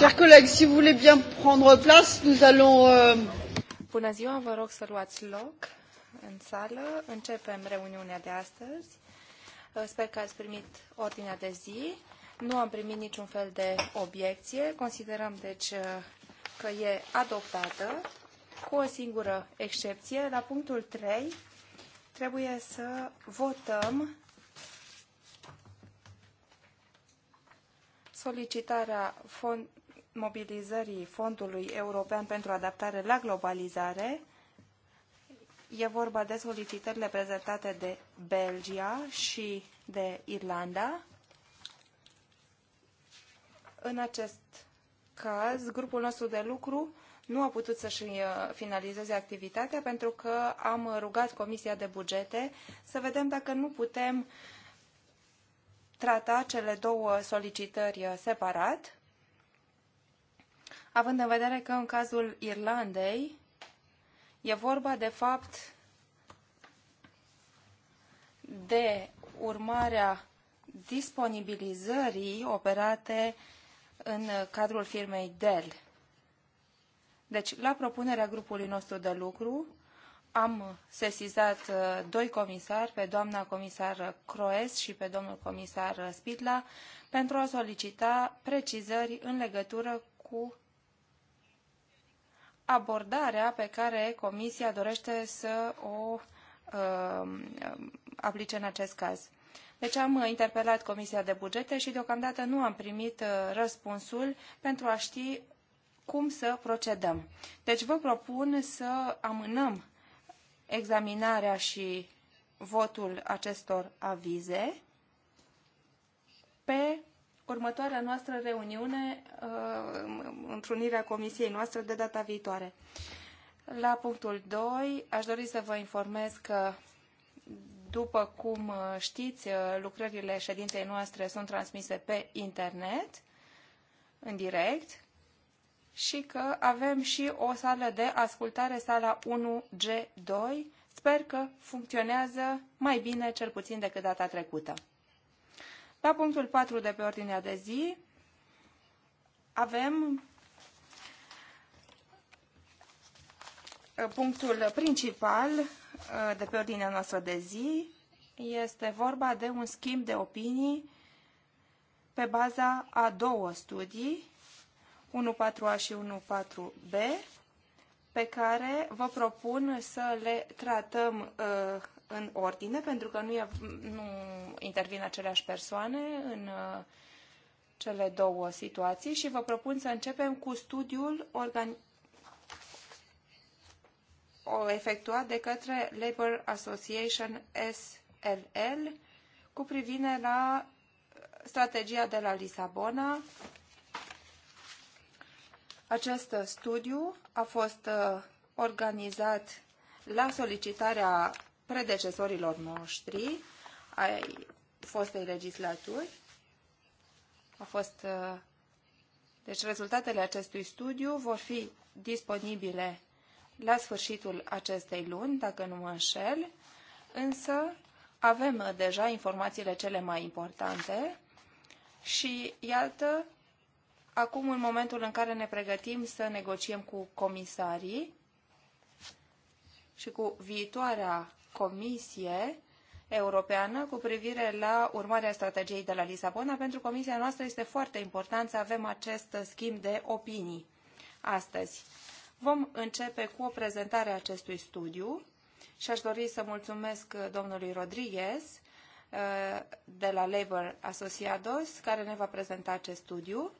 Chers collègues, si vous voulez bien prendre place, nous allons. Euh, Bună ziua, vă rog să luați loc în sală. Începem reuniunea de astăzi. Uh, sper că ați primit ordinea de zi. Nu am primit niciun fel de obiecție. Considerăm, deci, uh, că e adoptată, cu o singură excepție. La punctul 3 trebuie să votăm solicitarea fond, mobilizării Fondului European pentru Adaptare la Globalizare. E vorba de solicitările prezentate de Belgia și de Irlanda. În acest caz, grupul nostru de lucru nu a putut să-și uh, finalizeze activitatea pentru că am rugat Comisia de Bugete să vedem dacă nu putem trata cele două solicitări uh, separat având în vedere că în cazul Irlandei e vorba de fapt de urmarea disponibilizării operate în cadrul firmei Dell. Deci, la propunerea grupului nostru de lucru, am sesizat uh, doi comisari, pe doamna comisar Croes și pe domnul comisar Spidla, pentru a solicita precizări în legătură cu abordarea pe care Comisia dorește să o uh, aplice în acest caz. Deci am interpelat Comisia de Bugete și deocamdată nu am primit uh, răspunsul pentru a ști cum să procedăm. Deci vă propun să amânăm examinarea și votul acestor avize pe următoarea noastră reuniune, uh, întrunirea comisiei noastre de data viitoare. La punctul 2, aș dori să vă informez că după cum uh, știți, uh, lucrările ședinței noastre sunt transmise pe internet, în direct, și că avem și o sală de ascultare, sala 1G2. Sper că funcționează mai bine, cel puțin decât data trecută. La punctul 4 de pe ordinea de zi avem uh, punctul principal uh, de pe ordinea noastră de zi. Este vorba de un schimb de opinii pe baza a două studii, 1.4a și 1.4b, pe care vă propun să le tratăm uh, în ordine, pentru că nu, e, nu intervin aceleași persoane în uh, cele două situații și vă propun să începem cu studiul organi- efectuat de către Labour Association SLL cu privire la strategia de la Lisabona. Acest studiu a fost uh, organizat la solicitarea predecesorilor noștri ai fostei legislaturi. A fost, uh, deci rezultatele acestui studiu vor fi disponibile la sfârșitul acestei luni, dacă nu mă înșel, însă avem uh, deja informațiile cele mai importante și iată, acum în momentul în care ne pregătim să negociem cu comisarii și cu viitoarea Comisie Europeană cu privire la urmarea strategiei de la Lisabona. Pentru Comisia noastră este foarte important să avem acest schimb de opinii astăzi. Vom începe cu o prezentare a acestui studiu și aș dori să mulțumesc domnului Rodriguez eh, de la Labour Associados, care ne va prezenta acest studiu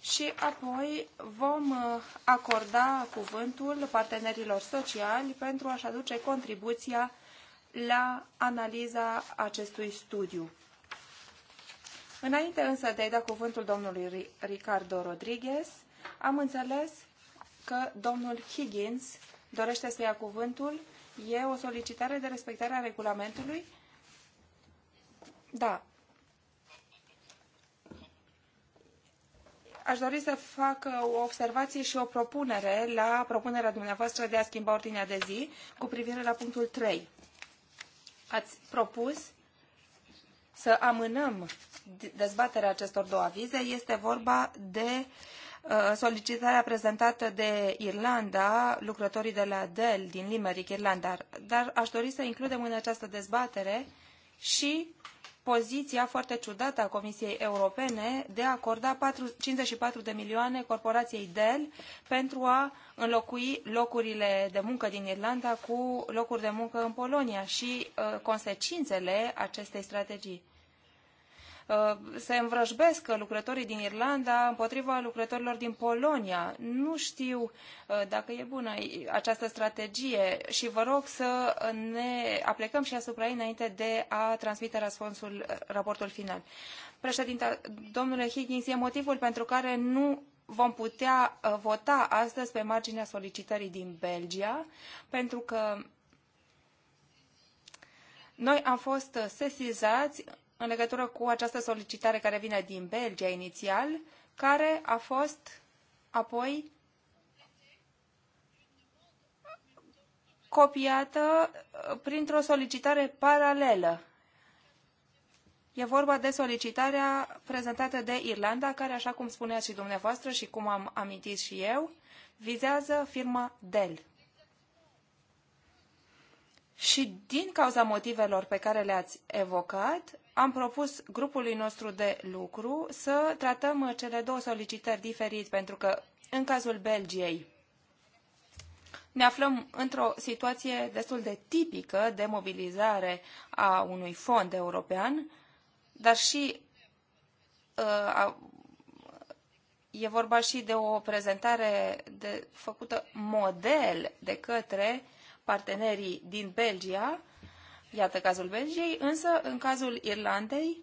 și apoi vom uh, acorda cuvântul partenerilor sociali pentru a-și aduce contribuția la analiza acestui studiu. Înainte însă de a-i da cuvântul domnului Ricardo Rodriguez, am înțeles că domnul Higgins dorește să ia cuvântul. E o solicitare de respectare a regulamentului? Da, aș dori să fac uh, o observație și o propunere la propunerea dumneavoastră de a schimba ordinea de zi cu privire la punctul 3. Ați propus să amânăm dezbaterea acestor două avize. Este vorba de uh, solicitarea prezentată de Irlanda, lucrătorii de la Dell din Limerick, Irlanda. Dar aș dori să includem în această dezbatere și poziția foarte ciudată a Comisiei Europene de a acorda 54 de milioane corporației Dell pentru a înlocui locurile de muncă din Irlanda cu locuri de muncă în Polonia și uh, consecințele acestei strategii. Uh, se învrăjbesc lucrătorii din Irlanda împotriva lucrătorilor din Polonia. Nu știu uh, dacă e bună această strategie și vă rog să ne aplecăm și asupra ei înainte de a transmite răspunsul, uh, raportul final. Președinte, domnule Higgins, e motivul pentru care nu vom putea vota astăzi pe marginea solicitării din Belgia, pentru că noi am fost sesizați în legătură cu această solicitare care vine din Belgia inițial, care a fost apoi copiată uh, printr-o solicitare paralelă. E vorba de solicitarea prezentată de Irlanda, care, așa cum spuneați și dumneavoastră și cum am amintit și eu, vizează firma Dell. Și din cauza motivelor pe care le-ați evocat, am propus grupului nostru de lucru să tratăm uh, cele două solicitări diferit, pentru că în cazul Belgiei ne aflăm într-o situație destul de tipică de mobilizare a unui fond european, dar și uh, e vorba și de o prezentare de, făcută model de către partenerii din Belgia, Iată cazul Belgiei, însă în cazul Irlandei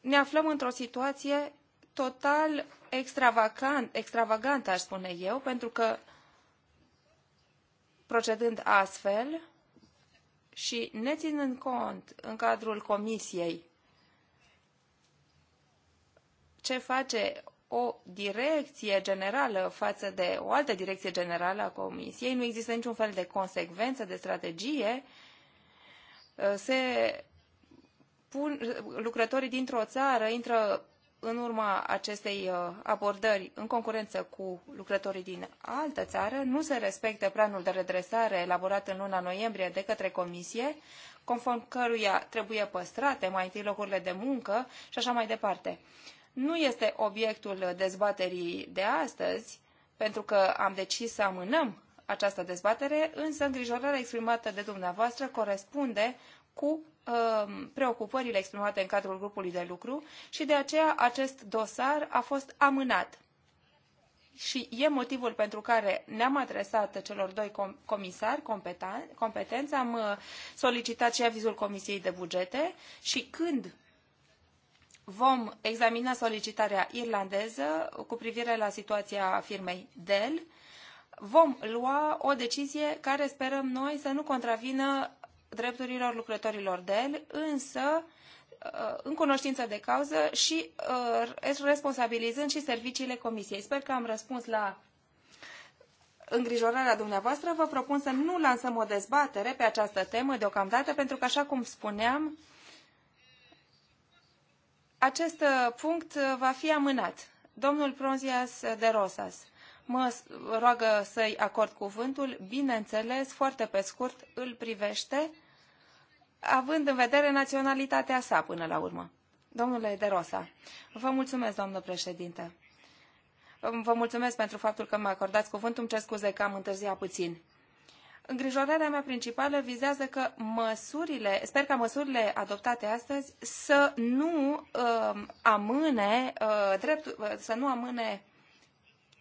ne aflăm într-o situație total extravagant, extravagantă, aș spune eu, pentru că procedând astfel și ținând cont în cadrul comisiei ce face o direcție generală față de o altă direcție generală a Comisiei, nu există niciun fel de consecvență, de strategie Uh, se pun, lucrătorii dintr-o țară intră în urma acestei uh, abordări în concurență cu lucrătorii din altă țară, nu se respectă planul de redresare elaborat în luna noiembrie de către Comisie, conform căruia trebuie păstrate mai întâi locurile de muncă și așa mai departe. Nu este obiectul dezbaterii de astăzi, pentru că am decis să amânăm această dezbatere, însă îngrijorarea exprimată de dumneavoastră corespunde cu um, preocupările exprimate în cadrul grupului de lucru și de aceea acest dosar a fost amânat. Și e motivul pentru care ne-am adresat celor doi comisari competenți, am uh, solicitat și avizul Comisiei de Bugete și când vom examina solicitarea irlandeză cu privire la situația firmei Dell, vom lua o decizie care sperăm noi să nu contravină drepturilor lucrătorilor de el, însă uh, în cunoștință de cauză și uh, responsabilizând și serviciile Comisiei. Sper că am răspuns la îngrijorarea dumneavoastră. Vă propun să nu lansăm o dezbatere pe această temă deocamdată, pentru că, așa cum spuneam, acest punct va fi amânat. Domnul Pronzias de Rosas mă roagă să-i acord cuvântul. Bineînțeles, foarte pe scurt, îl privește, având în vedere naționalitatea sa până la urmă. Domnule De Rosa, vă mulțumesc, doamnă președinte. Vă mulțumesc pentru faptul că mi-a acordat cuvântul. Îmi cer scuze că am întârziat puțin. Îngrijorarea mea principală vizează că măsurile, sper ca măsurile adoptate astăzi să nu uh, amâne uh, să nu amâne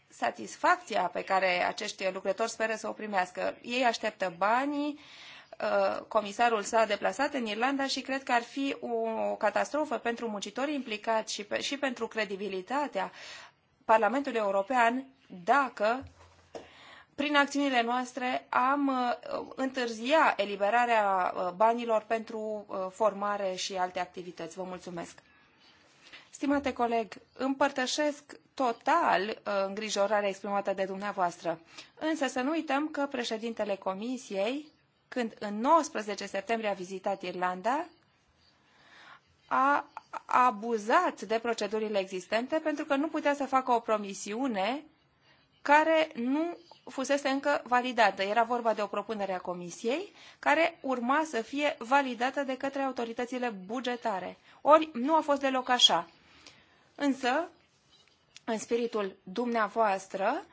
satisfacția pe care acești lucrători speră să o primească. Ei așteaptă banii, uh, comisarul s-a deplasat în Irlanda și cred că ar fi o catastrofă pentru muncitorii implicați și, pe, și pentru credibilitatea Parlamentului European dacă prin acțiunile noastre am uh, întârzia eliberarea uh, banilor pentru formare și alte activități. Vă mulțumesc! Stimate coleg, împărtășesc total uh, îngrijorarea exprimată de dumneavoastră. Însă să nu uităm că președintele Comisiei, când în 19 septembrie a vizitat Irlanda, a abuzat de procedurile existente pentru că nu putea să facă o promisiune care nu fusese încă validată. Era vorba de o propunere a Comisiei care urma să fie validată de către autoritățile bugetare. Ori nu a fost deloc așa. Însă, în spiritul dumneavoastră,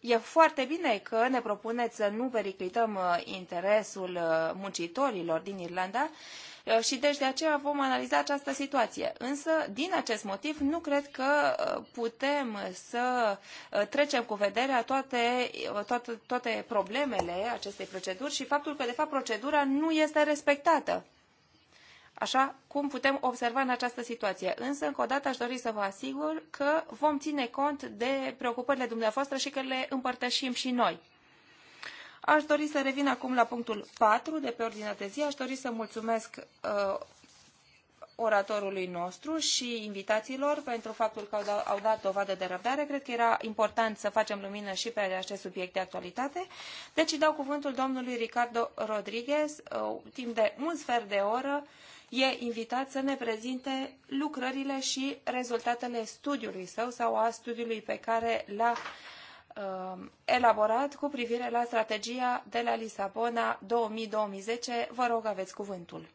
E foarte bine că ne propuneți să nu periclităm uh, interesul uh, muncitorilor din Irlanda uh, și deci de aceea vom analiza această situație. Însă, din acest motiv, nu cred că putem să trecem cu vederea toate, toate, toate problemele acestei proceduri și faptul că, de fapt, procedura nu este respectată așa cum putem observa în această situație. Însă, încă o dată, aș dori să vă asigur că vom ține cont de preocupările dumneavoastră și că le împărtășim și noi. Aș dori să revin acum la punctul 4 de pe ordinea de zi. Aș dori să mulțumesc uh, oratorului nostru și invitațiilor pentru faptul că au dat, au dat dovadă de răbdare. Cred că era important să facem lumină și pe acest subiect de actualitate. Deci dau cuvântul domnului Ricardo Rodriguez, uh, timp de un sfert de oră, uh, e invitat să ne prezinte lucrările și rezultatele studiului său sau a studiului pe care l-a uh, elaborat cu privire la strategia de la Lisabona 2000-2010. Vă rog, aveți cuvântul.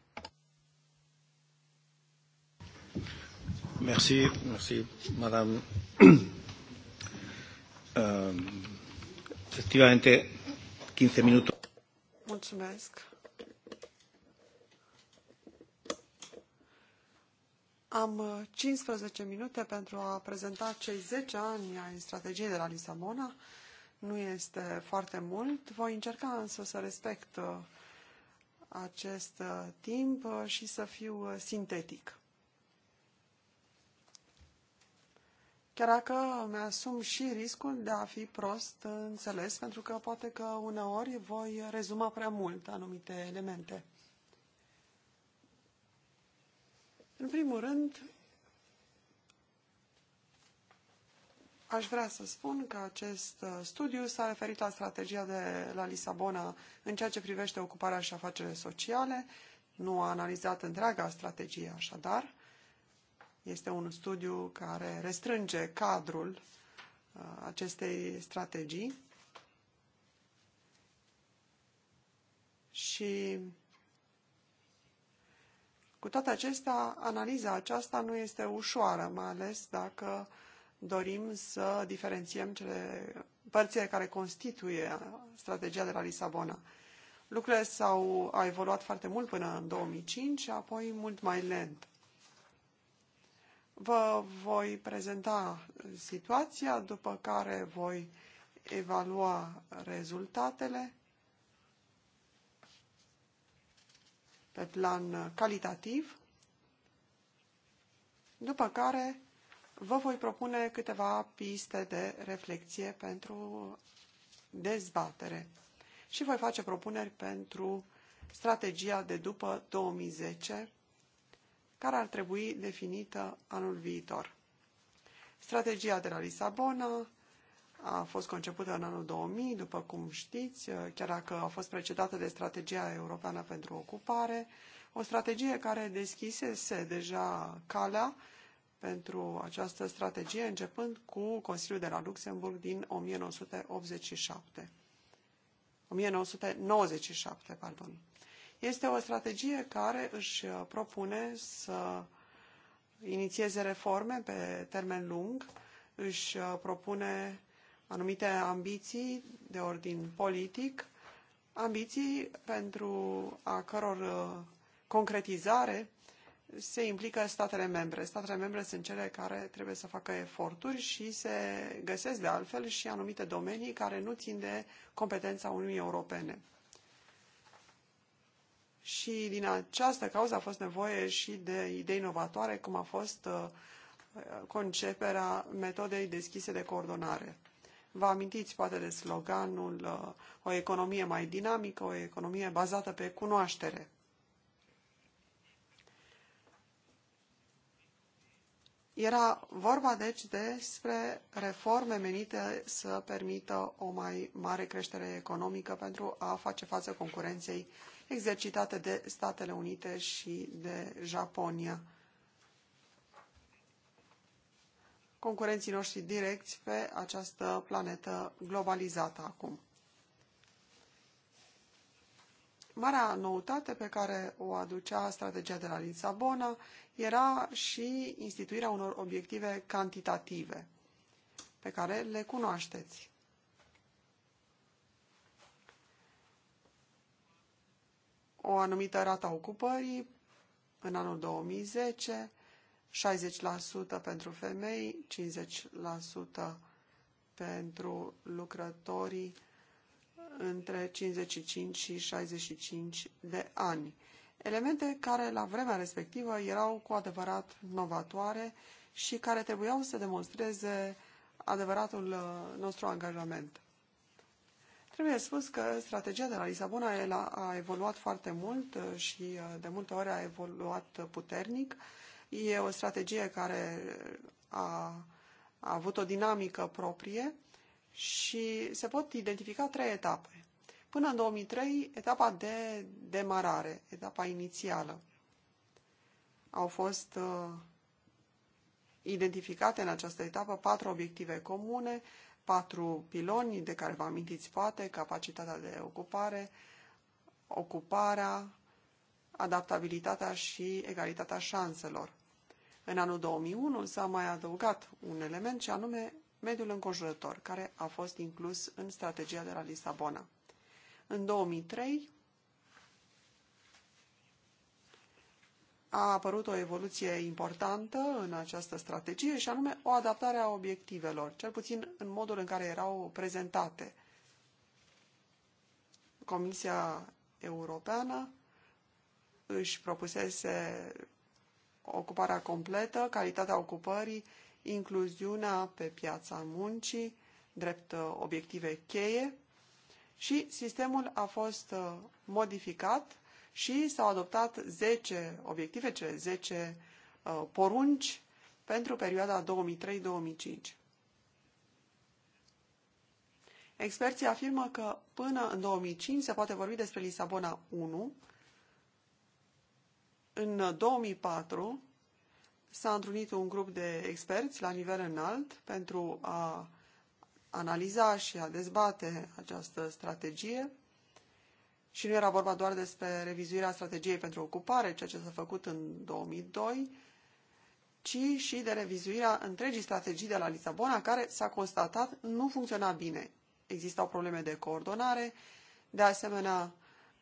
Merci, merci, madame. Uh, efectivamente, 15 minute. Mulțumesc. Am 15 uh, minute pentru a prezenta cei 10 ani ai strategiei de la Lisabona. Nu este foarte mult. Voi încerca însă să respect uh, acest uh, timp și să fiu sintetic. Chiar dacă mi-asum și riscul de a fi prost înțeles, pentru că poate că uneori voi rezuma prea mult anumite elemente. În primul rând, aș vrea să spun că acest uh, studiu s-a referit la strategia de la Lisabona în ceea ce privește ocuparea și afacerile sociale. Nu a analizat întreaga strategie, așadar. Este un studiu care restrânge cadrul uh, acestei strategii și cu toate acestea, analiza aceasta nu este ușoară, mai ales dacă dorim să diferențiem cele părțile care constituie strategia de la Lisabona. Lucrurile s-au evoluat foarte mult până în 2005 și apoi mult mai lent. Vă voi prezenta situația, după care voi evalua rezultatele pe plan uh, calitativ, după care vă voi propune câteva piste de reflexie pentru dezbatere și voi face propuneri pentru strategia de după 2010, care ar trebui definită anul viitor. Strategia de la Lisabona, a fost concepută în anul 2000, după cum știți, chiar dacă a fost precedată de strategia europeană pentru ocupare, o strategie care deschisese deja calea pentru această strategie, începând cu Consiliul de la Luxemburg din 1987. 1997, pardon. Este o strategie care își propune să inițieze reforme pe termen lung, își propune anumite ambiții de ordin politic, ambiții pentru a căror uh, concretizare se implică statele membre. Statele membre sunt cele care trebuie să facă eforturi și se găsesc de altfel și anumite domenii care nu țin de competența Uniunii Europene. Și din această cauză a fost nevoie și de idei inovatoare, cum a fost uh, conceperea metodei deschise de coordonare. Vă amintiți poate de sloganul uh, o economie mai dinamică, o economie bazată pe cunoaștere. Era vorba, deci, despre reforme menite să permită o mai mare creștere economică pentru a face față concurenței exercitate de Statele Unite și de Japonia. concurenții noștri direcți pe această planetă globalizată acum. Marea noutate pe care o aducea strategia de la Lisabona era și instituirea unor obiective cantitative, pe care le cunoașteți. O anumită rata ocupării în anul 2010, 60% pentru femei, 50% pentru lucrătorii între 55 și 65 de ani. Elemente care la vremea respectivă erau cu adevărat novatoare și care trebuiau să demonstreze adevăratul uh, nostru angajament. Trebuie spus că strategia de la Lisabona a evoluat foarte mult uh, și uh, de multe ori a evoluat puternic. E o strategie care a, a avut o dinamică proprie și se pot identifica trei etape. Până în 2003, etapa de demarare, etapa inițială. Au fost uh, identificate în această etapă patru obiective comune, patru piloni de care vă amintiți poate, capacitatea de ocupare, ocuparea, adaptabilitatea și egalitatea șanselor. În anul 2001 s-a mai adăugat un element și anume mediul înconjurător, care a fost inclus în strategia de la Lisabona. În 2003 a apărut o evoluție importantă în această strategie și anume o adaptare a obiectivelor, cel puțin în modul în care erau prezentate. Comisia Europeană își propusese ocuparea completă, calitatea ocupării, incluziunea pe piața muncii, drept uh, obiective cheie și sistemul a fost uh, modificat și s-au adoptat 10 obiective, cele 10 uh, porunci pentru perioada 2003-2005. Experții afirmă că până în 2005 se poate vorbi despre Lisabona 1, în 2004 uh, s-a întrunit un grup de experți la nivel înalt pentru a analiza și a dezbate această strategie și nu era vorba doar despre revizuirea strategiei pentru ocupare, ceea ce s-a făcut în 2002, ci și de revizuirea întregii strategii de la Lisabona, care s-a constatat nu funcționa bine. Existau probleme de coordonare, de asemenea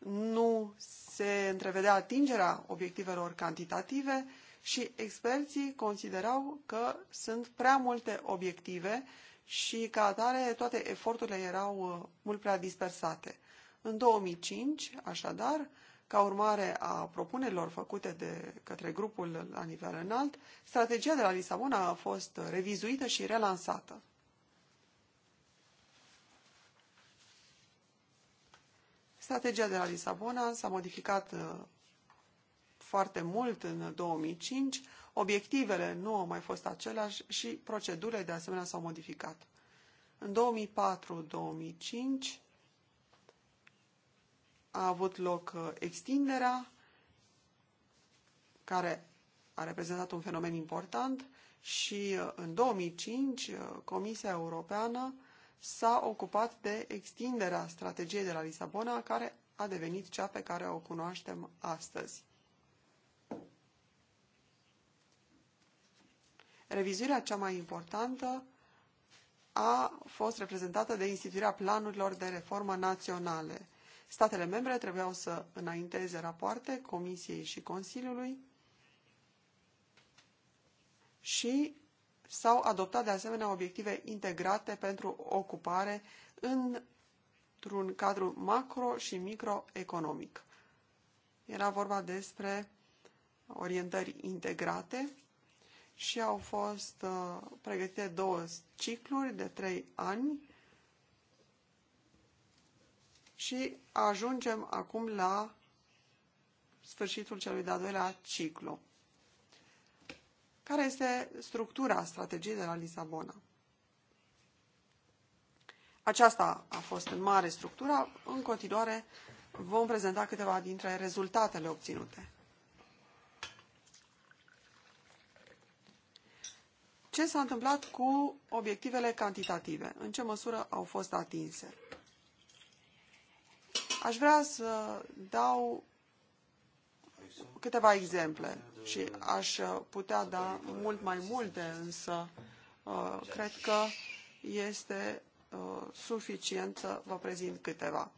nu se întrevedea atingerea obiectivelor cantitative și experții considerau că sunt prea multe obiective și ca atare toate eforturile erau uh, mult prea dispersate. În 2005, așadar, ca urmare a propunerilor făcute de către grupul la nivel înalt, strategia de la Lisabona a fost revizuită și relansată. Strategia de la Lisabona s-a modificat uh, foarte mult în 2005, obiectivele nu au mai fost aceleași și procedurile de asemenea s-au modificat. În 2004-2005 a avut loc uh, extinderea, care a reprezentat un fenomen important și uh, în 2005 Comisia Europeană s-a ocupat de extinderea strategiei de la Lisabona, care a devenit cea pe care o cunoaștem astăzi. Revizuirea cea mai importantă a fost reprezentată de instituirea planurilor de reformă naționale. Statele membre trebuiau să înainteze rapoarte Comisiei și Consiliului și S-au adoptat de asemenea obiective integrate pentru ocupare într-un cadru macro și microeconomic. Era vorba despre orientări integrate și au fost uh, pregătite două cicluri de trei ani și ajungem acum la sfârșitul celui de-al doilea ciclu care este structura strategiei de la Lisabona. Aceasta a fost în mare structura. În continuare vom prezenta câteva dintre rezultatele obținute. Ce s-a întâmplat cu obiectivele cantitative? În ce măsură au fost atinse? Aș vrea să dau câteva exemple și aș uh, putea da mult mai multe, însă uh, cred că este uh, suficient să vă prezint câteva.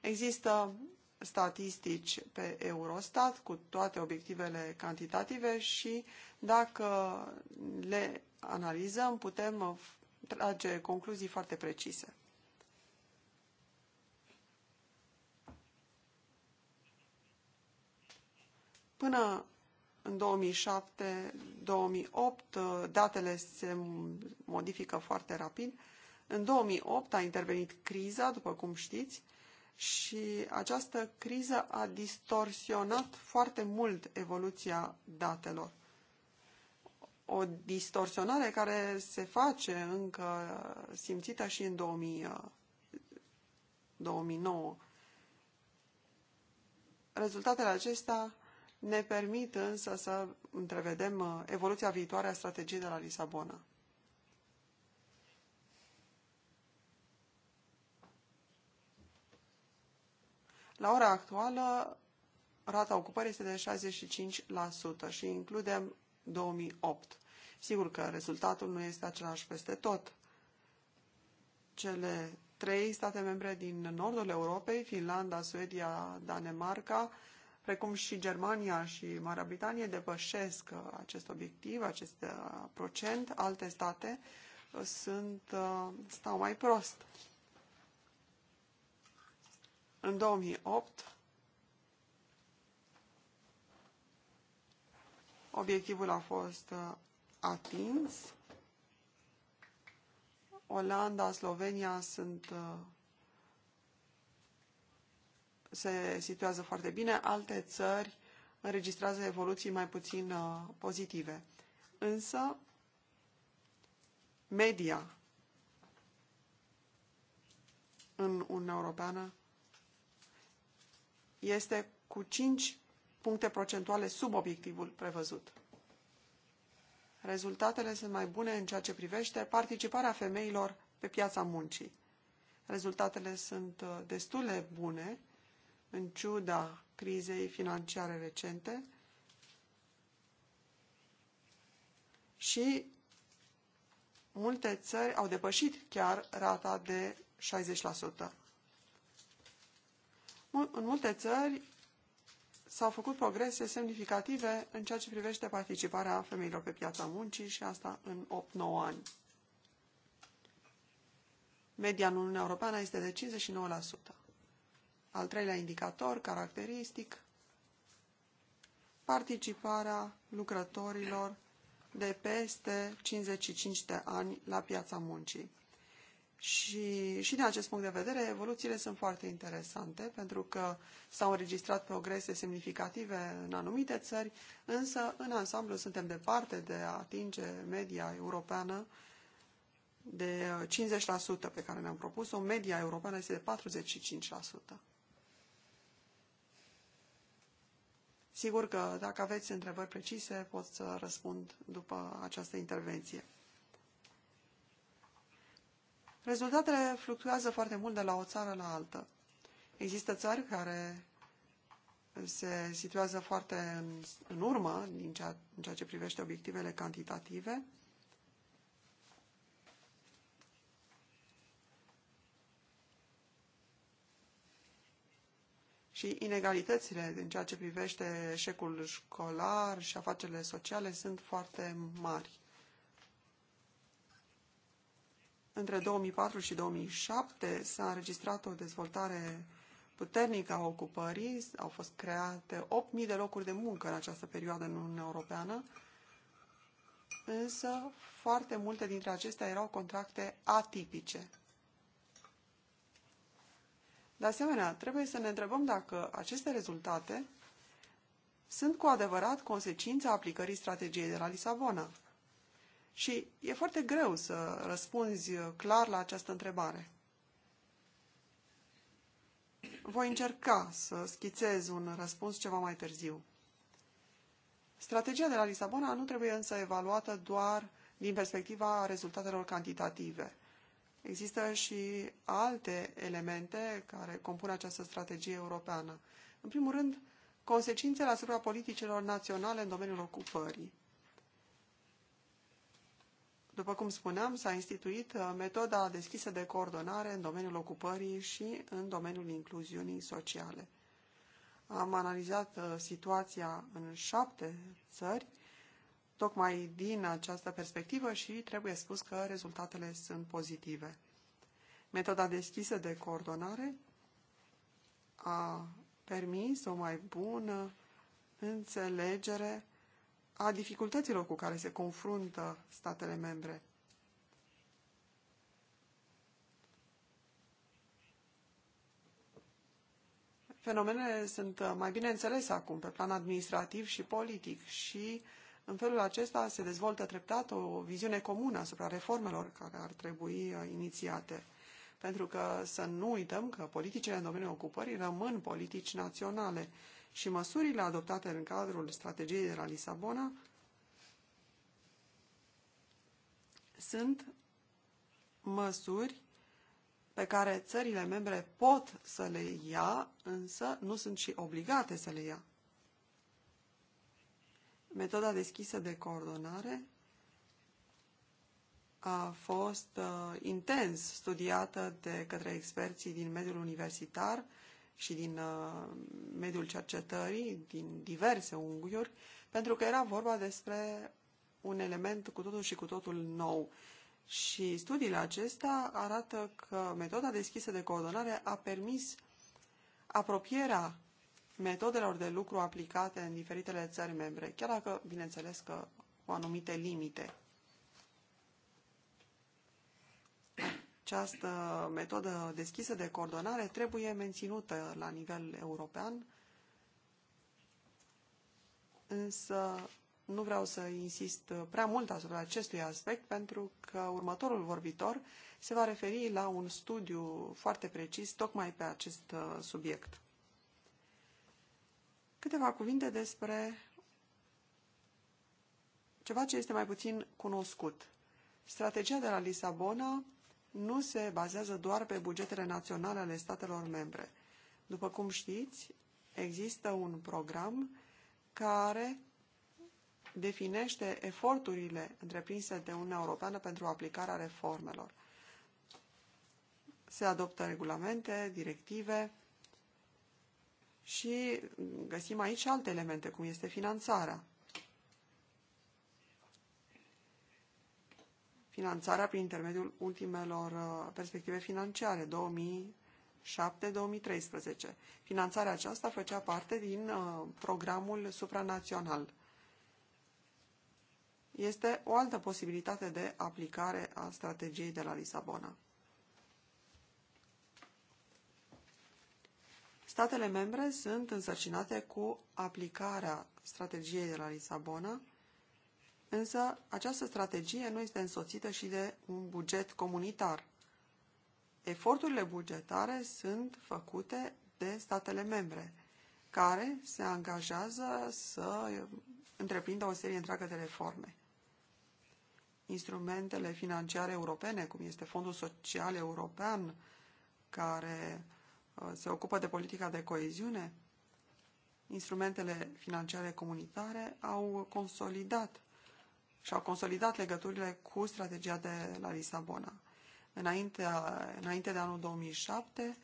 Există statistici pe Eurostat cu toate obiectivele cantitative și dacă le analizăm putem trage concluzii foarte precise. Până în 2007-2008 uh, datele se modifică foarte rapid. În 2008 a intervenit criza, după cum știți, și această criză a distorsionat foarte mult evoluția datelor. O distorsionare care se face încă simțită și în 2000, 2009. Uh, Rezultatele acestea ne permit însă să întrevedem uh, evoluția viitoare a strategiei de la Lisabona. La ora actuală, rata ocupării este de 65% și includem 2008. Sigur că rezultatul nu este același peste tot. Cele trei state membre din nordul Europei, Finlanda, Suedia, Danemarca, precum și Germania și Marea Britanie, depășesc uh, acest obiectiv, acest uh, procent. Alte state uh, sunt, stau mai prost. În 2008, obiectivul a fost atins. Olanda, Slovenia sunt se situează foarte bine, alte țări înregistrează evoluții mai puțin uh, pozitive. Însă, media în Uniunea Europeană este cu 5 puncte procentuale sub obiectivul prevăzut. Rezultatele sunt mai bune în ceea ce privește participarea femeilor pe piața muncii. Rezultatele sunt uh, destule bune în ciuda crizei financiare recente și multe țări au depășit chiar rata de 60%. În multe țări s-au făcut progrese semnificative în ceea ce privește participarea femeilor pe piața muncii și asta în 8-9 ani. Media în Uniunea Europeană este de 59%. Al treilea indicator caracteristic, participarea lucrătorilor de peste 55 de ani la piața muncii. Și, și din acest punct de vedere, evoluțiile sunt foarte interesante, pentru că s-au înregistrat progrese semnificative în anumite țări, însă, în ansamblu, suntem departe de a atinge media europeană de 50% pe care ne-am propus-o. Media europeană este de 45%. Sigur că dacă aveți întrebări precise, pot să răspund după această intervenție. Rezultatele fluctuează foarte mult de la o țară la alta. Există țări care se situează foarte în, în urmă din ceea, în ceea ce privește obiectivele cantitative, și inegalitățile în ceea ce privește eșecul școlar și afacerile sociale sunt foarte mari. Între 2004 și 2007 s-a înregistrat o dezvoltare puternică a ocupării, au fost create 8.000 de locuri de muncă în această perioadă în Uniunea Europeană, însă foarte multe dintre acestea erau contracte atipice. De asemenea, trebuie să ne întrebăm dacă aceste rezultate sunt cu adevărat consecința aplicării strategiei de la Lisabona. Și e foarte greu să răspunzi clar la această întrebare. Voi încerca să schițez un răspuns ceva mai târziu. Strategia de la Lisabona nu trebuie însă evaluată doar din perspectiva rezultatelor cantitative. Există și alte elemente care compun această strategie europeană. În primul rând, consecințele asupra politicilor naționale în domeniul ocupării. După cum spuneam, s-a instituit uh, metoda deschisă de coordonare în domeniul ocupării și în domeniul incluziunii sociale. Am analizat uh, situația în șapte țări tocmai din această perspectivă și trebuie spus că rezultatele sunt pozitive. Metoda deschisă de coordonare a permis o mai bună înțelegere a dificultăților cu care se confruntă statele membre. Fenomenele sunt mai bine înțelese acum pe plan administrativ și politic și uh, în felul acesta se dezvoltă treptat o viziune comună asupra reformelor care ar trebui uh, inițiate. Pentru că să nu uităm că politicile în domeniul ocupării rămân politici naționale și măsurile adoptate în cadrul strategiei de la Lisabona sunt măsuri pe care țările membre pot să le ia, însă nu sunt și obligate să le ia metoda deschisă de coordonare a fost uh, intens studiată de către experții din mediul universitar și din uh, mediul cercetării, din diverse unghiuri, pentru că era vorba despre un element cu totul și cu totul nou. Și studiile acestea arată că metoda deschisă de coordonare a permis apropierea metodelor de lucru aplicate în diferitele țări membre, chiar dacă, bineînțeles, că cu anumite limite. Această metodă deschisă de coordonare trebuie menținută la nivel european, însă nu vreau să insist prea mult asupra acestui aspect, pentru că următorul vorbitor se va referi la un studiu foarte precis tocmai pe acest uh, subiect. Câteva cuvinte despre ceva ce este mai puțin cunoscut. Strategia de la Lisabona nu se bazează doar pe bugetele naționale ale statelor membre. După cum știți, există un program care definește eforturile întreprinse de Uniunea Europeană pentru aplicarea reformelor. Se adoptă regulamente, directive și găsim aici alte elemente, cum este finanțarea. Finanțarea prin intermediul ultimelor uh, perspective financiare, 2007-2013. Finanțarea aceasta făcea parte din uh, programul supranațional. Este o altă posibilitate de aplicare a strategiei de la Lisabona. Statele membre sunt însărcinate cu aplicarea strategiei de la Lisabona, însă această strategie nu este însoțită și de un buget comunitar. Eforturile bugetare sunt făcute de statele membre, care se angajează să întreprindă o serie întreagă de reforme. Instrumentele financiare europene, cum este Fondul Social European, care Uh, se ocupă de politica de coeziune, instrumentele financiare comunitare au consolidat și au consolidat legăturile cu strategia de la Lisabona. Înainte, înainte de anul 2007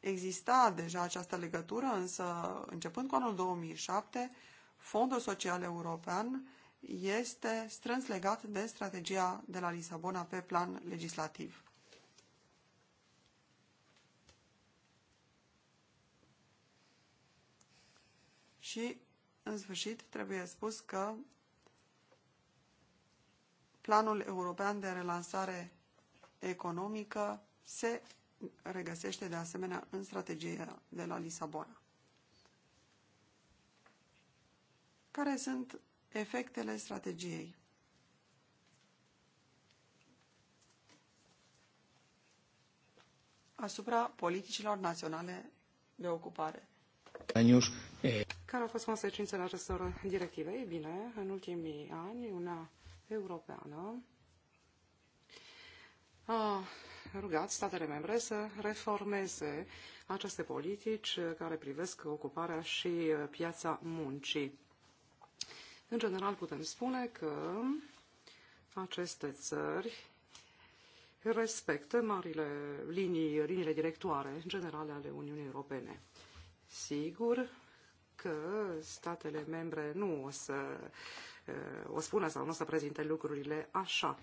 exista deja această legătură, însă începând cu anul 2007, Fondul Social European este strâns legat de strategia de la Lisabona pe plan legislativ. Și, în sfârșit, trebuie spus că Planul European de Relansare Economică se regăsește de asemenea în strategia de la Lisabona. Care sunt efectele strategiei? Asupra politicilor naționale de ocupare. Eh, care au fost consecințele acestor directive? Ei bine, în ultimii ani, Uniunea Europeană a rugat statele membre să reformeze aceste politici care privesc ocuparea și piața muncii. În general, putem spune că aceste țări respectă marile linii, liniile directoare generale ale Uniunii Europene. Sigur, că statele membre nu o să eh, o spună sau nu o să prezinte lucrurile așa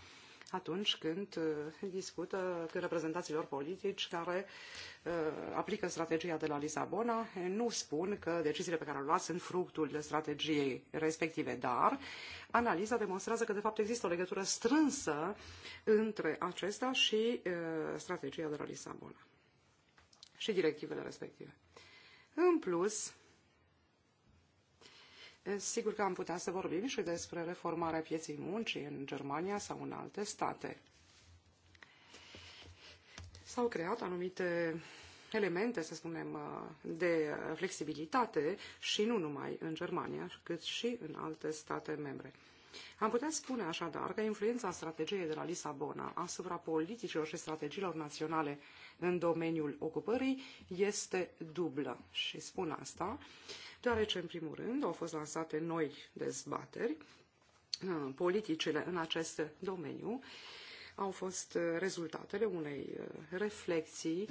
atunci când eh, discută cu reprezentanții lor politici care eh, aplică strategia de la Lisabona, nu spun că deciziile pe care le luat sunt fructul de strategiei respective, dar analiza demonstrează că de fapt există o legătură strânsă între acesta și strategia de la Lisabona și directivele respective. În plus, Sigur că am putea să vorbim și despre reformarea pieței muncii în Germania sau în alte state. S-au creat anumite elemente, să spunem, uh, de flexibilitate și nu numai în Germania, cât și în alte state membre. Am putea spune așadar că influența strategiei de la Lisabona asupra politicilor și strategiilor naționale în domeniul ocupării este dublă. Și spun asta deoarece, în primul rând, au fost lansate noi dezbateri. Uh, politicile în acest domeniu au fost uh, rezultatele unei uh, reflexii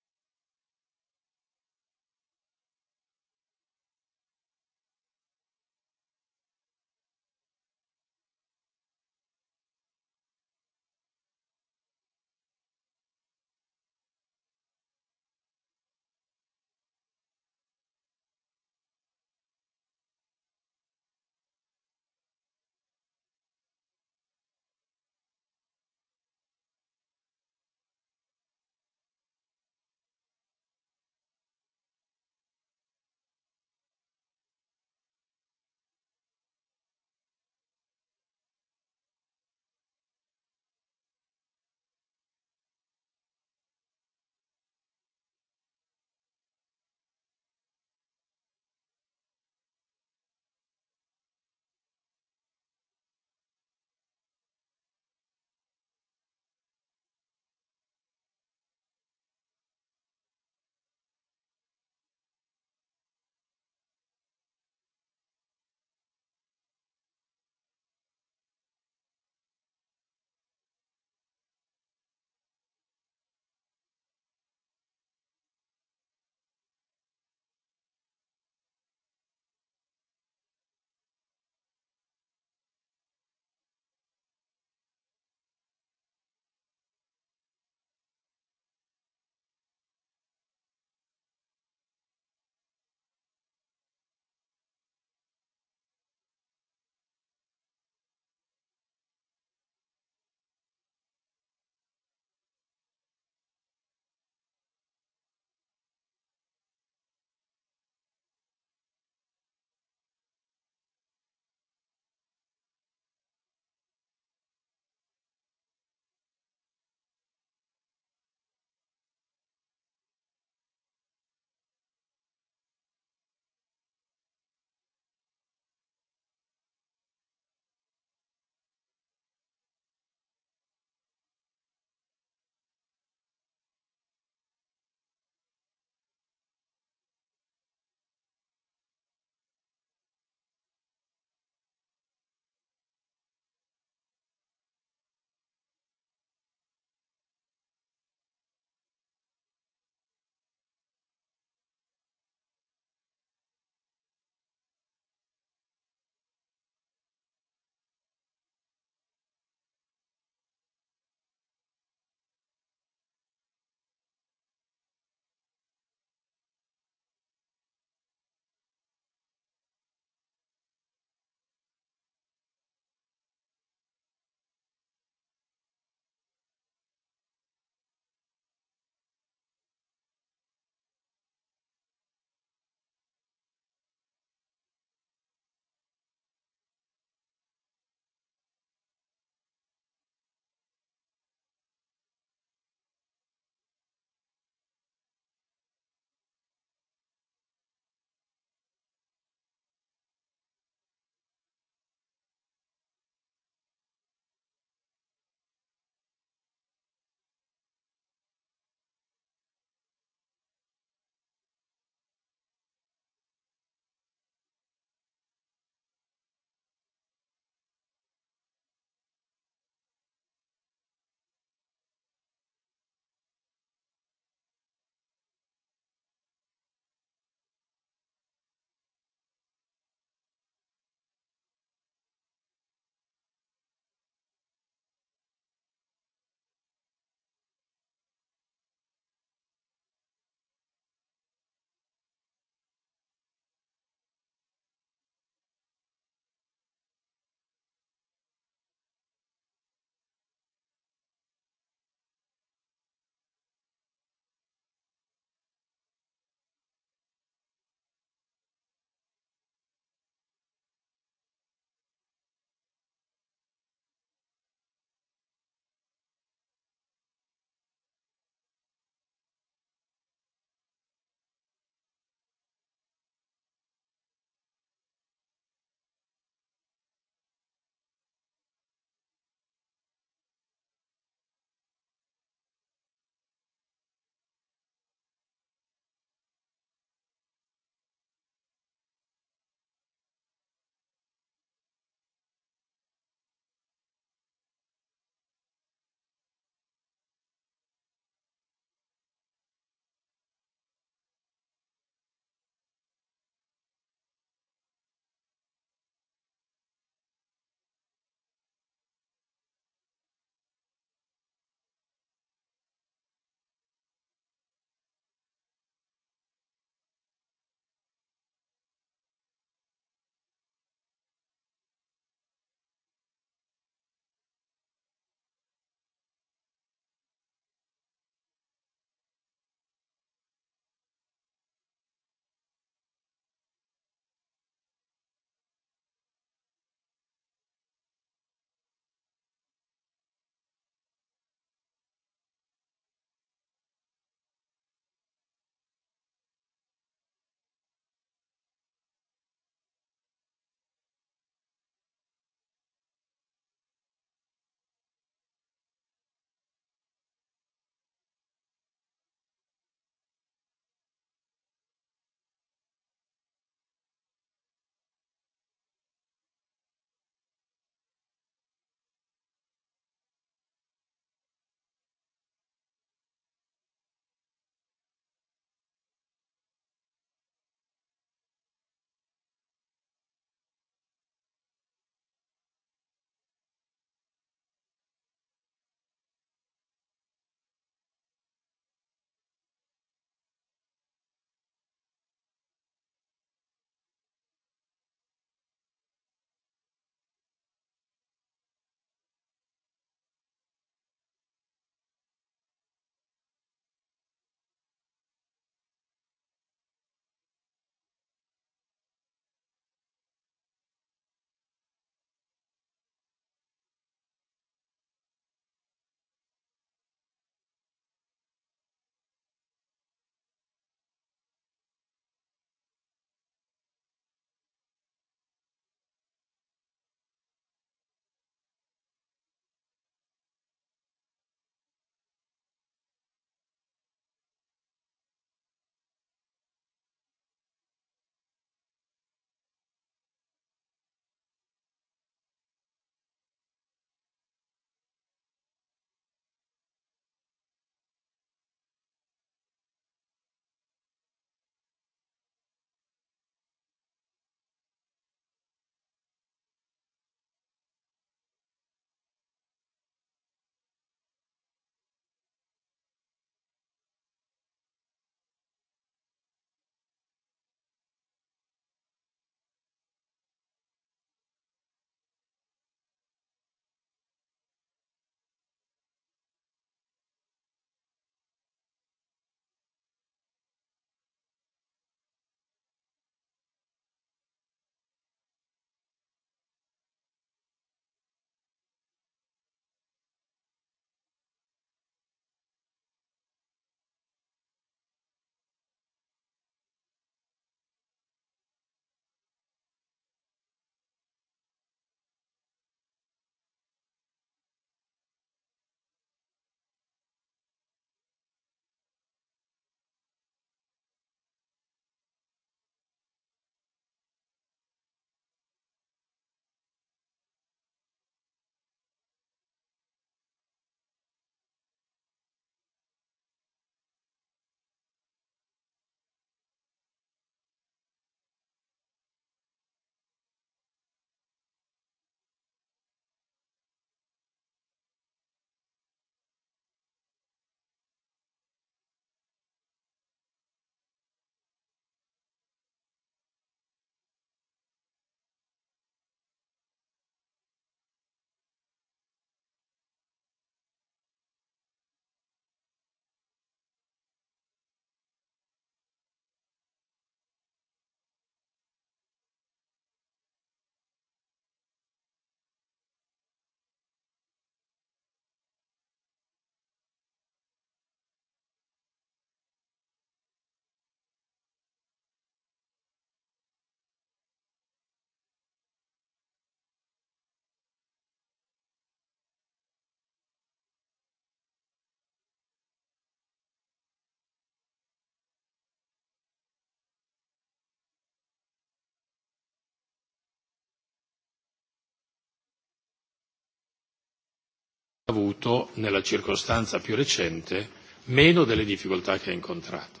avuto nella circostanza più recente meno delle difficoltà che ha incontrato.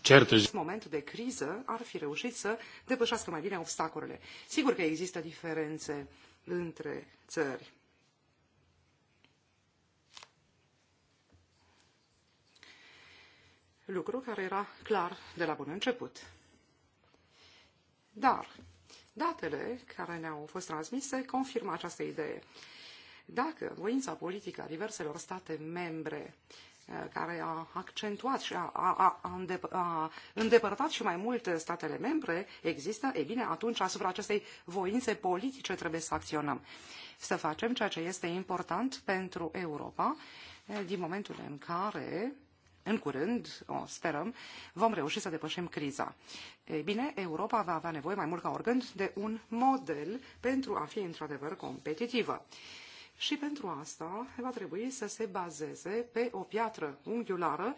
Certo, în momentul di crisi ar fi riuscit să depășească mai bine obstacolele. Sigur că există diferențe între țări. Lucru care era clar de la bun început. Dar datele care ne-au fost transmise confirmă această idee. Dacă voința politică a diverselor state membre eh, care a accentuat și a, a, a, îndep- a îndepărtat și mai mult statele membre există, e bine, atunci asupra acestei voințe politice trebuie să acționăm. Să facem ceea ce este important pentru Europa eh, din momentul în care în curând, o sperăm, vom reuși să depășim criza. Ei bine, Europa va avea nevoie mai mult ca oricând de un model pentru a fi într-adevăr competitivă și pentru asta va trebui să se bazeze pe o piatră unghiulară,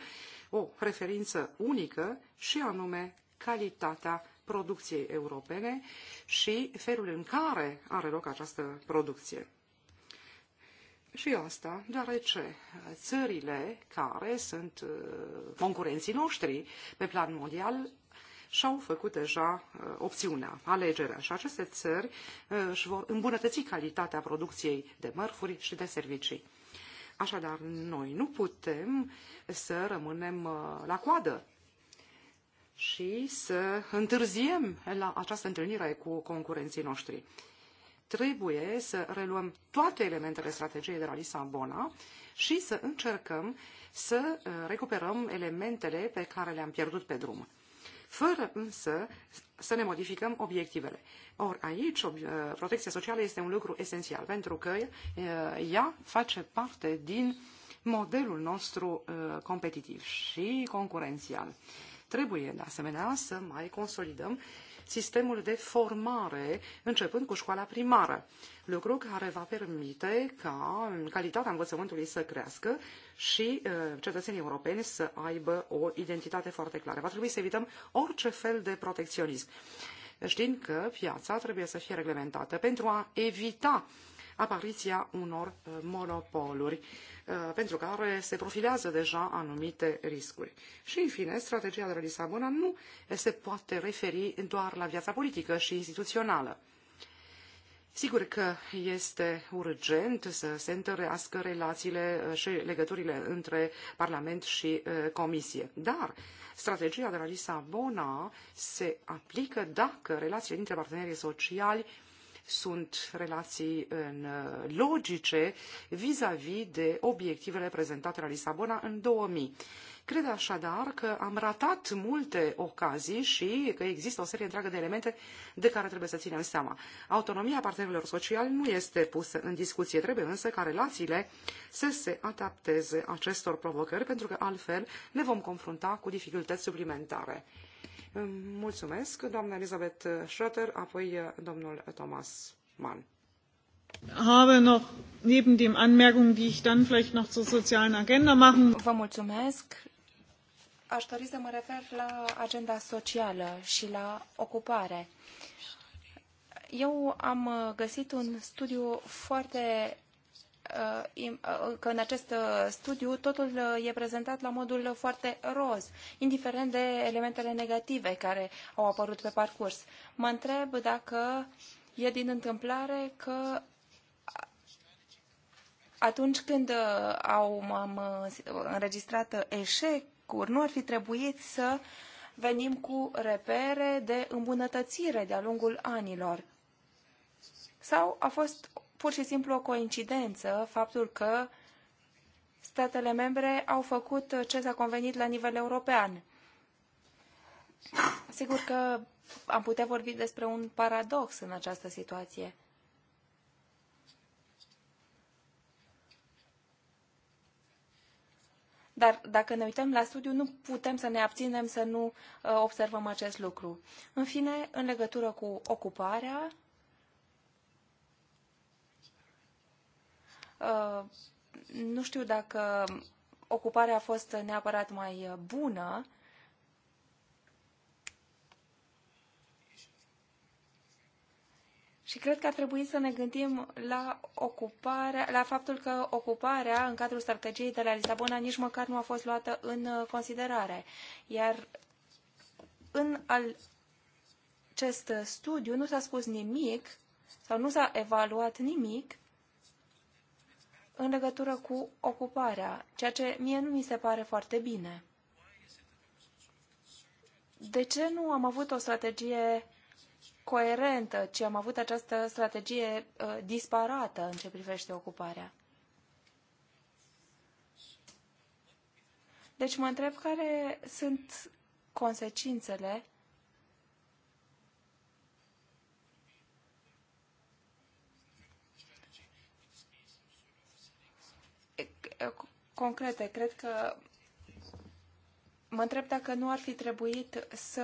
o referință unică și anume calitatea producției europene și felul în care are loc această producție. Și asta deoarece țările care sunt uh, concurenții noștri pe plan mondial și-au făcut deja uh, opțiunea, alegerea. Și aceste țări uh, își vor îmbunătăți calitatea producției de mărfuri și de servicii. Așadar, noi nu putem să rămânem uh, la coadă și să întârziem la această întâlnire cu concurenții noștri. Trebuie să reluăm toate elementele strategiei de la Lisabona și să încercăm să recuperăm elementele pe care le-am pierdut pe drum fără însă să ne modificăm obiectivele. Or, aici uh, protecția socială este un lucru esențial, pentru că uh, ea face parte din modelul nostru uh, competitiv și concurențial. Trebuie, de asemenea, să mai consolidăm uh, sistemul de formare, începând cu școala primară, lucru care va permite ca calitatea învățământului să crească și uh, cetățenii europeni să aibă o identitate foarte clară. Va trebui să evităm orice fel de protecționism. Știind că piața trebuie să fie reglementată pentru a evita uh, apariția unor uh, monopoluri uh, pentru care se profilează deja anumite riscuri. Și, în fine, strategia de la Lisabona nu se poate referi doar la viața politică și instituțională. Sigur că este urgent să se întărească relațiile uh, și legăturile între Parlament și Comisie, dar strategia de la Lisabona se aplică dacă relațiile dintre partenerii sociali uh, sunt relații în uh, logice vis-a-vis -vis de obiectivele prezentate la Lisabona în 2000. Cred așadar că am ratat multe ocazii și că există o serie întreagă de elemente de care trebuie să ținem seama. Autonomia partenerilor sociali nu este pusă în discuție, trebuie însă ca relațiile să se adapteze acestor provocări, pentru că altfel ne vom confrunta cu dificultăți suplimentare. Mulțumesc, doamna Elizabeth Schröter, apoi uh, domnul Thomas Mann. Habe noch neben den Anmerkungen, die ich dann vielleicht noch zur sozialen Agenda machen. Vă mulțumesc. Aș dori să mă refer la agenda socială și la ocupare. Eu am uh, găsit un studiu foarte Uh, uh, că în acest uh, studiu totul e prezentat la modul foarte roz, indiferent de elementele negative care au apărut pe parcurs. Mă întreb dacă e din întâmplare că atunci când au, am înregistrat eșecuri, nu ar fi trebuit să venim cu repere de îmbunătățire de-a lungul anilor. Sau a fost pur și simplu o coincidență faptul că statele membre au făcut ce s-a convenit la nivel european. Sigur că am putea vorbi despre un paradox în această situație. Dar dacă ne uităm la studiu, nu putem să ne abținem să nu uh, observăm acest lucru. În fine, în legătură cu ocuparea, Uh, nu știu dacă ocuparea a fost neapărat mai uh, bună, Și cred că ar trebui să ne gândim la, ocuparea, la faptul că ocuparea în cadrul strategiei de la Lisabona nici măcar nu a fost luată în uh, considerare. Iar în al, acest studiu nu s-a spus nimic sau nu s-a evaluat nimic în legătură cu ocuparea, ceea ce mie nu mi se pare foarte bine. De ce nu am avut o strategie coerentă, ci am avut această strategie uh, disparată în ce privește ocuparea? Deci mă întreb care sunt consecințele Eh, concrete. Cred că mă întreb dacă nu ar fi trebuit să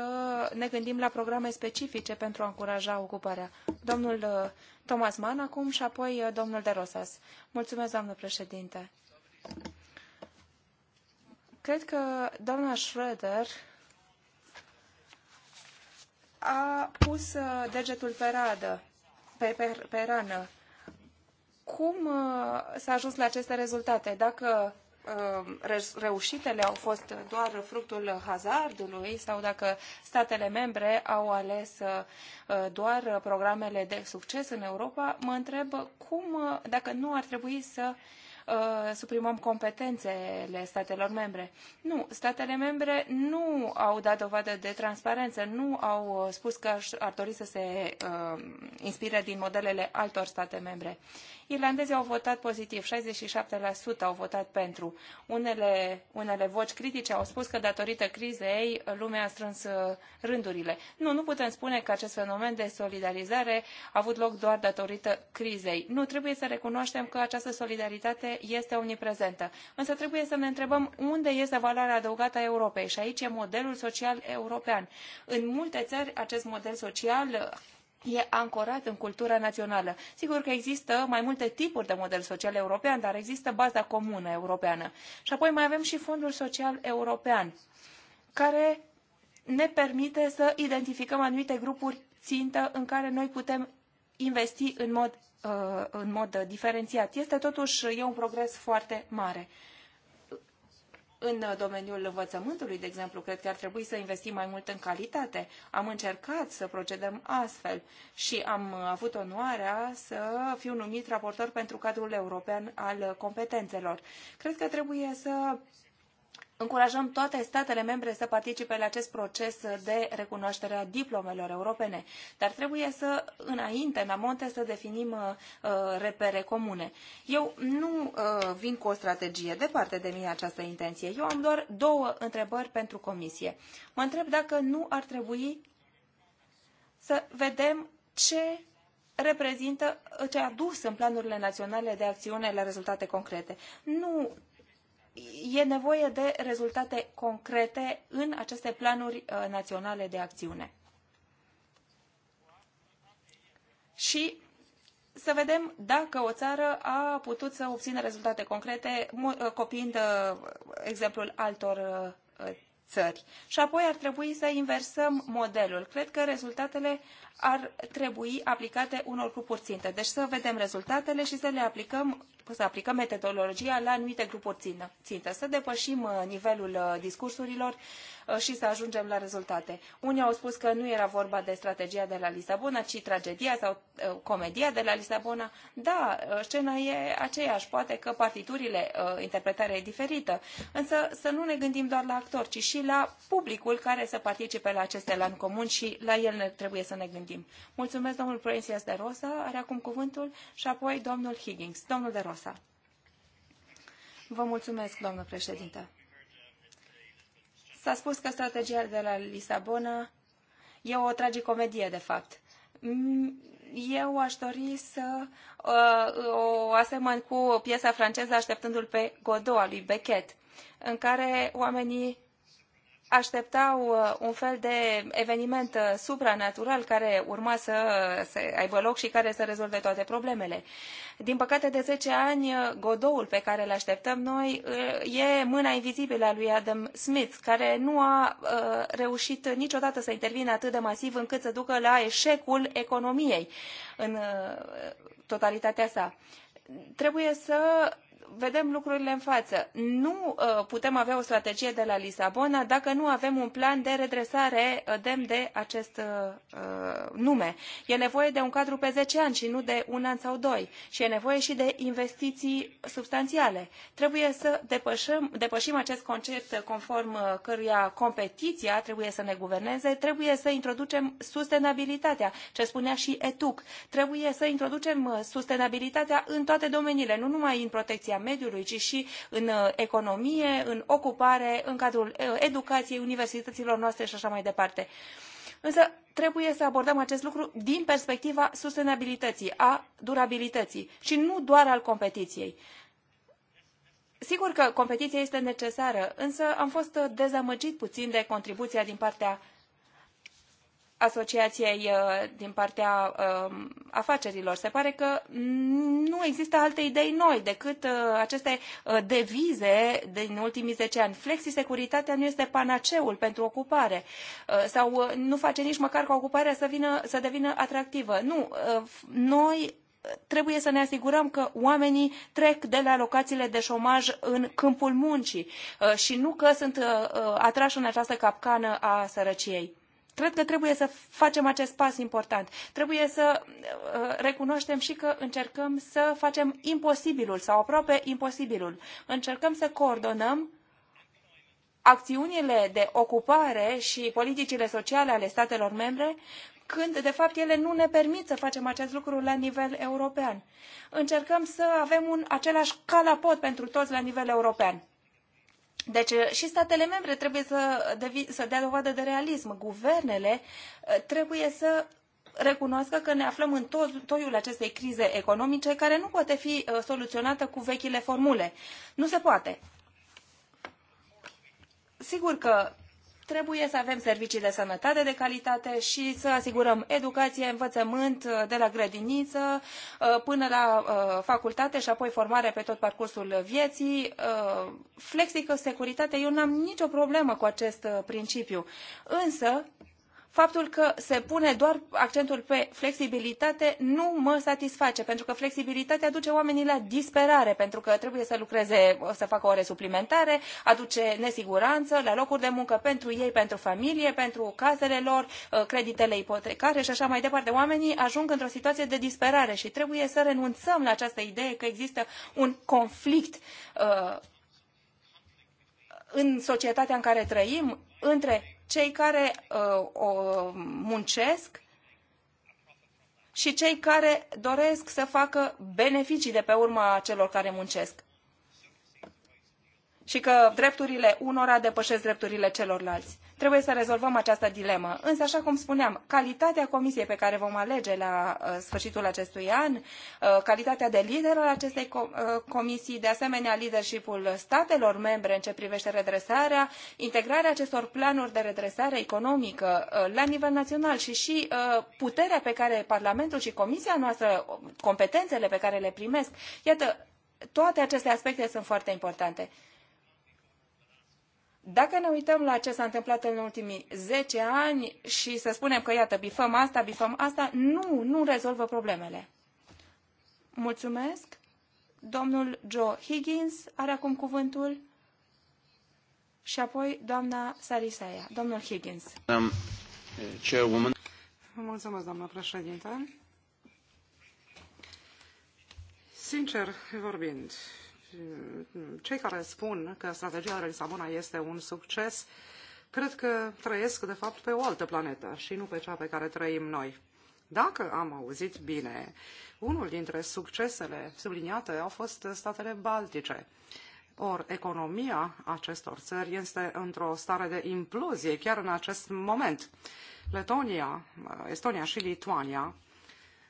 ne gândim la programe specifice pentru a încuraja ocuparea. Domnul eh, Thomas Mann acum și apoi eh, domnul De Rosas. Mulțumesc, doamnă președinte. Cred că doamna Schroeder a pus degetul pe radă, pe, pe, pe rană cum uh, s-a ajuns la aceste rezultate? Dacă uh, reușitele au fost doar fructul hazardului sau dacă statele membre au ales uh, doar programele de succes în Europa, mă întreb cum, dacă nu ar trebui să Uh, suprimăm competențele statelor membre. Nu, statele membre nu au dat dovadă de transparență, nu au uh, spus că ar dori să se uh, inspire din modelele altor state membre. Irlandezii au votat pozitiv, 67% au votat pentru. Unele, unele voci critice au spus că datorită crizei lumea a strâns uh, rândurile. Nu, nu putem spune că acest fenomen de solidarizare a avut loc doar datorită crizei. Nu, trebuie să recunoaștem că această solidaritate este omniprezentă. Însă trebuie să ne întrebăm unde este valoarea adăugată a Europei și aici e modelul social european. În multe țări acest model social uh, e ancorat în cultura națională. Sigur că există mai multe tipuri de model social european, dar există baza comună europeană. Și apoi mai avem și fondul social european, care ne permite să identificăm anumite grupuri țintă în care noi putem investi în mod Uh, în mod diferențiat. Este totuși e un progres foarte mare. În domeniul învățământului, de exemplu, cred că ar trebui să investim mai mult în calitate. Am încercat să procedăm astfel și am avut onoarea să fiu numit raportor pentru cadrul european al competențelor. Cred că trebuie să încurajăm toate statele membre să participe la acest proces de recunoaștere a diplomelor europene, dar trebuie să, înainte, în amonte, să definim uh, repere comune. Eu nu uh, vin cu o strategie, departe de mine această intenție. Eu am doar două întrebări pentru comisie. Mă întreb dacă nu ar trebui să vedem ce reprezintă ce a dus în planurile naționale de acțiune la rezultate concrete. Nu e nevoie de rezultate concrete în aceste planuri uh, naționale de acțiune. Și să vedem dacă o țară a putut să obțină rezultate concrete uh, copiind uh, exemplul altor țări. Și apoi ar trebui să inversăm modelul. Cred că rezultatele ar trebui aplicate unor grupuri ținte. Deci să vedem rezultatele și să le aplicăm să aplicăm metodologia la anumite grupuri ținte, să depășim uh, nivelul uh, discursurilor uh, și să ajungem la rezultate. Unii au spus că nu era vorba de strategia de la Lisabona, ci tragedia sau comedia de la Lisabona. Da, scena e aceeași, poate că partiturile, interpretarea e diferită, însă să nu ne gândim doar la actori, ci și la publicul care să participe la aceste lan comun și la el ne trebuie să ne gândim. Mulțumesc, domnul Proensias de Rosa, are acum cuvântul și apoi domnul Higgins. Domnul de Rosa sa. Vă mulțumesc, doamnă președinte. S-a spus că strategia de la Lisabona e o tragicomedie, de fapt. Mm, eu aș dori să uh, o asemăn cu piesa franceză Așteptându-l pe Godot a lui Beckett, în care oamenii așteptau uh, un fel de eveniment uh, supranatural care urma uh, să, aibă loc și care să rezolve toate problemele. Din păcate, de 10 ani, Godoul pe care îl așteptăm noi e mâna invizibilă a lui Adam Smith, care nu a reușit niciodată să intervină atât de masiv încât să ducă la eșecul economiei în totalitatea sa trebuie să vedem lucrurile în față. Nu uh, putem avea o strategie de la Lisabona dacă nu avem un plan de redresare uh, demn de acest uh, nume. E nevoie de un cadru pe zece ani și nu de un an sau doi. Și e nevoie și de investiții substanțiale. Trebuie să depășim, depășim acest concept conform căruia competiția trebuie să ne guverneze, trebuie să introducem sustenabilitatea, ce spunea și ETUC. Trebuie să introducem sustenabilitatea în toate domeniile, nu numai în protecția protecția mediului, ci și în uh, economie, în ocupare, în cadrul uh, educației, universităților noastre și așa mai departe. Însă trebuie să abordăm acest lucru din perspectiva sustenabilității, a durabilității și nu doar al competiției. Sigur că competiția este necesară, însă am fost dezamăgit puțin de contribuția din partea asociației uh, din partea um, afacerilor. Se pare că nu există alte idei noi decât uh, aceste uh, devize din ultimii 10 ani. Flexisecuritatea nu este panaceul pentru ocupare sau nu face nici măcar ca ocuparea să, vină, să devină atractivă. Nu, noi trebuie să ne asigurăm că oamenii trec de la locațiile de șomaj în câmpul muncii și nu că sunt atrași în această capcană a sărăciei Cred că trebuie să facem acest pas important. Trebuie să uh, recunoaștem și că încercăm să facem imposibilul sau aproape imposibilul. Încercăm să coordonăm acțiunile de ocupare și politicile sociale ale statelor membre când, de fapt, ele nu ne permit să facem acest lucru la nivel european. Încercăm să avem un același calapot pentru toți la nivel european. Deci uh, și statele membre trebuie să, devi, să dea dovadă de realism. Guvernele uh, trebuie să recunoască că ne aflăm în to toiul acestei crize economice care nu poate fi uh, soluționată cu vechile formule. Nu se poate. Sigur că Trebuie să avem servicii de sănătate de calitate și să asigurăm educație, învățământ uh, de la grădiniță uh, până la uh, facultate și apoi formare pe tot parcursul vieții. Flexică securitate, eu n-am nicio problemă cu acest principiu. Însă, faptul că se pune doar accentul pe flexibilitate nu mă satisface, pentru că flexibilitatea aduce oamenii la disperare, pentru că trebuie să lucreze, să facă ore suplimentare, aduce nesiguranță la locuri de muncă pentru ei, pentru familie, pentru casele lor, uh, creditele ipotecare și așa mai departe. Oamenii ajung într-o situație de disperare și trebuie să renunțăm la această idee că există un conflict uh, în societatea în care trăim între cei care uh, o muncesc și cei care doresc să facă beneficii de pe urma celor care muncesc și că drepturile unora depășesc drepturile celorlalți. Trebuie să rezolvăm această dilemă. Însă, așa cum spuneam, calitatea comisiei pe care vom alege la uh, sfârșitul acestui an, uh, calitatea de lider al acestei uh, comisii, de asemenea leadership-ul statelor membre în ce privește redresarea, integrarea acestor planuri de redresare economică la nivel național și și puterea pe care Parlamentul și comisia noastră, competențele pe care le primesc, iată, toate aceste aspecte sunt foarte importante. Dacă ne uităm la ce s-a întâmplat în ultimii 10 ani și să spunem că, iată, bifăm asta, bifăm asta, nu, nu rezolvă problemele. Mulțumesc. Domnul Joe Higgins are acum cuvântul și apoi doamna Sarisaia. Domnul Higgins. Eh, chairwoman. Mulțumesc, doamnă președinte. Sincer vorbind, cei care spun că strategia de la Lisabona este un succes, cred că trăiesc, de fapt, pe o altă planetă și nu pe cea pe care trăim noi. Dacă am auzit bine, unul dintre succesele subliniate au fost statele baltice. Or, economia acestor țări este într-o stare de implozie chiar în acest moment. Letonia, Estonia și Lituania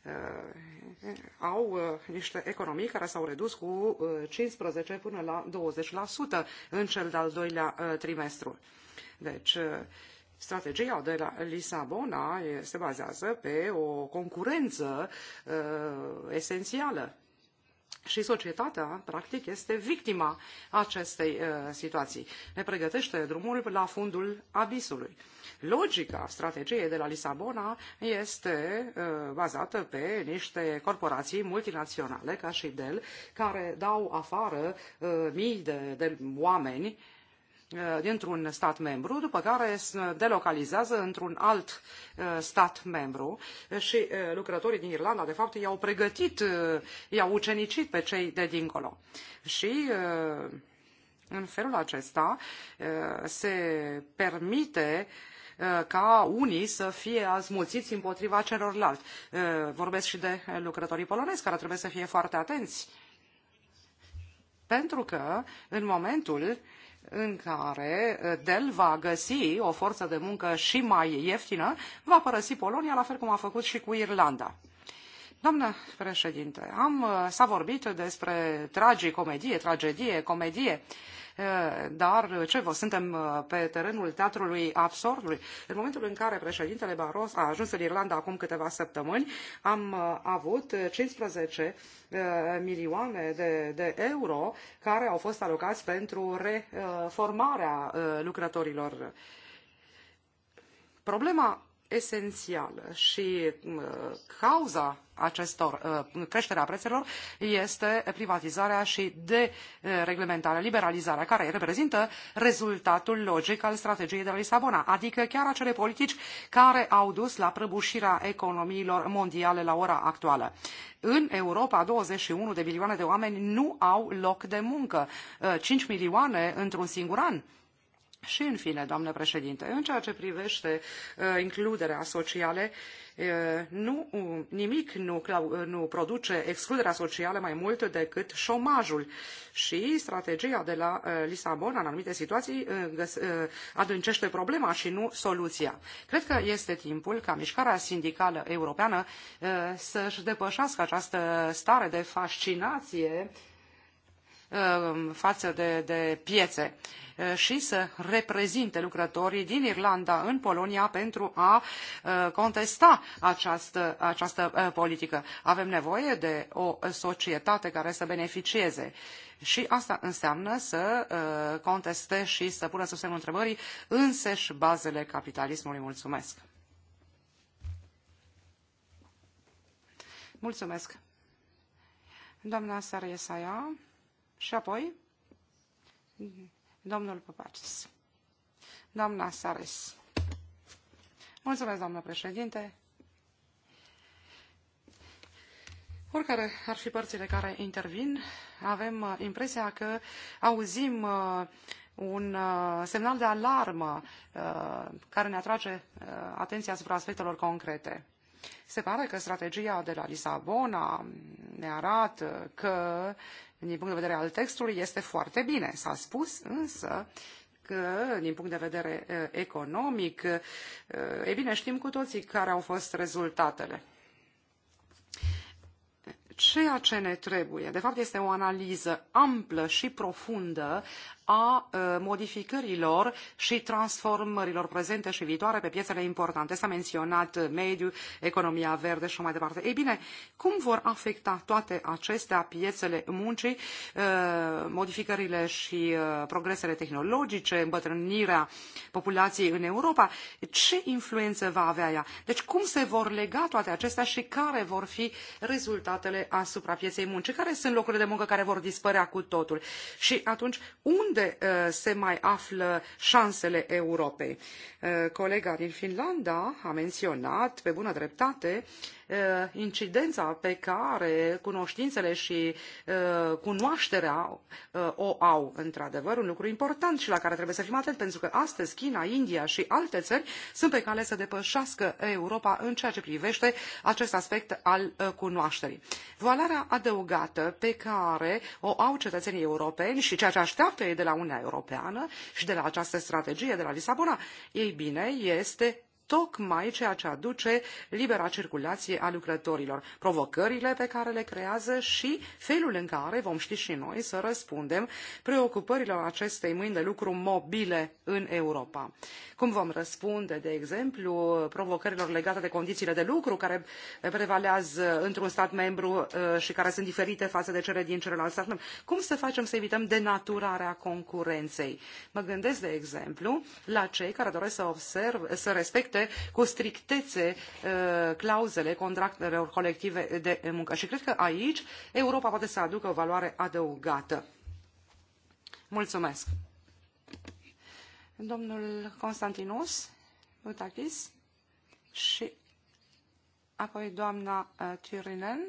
Uh, au uh, niște economii care s-au redus cu 15 uh, până la 20% în cel de-al doilea trimestru. Deci, strategia de la Lisabona se bazează pe o concurență esențială și societatea, practic, este victima acestei uh, situații. Ne pregătește drumul la fundul abisului. Logica strategiei de la Lisabona este uh, bazată pe niște corporații multinaționale, ca și Dell, care dau afară uh, mii de, de oameni uh, Uh, dintr-un stat membru, după care uh, delocalizează într-un alt uh, stat membru și lucrătorii din Irlanda, de fapt, i-au pregătit, i-au ucenicit pe cei de dincolo. Și în felul acesta se permite ca unii să fie azmuțiți împotriva celorlalți. Vorbesc și de lucrătorii polonezi, care trebuie să fie foarte atenți. Pentru că în momentul în care uh, Dell va găsi o forță de muncă și mai ieftină, va părăsi Polonia, la fel cum a făcut și cu Irlanda. Doamnă președinte, am, uh, s-a vorbit despre tragicomedie, tragedie, comedie. comedie Eh, dar ce vă, suntem eh, pe terenul teatrului absurdului. În momentul în care președintele Baros a ajuns în Irlanda acum câteva săptămâni, am eh, avut 15 milioane de, de euro care au fost alocați pentru reformarea lucrătorilor. Problema esențială și uh, cauza acestor uh, creșterea prețelor este privatizarea și dereglementarea, liberalizarea, care reprezintă rezultatul logic al strategiei de la Lisabona, adică chiar acele politici care au dus la prăbușirea economiilor mondiale la ora actuală. În Europa, 21 de milioane de oameni nu au loc de muncă, 5 uh, milioane într-un singur an și, în fine, doamnă președinte, în ceea ce privește uh, includerea socială, uh, nu, uh, nimic nu, uh, nu produce excluderea socială mai mult decât șomajul. Și strategia de la Lisabona, în anumite situații, adâncește problema și nu soluția. Cred că este timpul ca mișcarea sindicală europeană să-și depășească această stare de fascinație față de, de piețe Eh, și să reprezinte lucrătorii din Irlanda în Polonia pentru a eh, contesta această, această eh, politică. Avem nevoie de o societate care să beneficieze și asta înseamnă să conteste și să pună sub semnul întrebării înseși bazele capitalismului. Mulțumesc! Mulțumesc! Doamna Sara și apoi Domnul Popacis. Doamna Sares. Mulțumesc, doamnă președinte. Oricare ar fi părțile care intervin, avem uh, impresia că auzim uh, un uh, semnal de alarmă care ne atrage atenția asupra aspectelor concrete. Se pare că strategia de la Lisabona ne arată că din punct de vedere al textului, este foarte bine. S-a spus însă că, din punct de vedere economic, e bine, știm cu toții care au fost rezultatele. Ceea ce ne trebuie, de fapt, este o analiză amplă și profundă a modificărilor și transformărilor prezente și viitoare pe piețele importante. S-a menționat mediul, economia verde și mai departe. Ei bine, cum vor afecta toate acestea piețele muncii, modificările și progresele tehnologice, îmbătrânirea populației în Europa? Ce influență va avea ea? Deci cum se vor lega toate acestea și care vor fi rezultatele asupra pieței muncii? Care sunt locurile de muncă care vor dispărea cu totul? Și atunci, unde unde uh, se mai află șansele Europei. Uh, colega din Finlanda a menționat pe bună dreptate uh, incidența pe care cunoștințele și cunoașterea o au. Într-adevăr, un lucru important și la care trebuie să fim atenți, pentru că astăzi China, India și alte țări sunt pe cale să depășească Europa în ceea ce privește acest aspect al cunoașterii. Valoarea adăugată pe care o au cetățenii europeni și ceea ce așteaptă ei de la Uniunea Europeană și de la această strategie de la Lisabona, ei bine, este tocmai ceea ce aduce libera circulație a lucrătorilor, provocările pe care le creează și felul în care vom ști și noi să răspundem preocupărilor acestei mâini de lucru mobile în Europa. Cum vom răspunde, de exemplu, provocărilor legate de condițiile de lucru care prevalează într-un stat membru uh, și care sunt diferite față de cele din celălalt stat membru? Cum să facem să evităm denaturarea concurenței? Mă gândesc, de exemplu, la cei care doresc să observ, să respecte folosește cu strictețe uh, clauzele contractelor colective de muncă. Și cred că aici Europa poate să aducă o valoare adăugată. Mulțumesc. Domnul Constantinos Utakis și apoi doamna uh, Turinen.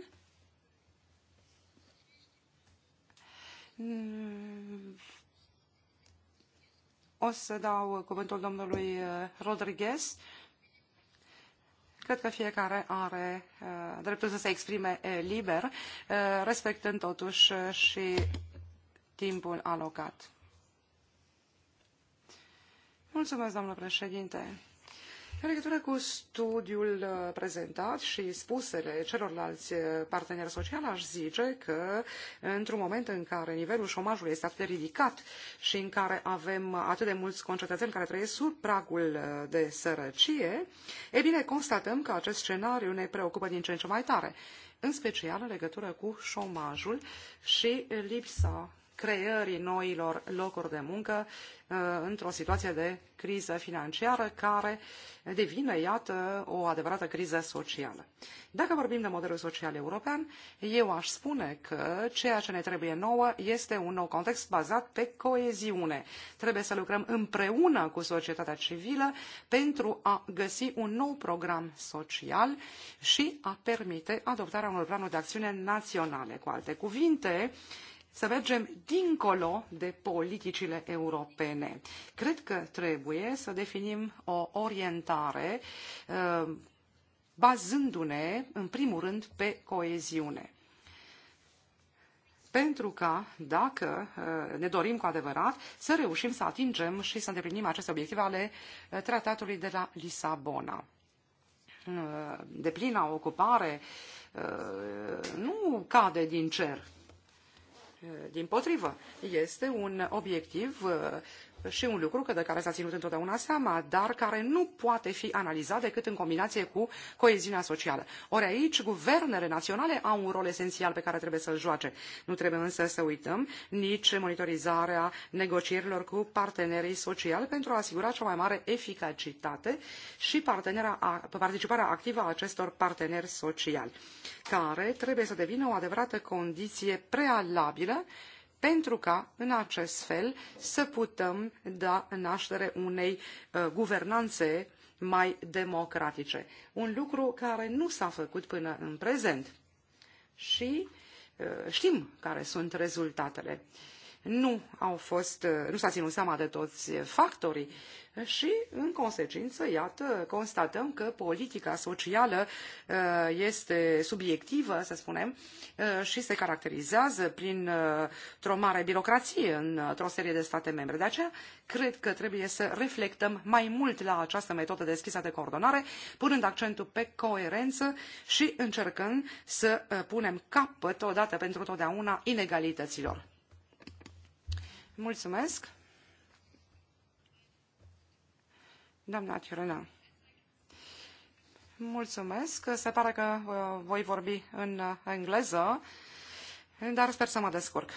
Mm. O să dau cuvântul domnului uh, Rodriguez Cred că fiecare are uh, dreptul să se exprime uh, liber, uh, respectând totuși și timpul alocat. Mulțumesc, domnule președinte. În legătură cu studiul uh, prezentat și spusele celorlalți uh, parteneri sociali, aș zice că într-un moment în care nivelul șomajului este atât de ridicat și în care avem atât de mulți concetățeni care trăiesc sub pragul uh, de sărăcie, e bine, constatăm că acest scenariu ne preocupă din ce în ce mai tare, în special în legătură cu șomajul și lipsa creării noilor locuri de muncă uh, într-o situație de criză financiară care devine, iată, o adevărată criză socială. Dacă vorbim de modelul social european, eu aș spune că ceea ce ne trebuie nouă este un nou context bazat pe coeziune. Trebuie să lucrăm împreună cu societatea civilă pentru a găsi un nou program social și a permite adoptarea unor planuri de acțiune naționale. Cu alte cuvinte, uh, să mergem dincolo de politicile europene. Cred că trebuie să definim o orientare uh, bazându-ne, în primul rând, pe coeziune. Pentru că, dacă uh, ne dorim cu adevărat, să reușim să atingem și să îndeplinim aceste obiective ale uh, tratatului de la Lisabona. Deplina ocupare nu cade din cer, din potrivă, este un obiectiv uh, și un lucru de care s-a ținut întotdeauna seama, dar care nu poate fi analizat decât în combinație cu coeziunea socială. Ori aici, guvernele naționale au un rol esențial pe care trebuie să-l joace. Nu trebuie însă să uităm nici monitorizarea negocierilor cu partenerii sociali pentru a asigura cea mai mare eficacitate și participarea activă a acestor parteneri sociali, care trebuie să devină o adevărată condiție prealabilă pentru ca în acest fel să putem da naștere unei uh, guvernanțe mai democratice. Un lucru care nu s-a făcut până în prezent. Și uh, știm care sunt rezultatele nu au fost, uh, nu s-a ținut seama de toți factorii și, în consecință, iată, constatăm că politica socială uh, este subiectivă, să spunem, uh, și se caracterizează prin o mare birocrație într-o serie de state membre. De aceea, cred că trebuie să reflectăm mai mult la această metodă deschisă de coordonare, punând accentul pe coerență și încercând să punem capăt, odată pentru totdeauna, inegalităților. Mulțumesc. Doamna Fiorena. Mulțumesc. Se pare că uh, voi vorbi în engleză, dar sper să mă descurc.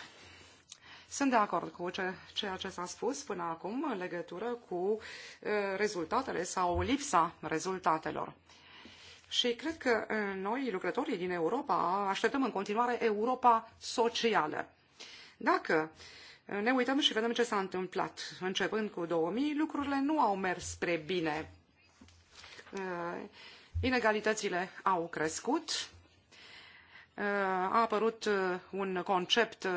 Sunt de acord cu ce, ceea ce s-a spus până acum în legătură cu uh, rezultatele sau lipsa rezultatelor. Și cred că uh, noi, lucrătorii din Europa, așteptăm în continuare Europa socială. Dacă uh, ne uităm și vedem ce s-a întâmplat. Începând cu 2000, lucrurile nu au mers spre bine. Uh, inegalitățile au crescut, uh, a apărut uh, un concept,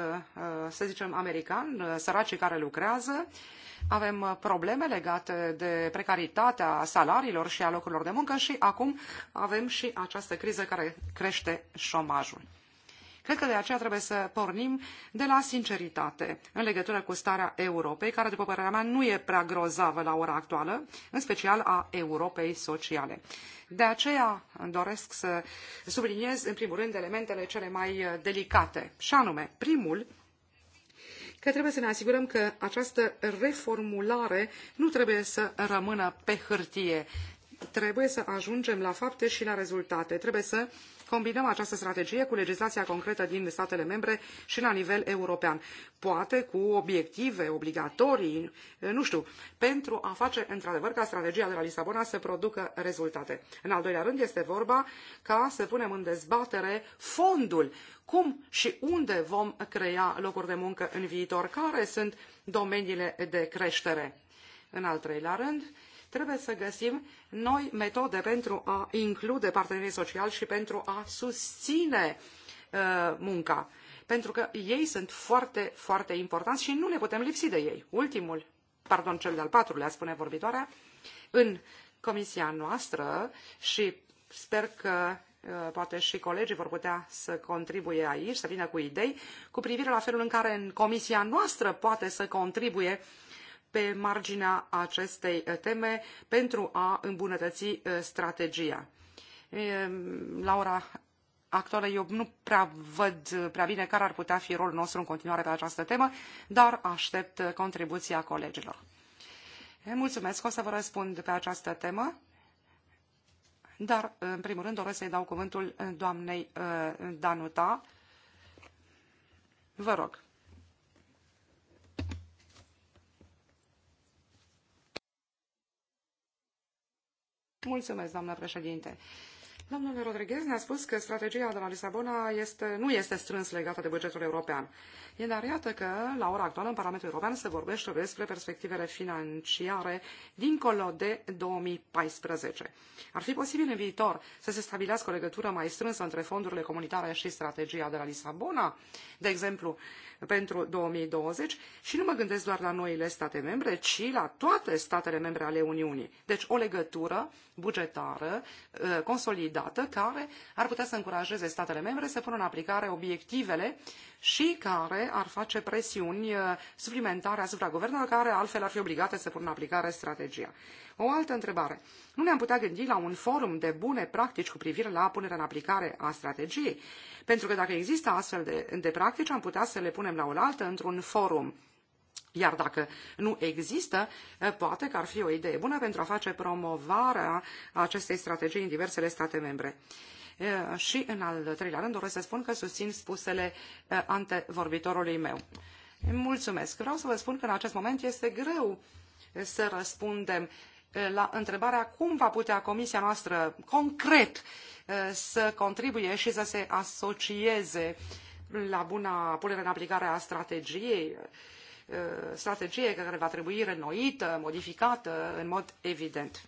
să zicem, american, săracii care lucrează, avem probleme legate de precaritatea salariilor și a locurilor de muncă și acum avem și această criză care crește șomajul. Cred că de aceea trebuie să pornim de la sinceritate în legătură cu starea Europei, care, după părerea mea, nu e prea grozavă la ora actuală, în special a Europei sociale. De aceea doresc să subliniez, în primul rând, elementele cele mai delicate, și anume, primul, că trebuie să ne asigurăm că această reformulare nu trebuie să rămână pe hârtie. Trebuie să ajungem la fapte și la rezultate. Trebuie să combinăm această strategie cu legislația concretă din statele membre și la nivel european, poate cu obiective obligatorii, nu știu, pentru a face într-adevăr ca strategia de la Lisabona să producă rezultate. În al doilea rând este vorba ca să punem în dezbatere fondul cum și unde vom crea locuri de muncă în viitor, care sunt domeniile de creștere. În al treilea rând, Trebuie să găsim noi metode pentru a include partenerii sociali și pentru a susține uh, munca. Pentru că ei sunt foarte, foarte importanți și nu ne putem lipsi de ei. Ultimul, pardon, cel de-al patrulea, spune vorbitoarea, în comisia noastră și sper că uh, poate și colegii vor putea să contribuie aici, să vină cu idei, cu privire la felul în care în comisia noastră poate să contribuie pe marginea acestei teme pentru a îmbunătăți uh, strategia. Ehm, Laura actuală eu nu prea văd uh, prea bine care ar putea fi rolul nostru în continuare pe această temă, dar aștept uh, contribuția colegilor. Mulțumesc, o să vă răspund pe această temă, dar în primul rând doresc să-i dau cuvântul doamnei Danuta. Vă rog. Mulțumesc, doamnă președinte. Domnul Rodriguez ne-a spus că strategia de la Lisabona este, nu este strâns legată de bugetul european. E dar iată că, la ora actuală, în Parlamentul European se vorbește despre perspectivele financiare dincolo de 2014. Ar fi posibil în viitor să se stabilească o legătură mai strânsă între fondurile comunitare și strategia de la Lisabona? De exemplu, pentru 2020 și nu mă gândesc doar la noile state membre, ci la toate statele membre ale Uniunii. Deci o legătură bugetară uh, consolidată care ar putea să încurajeze statele membre să pună în aplicare obiectivele și care ar face presiuni uh, suplimentare asupra guvernelor care altfel ar fi obligate să pună în aplicare strategia. O altă întrebare. Nu ne-am putea gândi la un forum de bune practici cu privire la punerea în aplicare a strategiei? Pentru că dacă există astfel de, de practici, am putea să le punem la oaltă într-un forum iar dacă nu există, eh, poate că ar fi o idee bună pentru a face promovarea acestei strategii în diversele state membre. Eh, și, în al treilea rând, doresc să spun că susțin spusele eh, antevorbitorului meu. Mulțumesc. Vreau să vă spun că în acest moment este greu să răspundem la întrebarea cum va putea comisia noastră concret uh, să contribuie și să se asocieze la buna punere în aplicare a strategiei, uh, strategie care va trebui renoită, modificată în mod evident.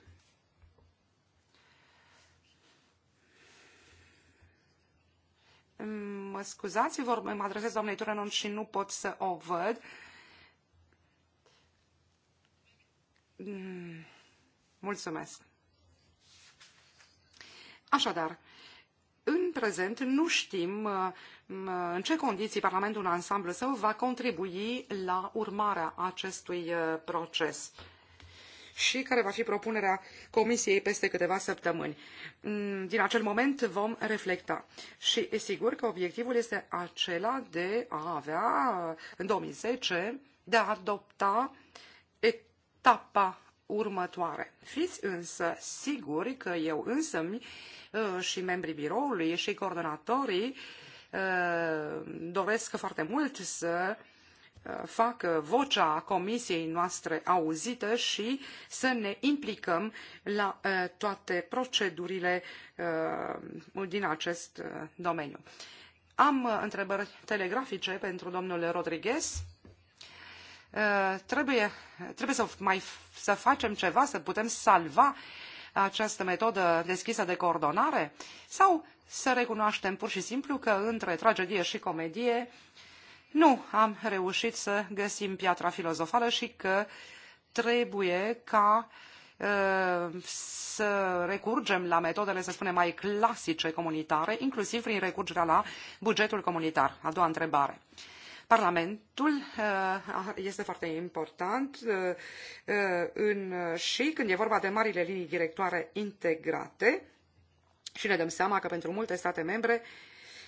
Mă scuzați, vor, mă adresez doamnei Turenon și nu pot să o văd. Mm. Mulțumesc! Așadar, în prezent nu știm uh, în ce condiții Parlamentul în ansamblu său va contribui la urmarea acestui uh, proces și care va fi propunerea Comisiei peste câteva săptămâni. Mm, din acel moment vom reflecta. Și e sigur că obiectivul este acela de a avea, în 2010, de a adopta etapa următoare. Fiți însă siguri că eu însă uh, și membrii biroului și coordonatorii uh, doresc foarte mult să uh, facă vocea comisiei noastre auzită și să ne implicăm la toate procedurile din acest domeniu. Am întrebări telegrafice pentru domnul Rodriguez. Uh, trebuie, trebuie să, mai, să facem ceva, să putem salva această metodă deschisă de coordonare? Sau să recunoaștem pur și simplu că între tragedie și comedie nu am reușit să găsim piatra filozofală și că trebuie ca uh, să recurgem la metodele, să spunem, mai clasice comunitare, inclusiv prin recurgerea la bugetul comunitar. A doua întrebare. Uh, Parlamentul eh, este foarte important eh, în, și când e vorba de marile linii directoare integrate și ne dăm seama că pentru multe state membre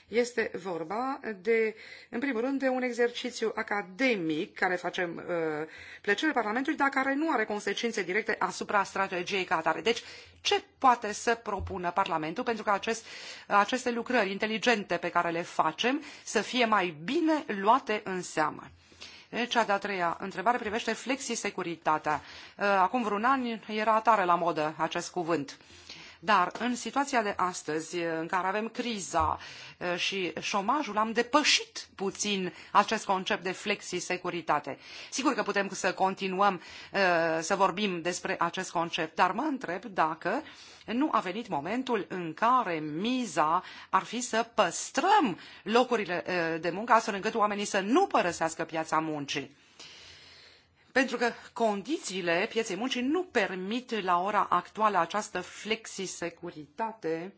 este vorba de, în primul rând, de un exercițiu academic care facem uh, plăcere Parlamentului, dar care nu are consecințe directe asupra strategiei ca atare. Deci, ce poate să propună Parlamentul pentru ca acest, aceste lucrări inteligente pe care le facem să fie mai bine luate în seamă? Cea de-a treia întrebare privește flexisecuritatea. Acum vreun an era tare la modă acest cuvânt dar în situația de astăzi, în care avem criza uh, și șomajul, am depășit puțin acest concept de flexi-securitate. Sigur că putem să continuăm uh, să vorbim despre acest concept, dar mă întreb dacă nu a venit momentul în care miza ar fi să păstrăm locurile uh, de muncă astfel încât oamenii să nu părăsească piața muncii pentru că condițiile pieței muncii nu permit la ora actuală această flexisecuritate,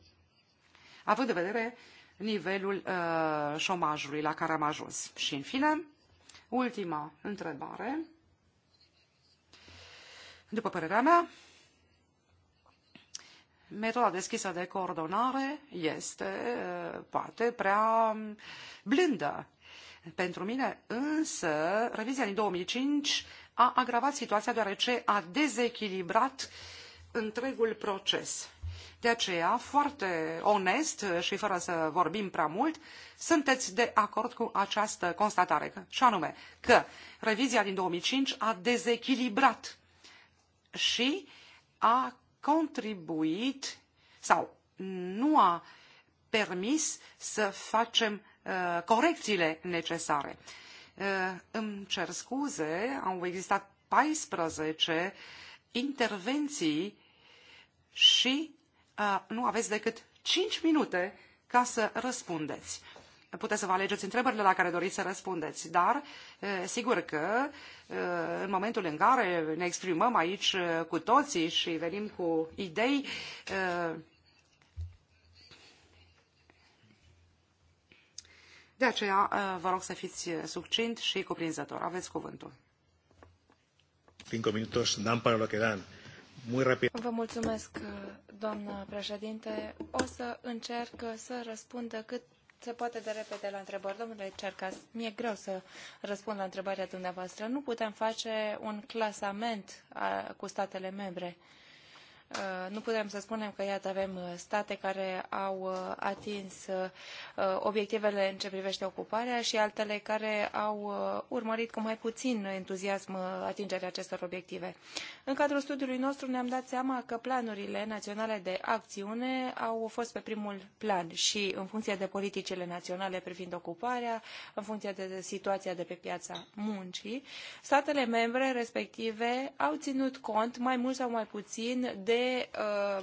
având în vedere nivelul uh, șomajului la care am ajuns. Și în fine, ultima întrebare. După părerea mea, metoda deschisă de coordonare este uh, poate prea blândă. Pentru mine însă, revizia din 2005 a agravat situația deoarece a dezechilibrat întregul proces. De aceea, foarte onest și fără să vorbim prea mult, sunteți de acord cu această constatare, și anume că revizia din 2005 a dezechilibrat și a contribuit sau nu a permis să facem uh, corecțiile necesare. Uh, Eh, îmi cer scuze, au existat 14 intervenții și eh, nu aveți decât 5 minute ca să răspundeți. Puteți să vă alegeți întrebările la care doriți să răspundeți, dar eh, sigur că în momentul în care ne exprimăm aici cu toții și venim cu idei, De aceea uh, vă rog să fiți uh, succint și cuprinzător. Aveți cuvântul. 5 minute dan para lo dan. Vă mulțumesc, uh, doamnă președinte. O să încerc să răspund cât se poate de repede la întrebări. Domnule Cercas, mi-e greu să răspund la întrebarea dumneavoastră. Nu putem face un clasament cu statele membre. Uh, nu putem să spunem că, iată, avem uh, state care au uh, atins obiectivele în ce privește ocuparea și altele care au urmărit cu mai puțin entuziasm atingerea acestor obiective. În cadrul studiului nostru ne-am dat seama că planurile naționale de acțiune au fost pe primul plan și în funcție de politicile naționale privind ocuparea, în funcție de situația de pe piața muncii, statele membre respective au ținut cont mai mult sau mai puțin de uh,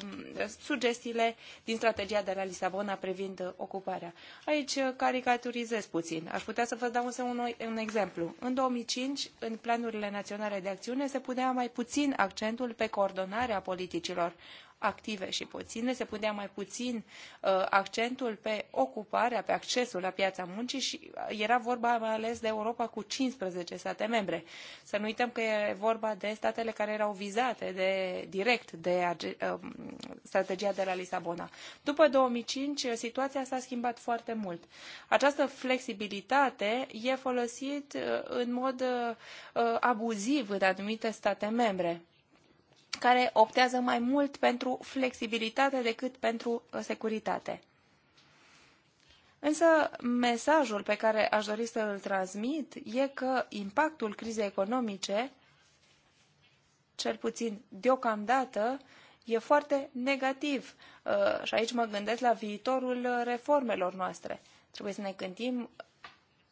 sugestiile din strategia de la Lisabona privind uh, ocuparea. Aici uh, caricaturizez puțin. Aș putea să vă dau însă un, un exemplu. În 2005, în planurile naționale de acțiune, se punea mai puțin accentul pe coordonarea politicilor active și puține, se punea mai puțin uh, accentul pe ocuparea, pe accesul la piața muncii și uh, era vorba mai ales de Europa cu 15 state membre. Să nu uităm că e vorba de statele care erau vizate de, direct de uh, strategia de la Lisabona. După 2005, uh, situația s-a schimbat foarte mult. Această flexibilitate e folosită uh, în mod uh, abuziv în anumite state membre care optează mai mult pentru flexibilitate decât pentru uh, securitate. Însă mesajul pe care aș dori să îl transmit e că impactul crizei economice, cel puțin deocamdată, e foarte negativ. Uh, și aici mă gândesc la viitorul uh, reformelor noastre. Trebuie să ne gândim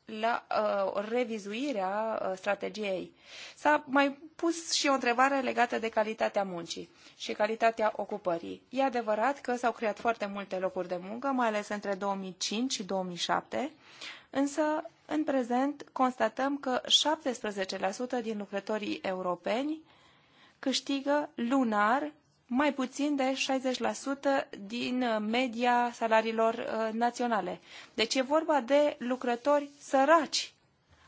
la uh, revizuirea uh, strategiei. S-a mai pus și o întrebare legată de calitatea muncii și calitatea ocupării. E adevărat că s-au creat foarte multe locuri de muncă, mai ales între 2005 și 2007, însă în prezent constatăm că 17% din lucrătorii europeni câștigă lunar mai puțin de 60% din uh, media salariilor uh, naționale. Deci e vorba de lucrători săraci,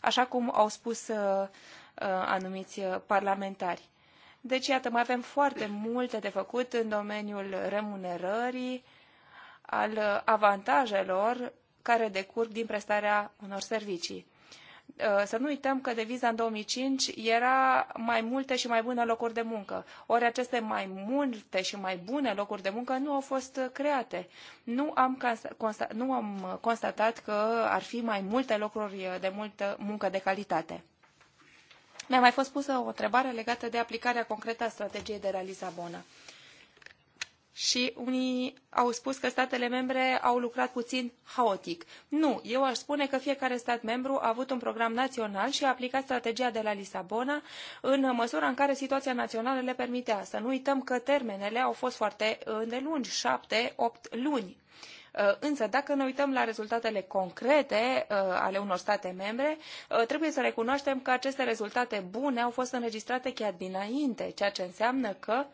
așa cum au spus uh, anumiți parlamentari. Deci, iată, mai avem foarte multe de făcut în domeniul remunerării, al avantajelor care decurg din prestarea unor servicii. Uh, să nu uităm că deviza în 2005 era mai multe și mai bune locuri de muncă. Ori aceste mai multe și mai bune locuri de muncă nu au fost create. Nu am, consta, nu am uh, constatat că ar fi mai multe locuri uh, de multă muncă de calitate. Mi-a mai fost pusă o întrebare legată de aplicarea concretă a strategiei de la Lisabona și unii au spus că statele membre au lucrat puțin haotic. Nu, eu aș spune că fiecare stat membru a avut un program național și a aplicat strategia de la Lisabona în măsura în care situația națională le permitea. Să nu uităm că termenele au fost foarte uh, îndelungi, șapte, opt luni. Uh, însă, dacă ne uităm la rezultatele concrete uh, ale unor state membre, trebuie să recunoaștem că aceste rezultate bune au fost înregistrate chiar dinainte, ceea ce înseamnă că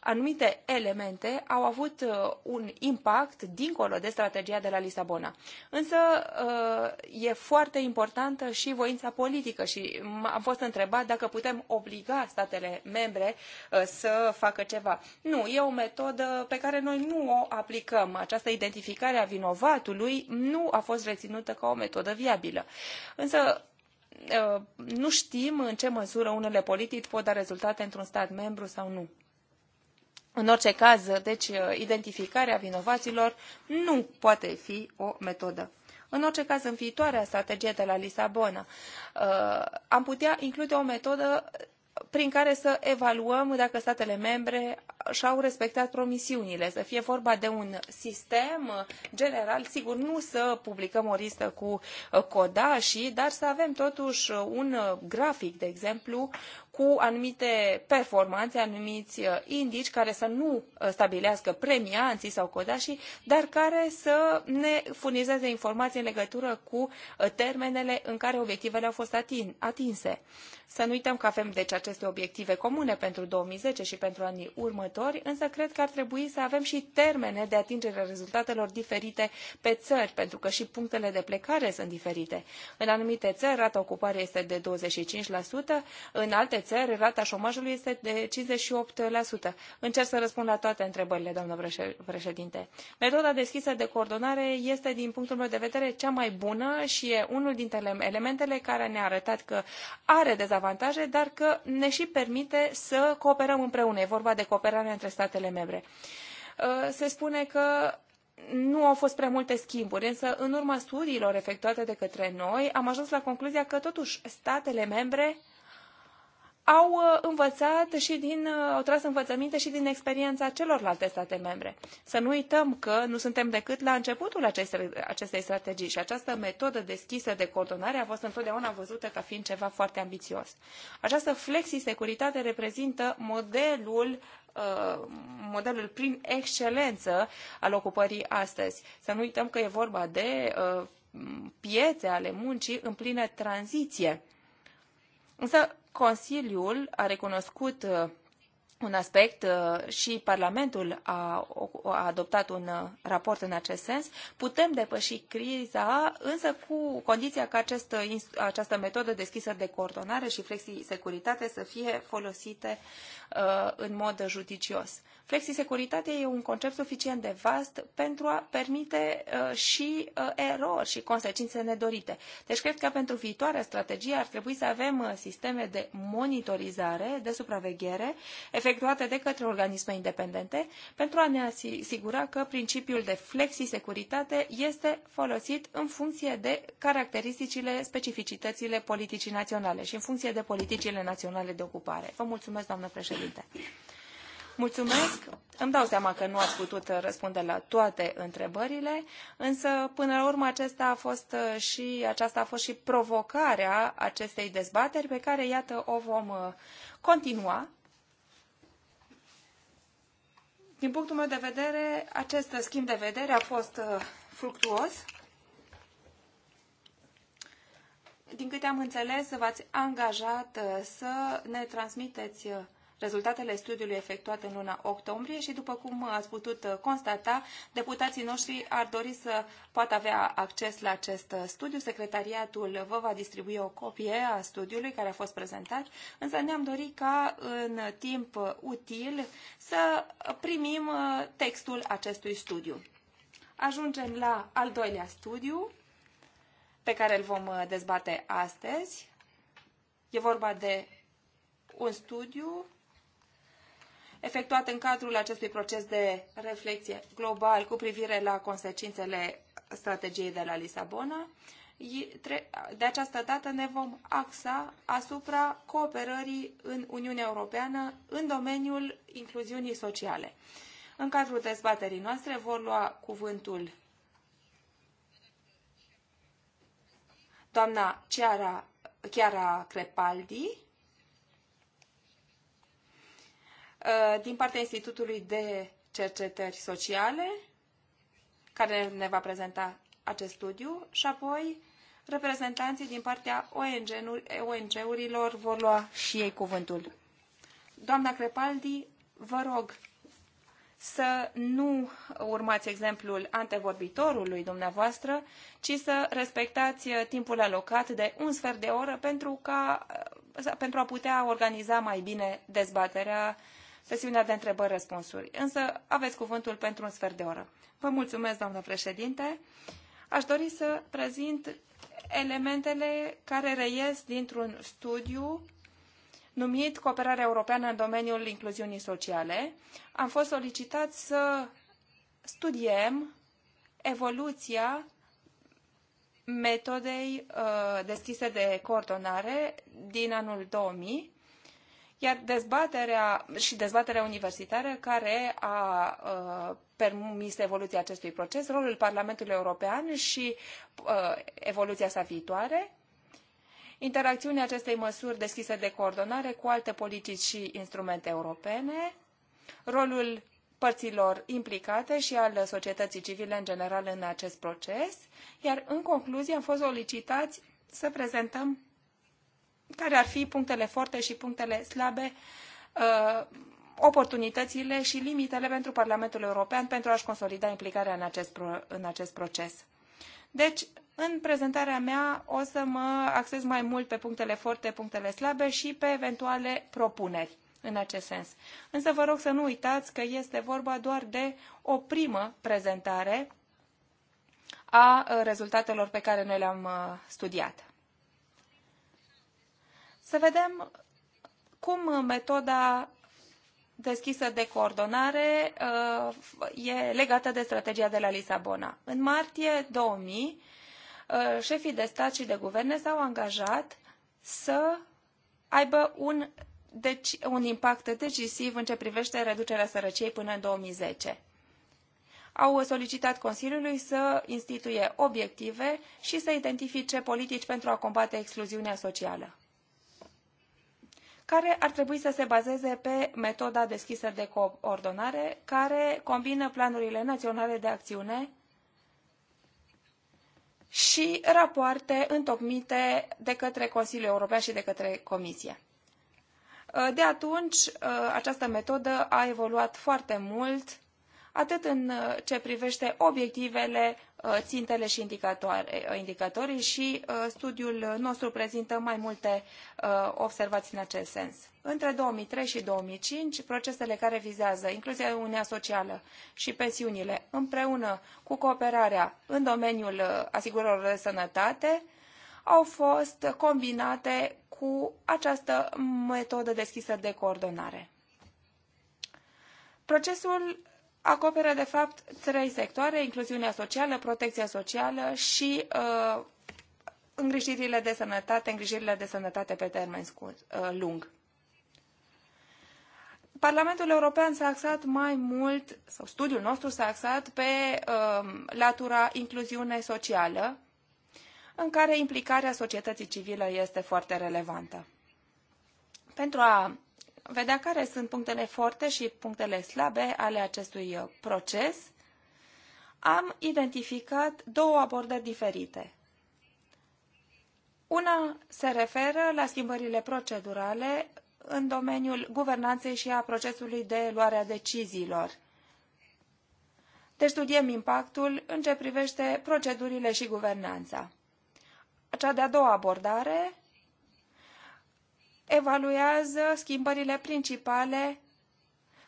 anumite elemente au avut uh, un impact dincolo de strategia de la Lisabona. Însă uh, e foarte importantă și voința politică și am fost întrebat dacă putem obliga statele membre uh, să facă ceva. Nu, e o metodă pe care noi nu o aplicăm. Această identificare a vinovatului nu a fost reținută ca o metodă viabilă. Însă nu știm în ce măsură unele politici pot da rezultate într-un stat membru sau nu. În orice caz, deci, identificarea vinovaților nu poate fi o metodă. În orice caz, în viitoarea strategie de la Lisabona, uh, am putea include o metodă prin care să evaluăm dacă statele membre și-au respectat promisiunile, să fie vorba de un sistem general, sigur, nu să publicăm o listă cu codașii, dar să avem totuși un grafic, de exemplu, cu anumite performanțe, anumiți uh, indici care să nu uh, stabilească premianții sau codașii, dar care să ne furnizeze informații în legătură cu uh, termenele în care obiectivele au fost atinse. Să nu uităm că avem deci aceste obiective comune pentru 2010 și pentru anii următori, însă cred că ar trebui să avem și termene de atingere a rezultatelor diferite pe țări, pentru că și punctele de plecare sunt diferite. În anumite țări rata ocupării este de 25%, în alte țări rata șomajului este de 58%. Încerc să răspund la toate întrebările, doamnă președinte. Metoda deschisă de coordonare este, din punctul meu de vedere, cea mai bună și e unul dintre elementele care ne-a arătat că are dezavantaje, dar că ne și permite să cooperăm împreună. E vorba de cooperare între statele membre. Uh, se spune că nu au fost prea multe schimburi, însă în urma studiilor efectuate de către noi am ajuns la concluzia că totuși statele membre au uh, învățat și din, uh, au tras învățăminte și din experiența celorlalte state membre. Să nu uităm că nu suntem decât la începutul acestei, acestei strategii și această metodă deschisă de coordonare a fost întotdeauna văzută ca fiind ceva foarte ambițios. Această flexi-securitate reprezintă modelul uh, modelul prin excelență al ocupării astăzi. Să nu uităm că e vorba de piețe ale muncii în plină tranziție. Însă Consiliul a recunoscut uh, un aspect uh, și Parlamentul a, adoptat un uh, raport în acest sens. Putem depăși criza, însă cu condiția ca această această metodă deschisă de coordonare și flexi securitate să fie folosite în mod judicios. Flexisecuritatea e un concept suficient de vast pentru a permite uh, și uh, erori și consecințe nedorite. Deci cred că pentru viitoarea strategie ar trebui să avem uh, sisteme de monitorizare, de supraveghere, efectuate de către organisme independente, pentru a ne asigura că principiul de flexisecuritate este folosit în funcție de caracteristicile, specificitățile politicii naționale și în funcție de politicile naționale de ocupare. Vă mulțumesc, doamnă președinte. Mulțumesc! Îmi dau seama că nu ați putut uh, răspunde la toate întrebările, însă până la urmă acesta a fost uh, și, aceasta a fost și provocarea acestei dezbateri pe care, iată, o vom uh, continua. Din punctul meu de vedere, acest schimb de vedere a fost fructuos. Din câte am înțeles, v-ați angajat să ne transmiteți rezultatele studiului efectuat în luna octombrie și, după cum ați putut uh, constata, deputații noștri ar dori să poată avea acces la acest uh, studiu. Secretariatul vă va distribui o copie a studiului care a fost prezentat, însă ne-am dorit ca în timp uh, util să primim textul acestui studiu. Ajungem la al doilea studiu pe care îl vom dezbate astăzi. E vorba de un studiu efectuate în cadrul acestui proces de reflexie global cu privire la consecințele strategiei de la Lisabona. De această dată ne vom axa asupra cooperării în Uniunea Europeană în domeniul incluziunii sociale. În cadrul dezbaterii noastre vor lua cuvântul doamna Chiara, Chiara Crepaldi, Uh, din partea Institutului de Cercetări Sociale, care ne va prezenta acest studiu, și apoi reprezentanții din partea ONG-urilor vor lua și ei cuvântul. Doamna Crepaldi, vă rog să nu urmați exemplul antevorbitorului dumneavoastră, ci să respectați uh, timpul alocat de un sfert de oră pentru, ca, uh, pentru a putea organiza mai bine dezbaterea sesiunea de întrebări-răspunsuri. Însă aveți cuvântul pentru un sfert de oră. Vă mulțumesc, doamnă președinte. Aș dori să prezint elementele care reies dintr-un studiu numit Cooperarea Europeană în domeniul incluziunii sociale. Am fost solicitat să studiem evoluția metodei uh, deschise de coordonare din anul 2000 iar dezbaterea și dezbaterea universitară care a uh, permis evoluția acestui proces, rolul Parlamentului European și uh, evoluția sa viitoare, interacțiunea acestei măsuri deschise de coordonare cu alte politici și instrumente europene, rolul părților implicate și al societății civile în general în acest proces, iar în concluzie am fost solicitați să prezentăm care ar fi punctele forte și punctele slabe, uh, oportunitățile și limitele pentru Parlamentul European pentru a-și consolida implicarea în acest, în acest proces. Deci, în prezentarea mea o să mă axez mai mult pe punctele forte, punctele slabe și pe eventuale propuneri în acest sens. Însă vă rog să nu uitați că este vorba doar de o primă prezentare a rezultatelor pe care noi le-am uh, studiat să vedem cum metoda deschisă de coordonare uh, e legată de strategia de la Lisabona. În martie 2000, uh, șefii de stat și de guverne s-au angajat să aibă un, deci, un impact decisiv în ce privește reducerea sărăciei până în 2010. Au solicitat Consiliului să instituie obiective și să identifice politici pentru a combate excluziunea socială care ar trebui să se bazeze pe metoda deschisă de coordonare, care combină planurile naționale de acțiune și rapoarte întocmite de către Consiliul European și de către Comisie. Uh, de atunci, uh, această metodă a evoluat foarte mult, atât în uh, ce privește obiectivele, Uh, țintele și uh, indicatorii și uh, studiul nostru prezintă mai multe observații în acest sens. Între 2003 și 2005, procesele care vizează incluzia Uniunea Socială și pensiunile împreună cu cooperarea în domeniul asigurărilor de sănătate au fost combinate cu această metodă deschisă de coordonare. Procesul acoperă, de fapt, trei sectoare, incluziunea socială, protecția socială și uh, îngrijirile de sănătate, îngrijirile de sănătate pe termen scurt, uh, lung. Parlamentul European s-a axat mai mult, sau studiul nostru s-a axat pe uh, latura incluziune socială, în care implicarea societății civile este foarte relevantă. Pentru a vedea care sunt punctele forte și punctele slabe ale acestui uh, proces, am identificat două abordări diferite. Una se referă la schimbările procedurale în domeniul guvernanței și a procesului de luare a deciziilor. Deci studiem impactul în ce privește procedurile și guvernanța. Cea de-a doua abordare evaluează schimbările principale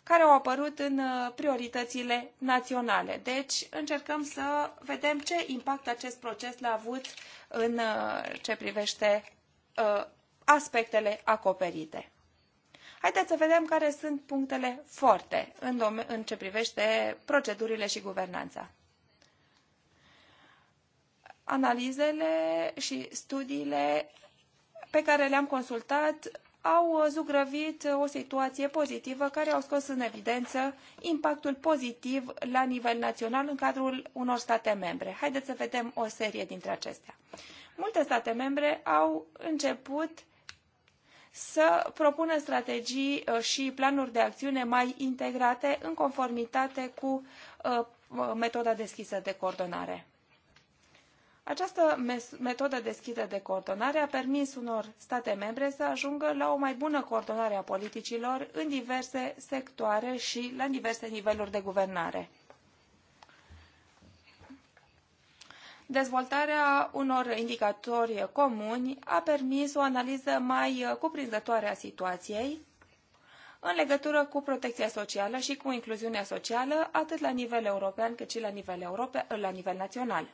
care au apărut în uh, prioritățile naționale. Deci încercăm să vedem ce impact acest proces l-a avut în uh, ce privește uh, aspectele acoperite. Haideți să vedem care sunt punctele forte în, în ce privește procedurile și guvernanța. Analizele și studiile pe care le-am consultat au uh, zugrăvit uh, o situație pozitivă care au scos în evidență impactul pozitiv la nivel național în cadrul unor state membre. Haideți să vedem o serie dintre acestea. Multe state membre au început să propună strategii uh, și planuri de acțiune mai integrate în conformitate cu metoda deschisă de coordonare. Această metodă deschisă de coordonare a permis unor state membre să ajungă la o mai bună coordonare a politicilor în diverse sectoare și la diverse niveluri de guvernare. Dezvoltarea unor indicatori comuni a permis o analiză mai cuprinzătoare a situației în legătură cu protecția socială și cu incluziunea socială, atât la nivel european cât și la nivel, europe, la nivel național.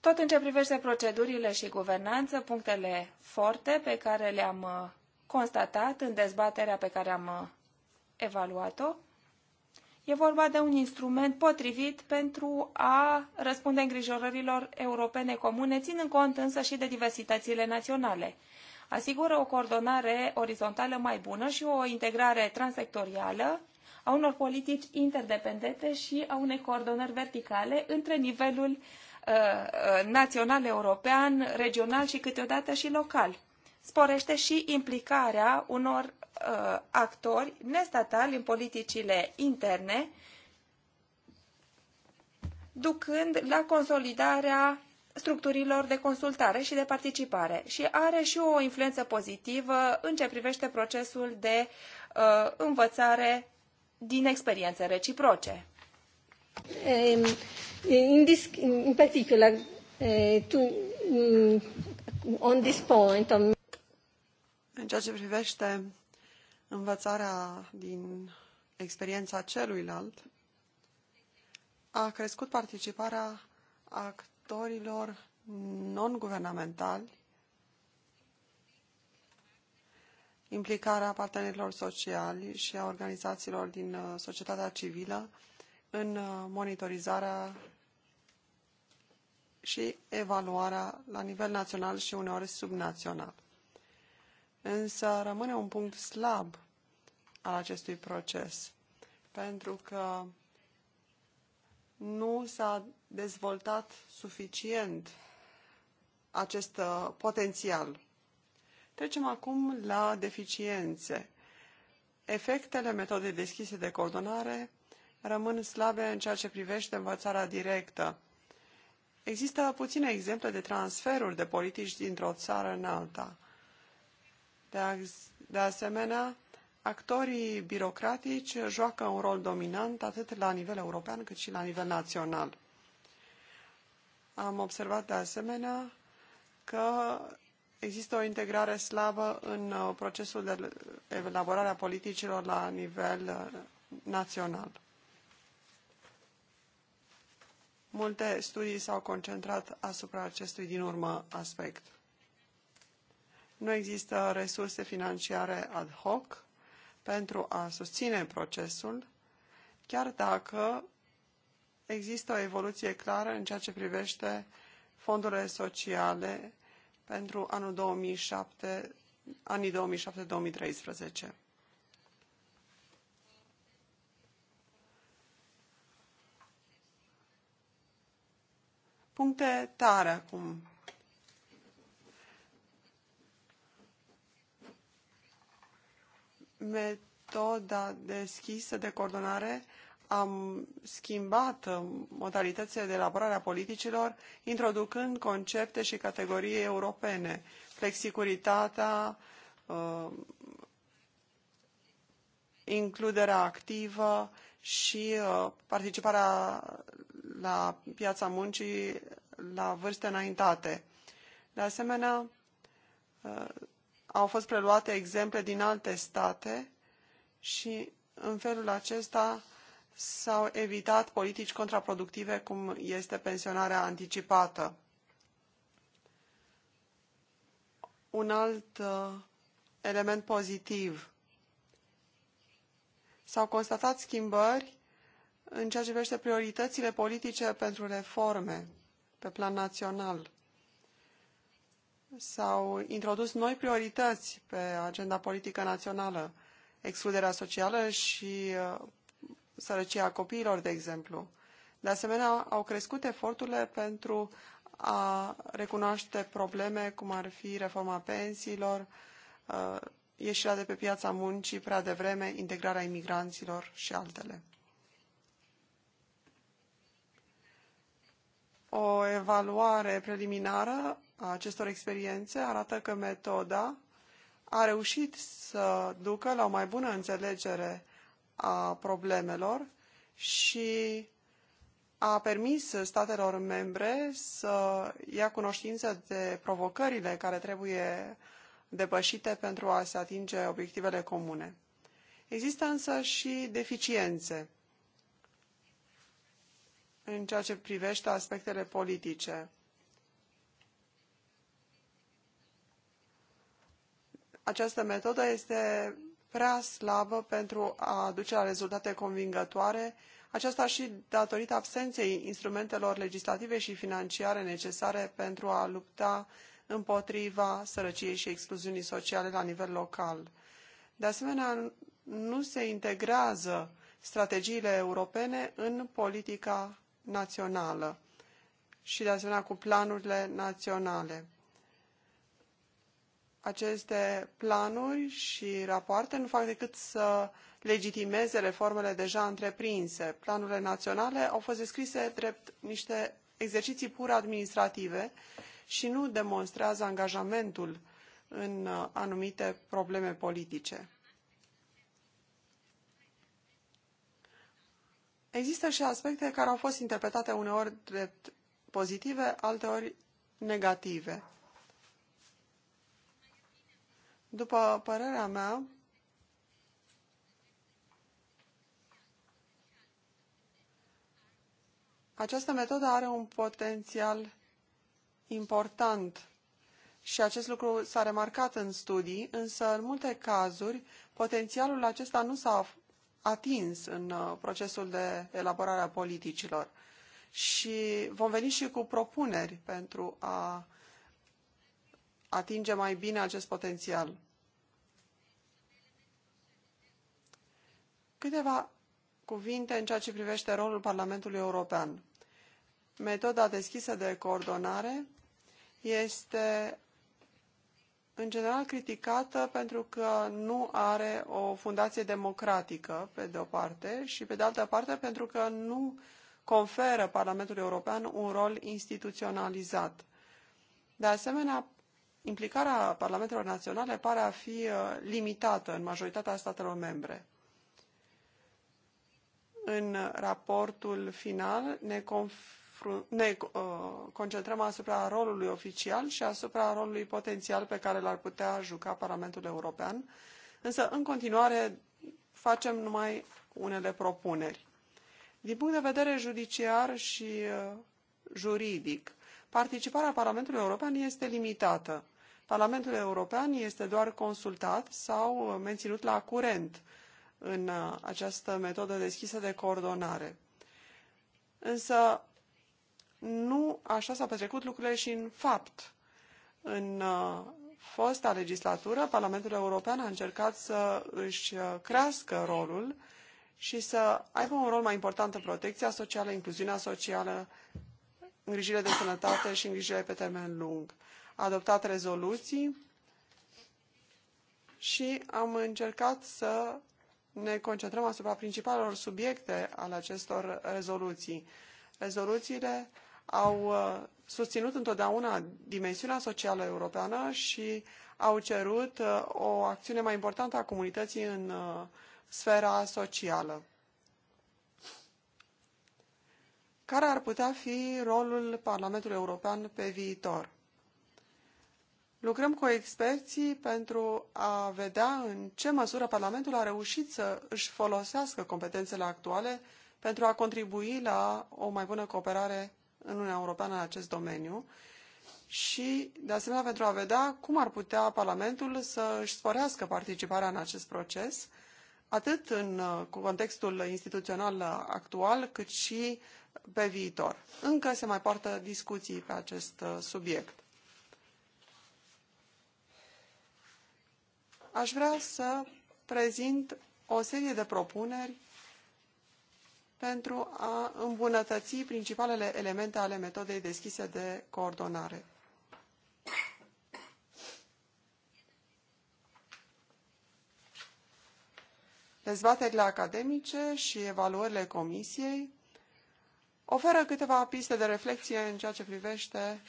Tot în ce privește procedurile și guvernanță, punctele forte pe care le-am uh, constatat în dezbaterea pe care am uh, evaluat-o, e vorba de un instrument potrivit pentru a răspunde îngrijorărilor europene comune, ținând cont însă și de diversitățile naționale. Asigură o coordonare orizontală mai bună și o integrare transsectorială a unor politici interdependente și a unei coordonări verticale între nivelul uh, Uh, uh, național, european, regional și câteodată și local. Sporește și implicarea unor uh, actori nestatali în politicile interne, ducând la consolidarea structurilor de consultare și de participare și are și o influență pozitivă în ce privește procesul de uh, învățare din experiențe reciproce. Um, in, this, in particular, uh, to, um, on this point, on... În ceea ce privește învățarea din experiența celuilalt, a crescut participarea actorilor non-guvernamentali, implicarea partenerilor sociali și a organizațiilor din uh, societatea civilă în uh, monitorizarea și evaluarea la nivel național și uneori subnațional. Însă rămâne un punct slab al acestui proces, pentru că nu s-a dezvoltat suficient acest uh, potențial. Trecem acum la deficiențe. Efectele metodei deschise de coordonare rămân slabe în ceea ce privește învățarea directă. Există puține exemple de transferuri de politici dintr-o țară în alta. De, de asemenea, actorii birocratici joacă un rol dominant atât la nivel european cât și la nivel național. Am observat de asemenea că există o integrare slabă în uh, procesul de elaborare a politicilor la nivel uh, național. Multe studii s-au concentrat asupra acestui din urmă aspect. Nu există resurse financiare ad hoc pentru a susține procesul, chiar dacă există o evoluție clară în ceea ce privește fondurile sociale pentru anul 2007, anii 2007-2013. puncte tare acum. Metoda deschisă de coordonare am schimbat uh, modalitățile de elaborare a politicilor, introducând concepte și categorii europene, flexicuritatea, uh, includerea activă și uh, participarea la piața muncii la vârste înaintate. De asemenea, uh, au fost preluate exemple din alte state și în felul acesta s-au evitat politici contraproductive cum este pensionarea anticipată. Un alt uh, element pozitiv. S-au constatat schimbări în ceea ce privește prioritățile politice pentru reforme pe plan național. S-au introdus noi priorități pe agenda politică națională, excluderea socială și uh, sărăcia copiilor, de exemplu. De asemenea, au crescut eforturile pentru a recunoaște probleme cum ar fi reforma pensiilor, uh, ieșirea de pe piața muncii prea devreme, integrarea imigranților și altele. O evaluare preliminară a acestor experiențe arată că metoda a reușit să ducă la o mai bună înțelegere a problemelor și a permis statelor membre să ia cunoștință de provocările care trebuie depășite pentru a se atinge obiectivele comune. Există însă și deficiențe în ceea ce privește aspectele politice. Această metodă este prea slabă pentru a aduce la rezultate convingătoare, aceasta și datorită absenței instrumentelor legislative și financiare necesare pentru a lupta împotriva sărăciei și excluziunii sociale la nivel local. De asemenea, nu se integrează strategiile europene în politica națională și de asemenea cu planurile naționale. Aceste planuri și rapoarte nu fac decât să legitimeze reformele deja întreprinse. Planurile naționale au fost descrise drept niște exerciții pur administrative și nu demonstrează angajamentul în uh, anumite probleme politice. Există și aspecte care au fost interpretate uneori drept pozitive, alteori negative. După părerea mea, această metodă are un potențial important și acest lucru s-a remarcat în studii, însă în multe cazuri potențialul acesta nu s-a atins în uh, procesul de elaborare a politicilor. Și vom veni și cu propuneri pentru a atinge mai bine acest potențial. Câteva cuvinte în ceea ce privește rolul Parlamentului European. Metoda deschisă de coordonare este în general criticată pentru că nu are o fundație democratică, pe de o parte, și pe de altă parte pentru că nu conferă Parlamentului European un rol instituționalizat. De asemenea, implicarea Parlamentelor Naționale pare a fi uh, limitată în majoritatea statelor membre. În raportul final ne, conf- ne uh, concentrăm asupra rolului oficial și asupra rolului potențial pe care l-ar putea juca Parlamentul European, însă în continuare facem numai unele propuneri. Din punct de vedere judiciar și uh, juridic, participarea Parlamentului European este limitată. Parlamentul European este doar consultat sau menținut la curent în uh, această metodă deschisă de coordonare. Însă nu așa s-au petrecut lucrurile și în fapt. În uh, fosta legislatură, Parlamentul European a încercat să își uh, crească rolul și să aibă un rol mai important în protecția socială, incluziunea socială, îngrijirea de sănătate și îngrijirea pe termen lung. A adoptat rezoluții și am încercat să ne concentrăm asupra principalelor subiecte ale acestor rezoluții. Rezoluțiile au uh, susținut întotdeauna dimensiunea socială europeană și au cerut uh, o acțiune mai importantă a comunității în uh, sfera socială. Care ar putea fi rolul Parlamentului European pe viitor? Lucrăm cu experții pentru a vedea în ce măsură Parlamentul a reușit să își folosească competențele actuale pentru a contribui la o mai bună cooperare în Uniunea Europeană în acest domeniu și, de asemenea, pentru a vedea cum ar putea Parlamentul să își sporească participarea în acest proces, atât în uh, contextul instituțional actual, cât și pe viitor. Încă se mai poartă discuții pe acest uh, subiect. Aș vrea să prezint o serie de propuneri pentru a îmbunătăți principalele elemente ale metodei deschise de coordonare. Dezbaterile academice și evaluările comisiei oferă câteva piste de reflexie în ceea ce privește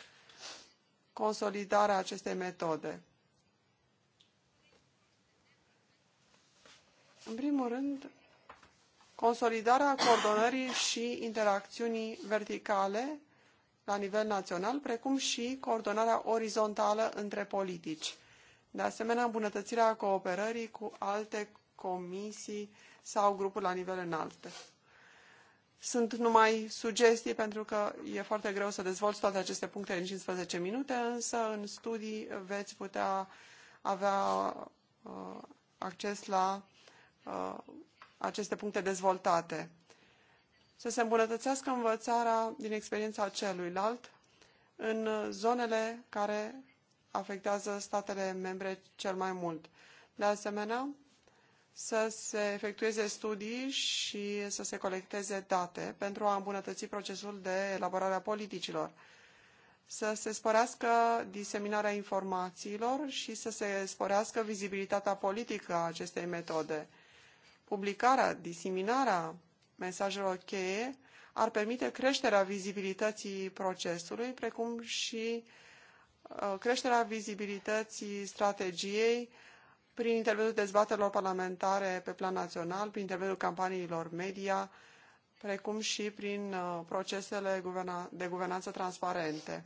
consolidarea acestei metode. În primul rând, consolidarea coordonării și interacțiunii verticale la nivel național, precum și coordonarea orizontală între politici. De asemenea, îmbunătățirea cooperării cu alte comisii sau grupuri la nivel înalt. Sunt numai sugestii pentru că e foarte greu să dezvolți toate aceste puncte în 15 minute, însă în studii veți putea avea uh, acces la uh, aceste puncte dezvoltate. Să se îmbunătățească învățarea din experiența celuilalt în zonele care afectează statele membre cel mai mult. De asemenea, să se efectueze studii și să se colecteze date pentru a îmbunătăți procesul de elaborare a politicilor, să se sporească diseminarea informațiilor și să se sporească vizibilitatea politică a acestei metode. Publicarea, diseminarea mesajelor cheie ar permite creșterea vizibilității procesului, precum și uh, creșterea vizibilității strategiei prin intermediul dezbaterilor parlamentare pe plan național, prin intermediul campaniilor media, precum și prin uh, procesele de guvernanță transparente.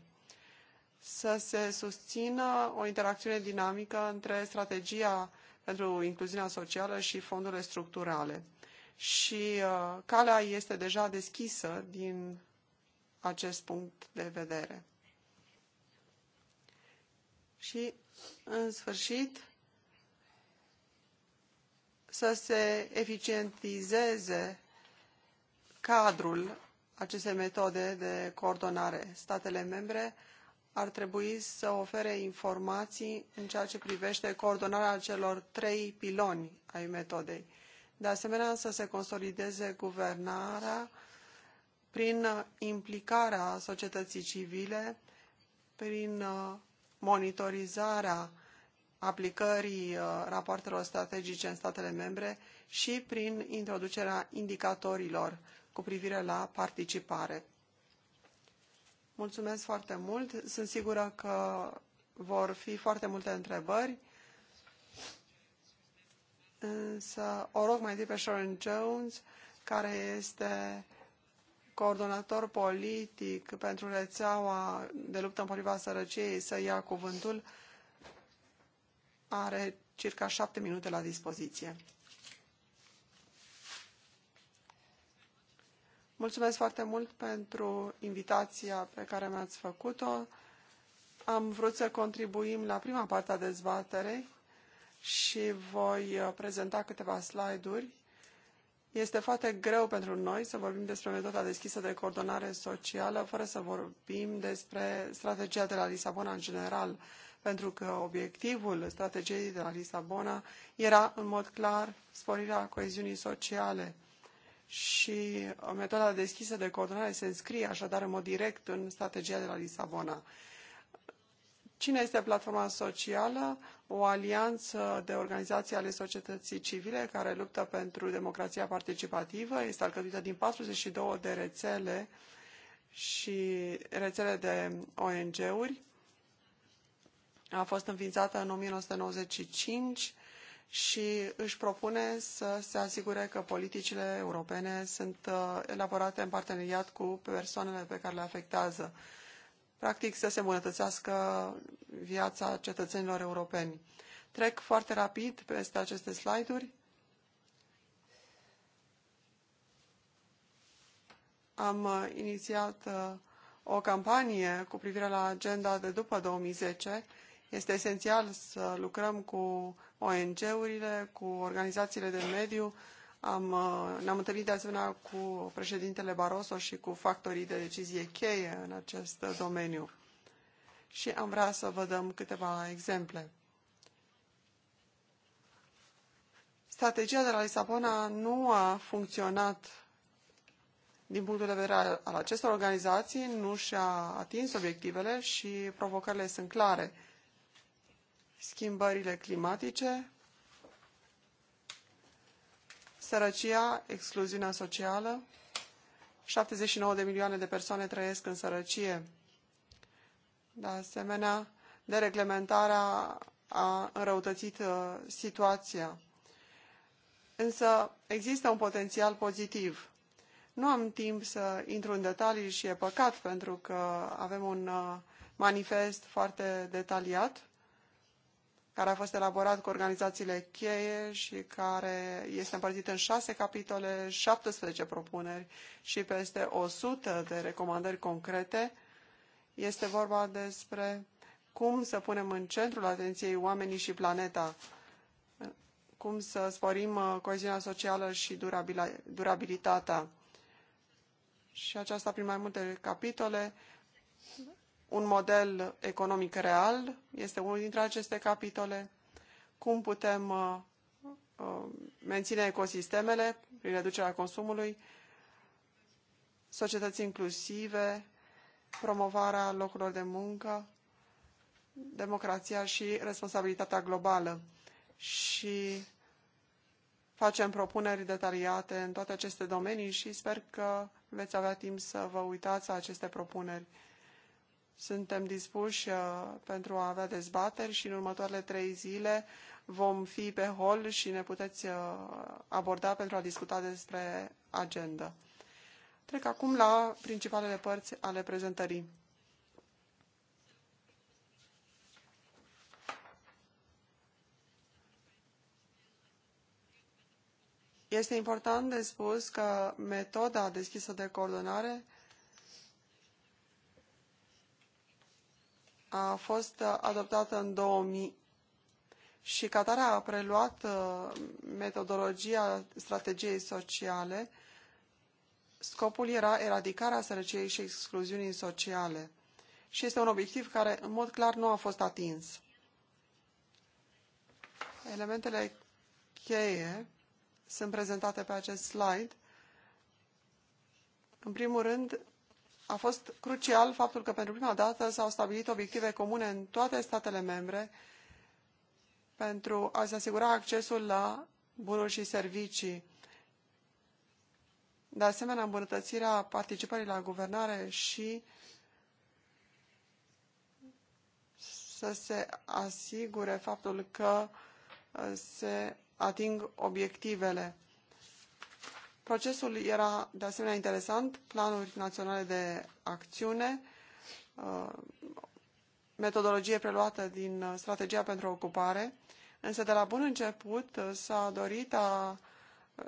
Să se susțină o interacțiune dinamică între strategia pentru incluziunea socială și fondurile structurale. Și uh, calea este deja deschisă din acest punct de vedere. Și, în sfârșit, să se eficientizeze cadrul acestei metode de coordonare. Statele membre ar trebui să ofere informații în ceea ce privește coordonarea celor trei piloni ai metodei. De asemenea, să se consolideze guvernarea prin uh, implicarea societății civile, prin uh, monitorizarea aplicării uh, rapoartelor strategice în statele membre și prin introducerea indicatorilor cu privire la participare. Mulțumesc foarte mult. Sunt sigură că vor fi foarte multe întrebări. Însă o rog mai întâi pe Sharon Jones, care este coordonator politic pentru rețeaua de luptă împotriva sărăciei, să ia cuvântul. Are circa șapte minute la dispoziție. Mulțumesc foarte mult pentru invitația pe care mi-ați făcut-o. Am vrut să contribuim la prima parte a dezbaterei și voi uh, prezenta câteva slide-uri. Este foarte greu pentru noi să vorbim despre metoda deschisă de coordonare socială fără să vorbim despre strategia de la Lisabona în general, pentru că obiectivul strategiei de la Lisabona era în mod clar sporirea coeziunii sociale și metoda deschisă de coordonare se înscrie așadar în mod direct în strategia de la Lisabona. Cine este platforma socială? O alianță de organizații ale societății civile care luptă pentru democrația participativă. Este alcătuită din 42 de rețele și rețele de ONG-uri. A fost înființată în 1995 și își propune să se asigure că politicile europene sunt uh, elaborate în parteneriat cu persoanele pe care le afectează. Practic să se îmbunătățească viața cetățenilor europeni. Trec foarte rapid peste aceste slide-uri. Am uh, inițiat uh, o campanie cu privire la agenda de după 2010 este esențial să lucrăm cu ONG-urile, cu organizațiile de mediu. Am, uh, ne-am întâlnit de asemenea cu președintele Barroso și cu factorii de decizie cheie în acest domeniu. Și am vrea să vă dăm câteva exemple. Strategia de la Lisabona nu a funcționat din punctul de vedere al acestor organizații, nu și-a atins obiectivele și provocările sunt clare schimbările climatice, sărăcia, excluziunea socială. 79 de milioane de persoane trăiesc în sărăcie. De asemenea, dereglementarea a înrăutățit uh, situația. Însă există un potențial pozitiv. Nu am timp să intru în detalii și e păcat pentru că avem un uh, manifest foarte detaliat care a fost elaborat cu organizațiile cheie și care este împărțit în șase capitole, 17 propuneri și peste 100 de recomandări concrete. Este vorba despre cum să punem în centrul atenției oamenii și planeta, cum să sporim uh, coeziunea socială și durabilitatea. Și aceasta prin mai multe capitole, un model economic real este unul dintre aceste capitole, cum putem uh, uh, menține ecosistemele prin reducerea consumului, societăți inclusive, promovarea locurilor de muncă, democrația și responsabilitatea globală. Și facem propuneri detaliate în toate aceste domenii și sper că veți avea timp să vă uitați la aceste propuneri. Suntem dispuși uh, pentru a avea dezbateri și în următoarele trei zile vom fi pe hol și ne puteți uh, aborda pentru a discuta despre agenda. Trec acum la principalele părți ale prezentării. Este important de spus că metoda deschisă de coordonare a fost uh, adoptată în 2000 și ca a preluat uh, metodologia strategiei sociale. Scopul era eradicarea sărăciei și excluziunii sociale și este un obiectiv care, în mod clar, nu a fost atins. Elementele cheie sunt prezentate pe acest slide. În primul rând, a fost crucial faptul că pentru prima dată s-au stabilit obiective comune în toate statele membre pentru a se asigura accesul la bunuri și servicii. De asemenea, îmbunătățirea participării la guvernare și să se asigure faptul că uh, se ating obiectivele. Procesul era de asemenea interesant, planuri naționale de acțiune, uh, metodologie preluată din uh, strategia pentru ocupare, însă de la bun început uh, s-a dorit a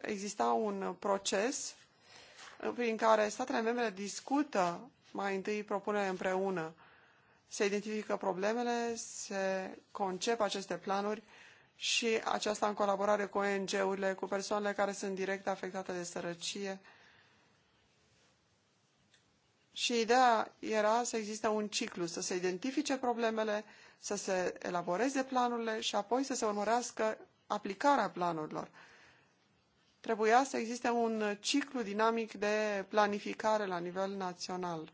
exista un proces prin care statele membre discută mai întâi propunere împreună, se identifică problemele, se concep aceste planuri și aceasta în colaborare cu ONG-urile, cu persoanele care sunt direct afectate de sărăcie. Și ideea era să existe un ciclu, să se identifice problemele, să se elaboreze planurile și apoi să se urmărească aplicarea planurilor. Trebuia să existe un ciclu dinamic de planificare la nivel național.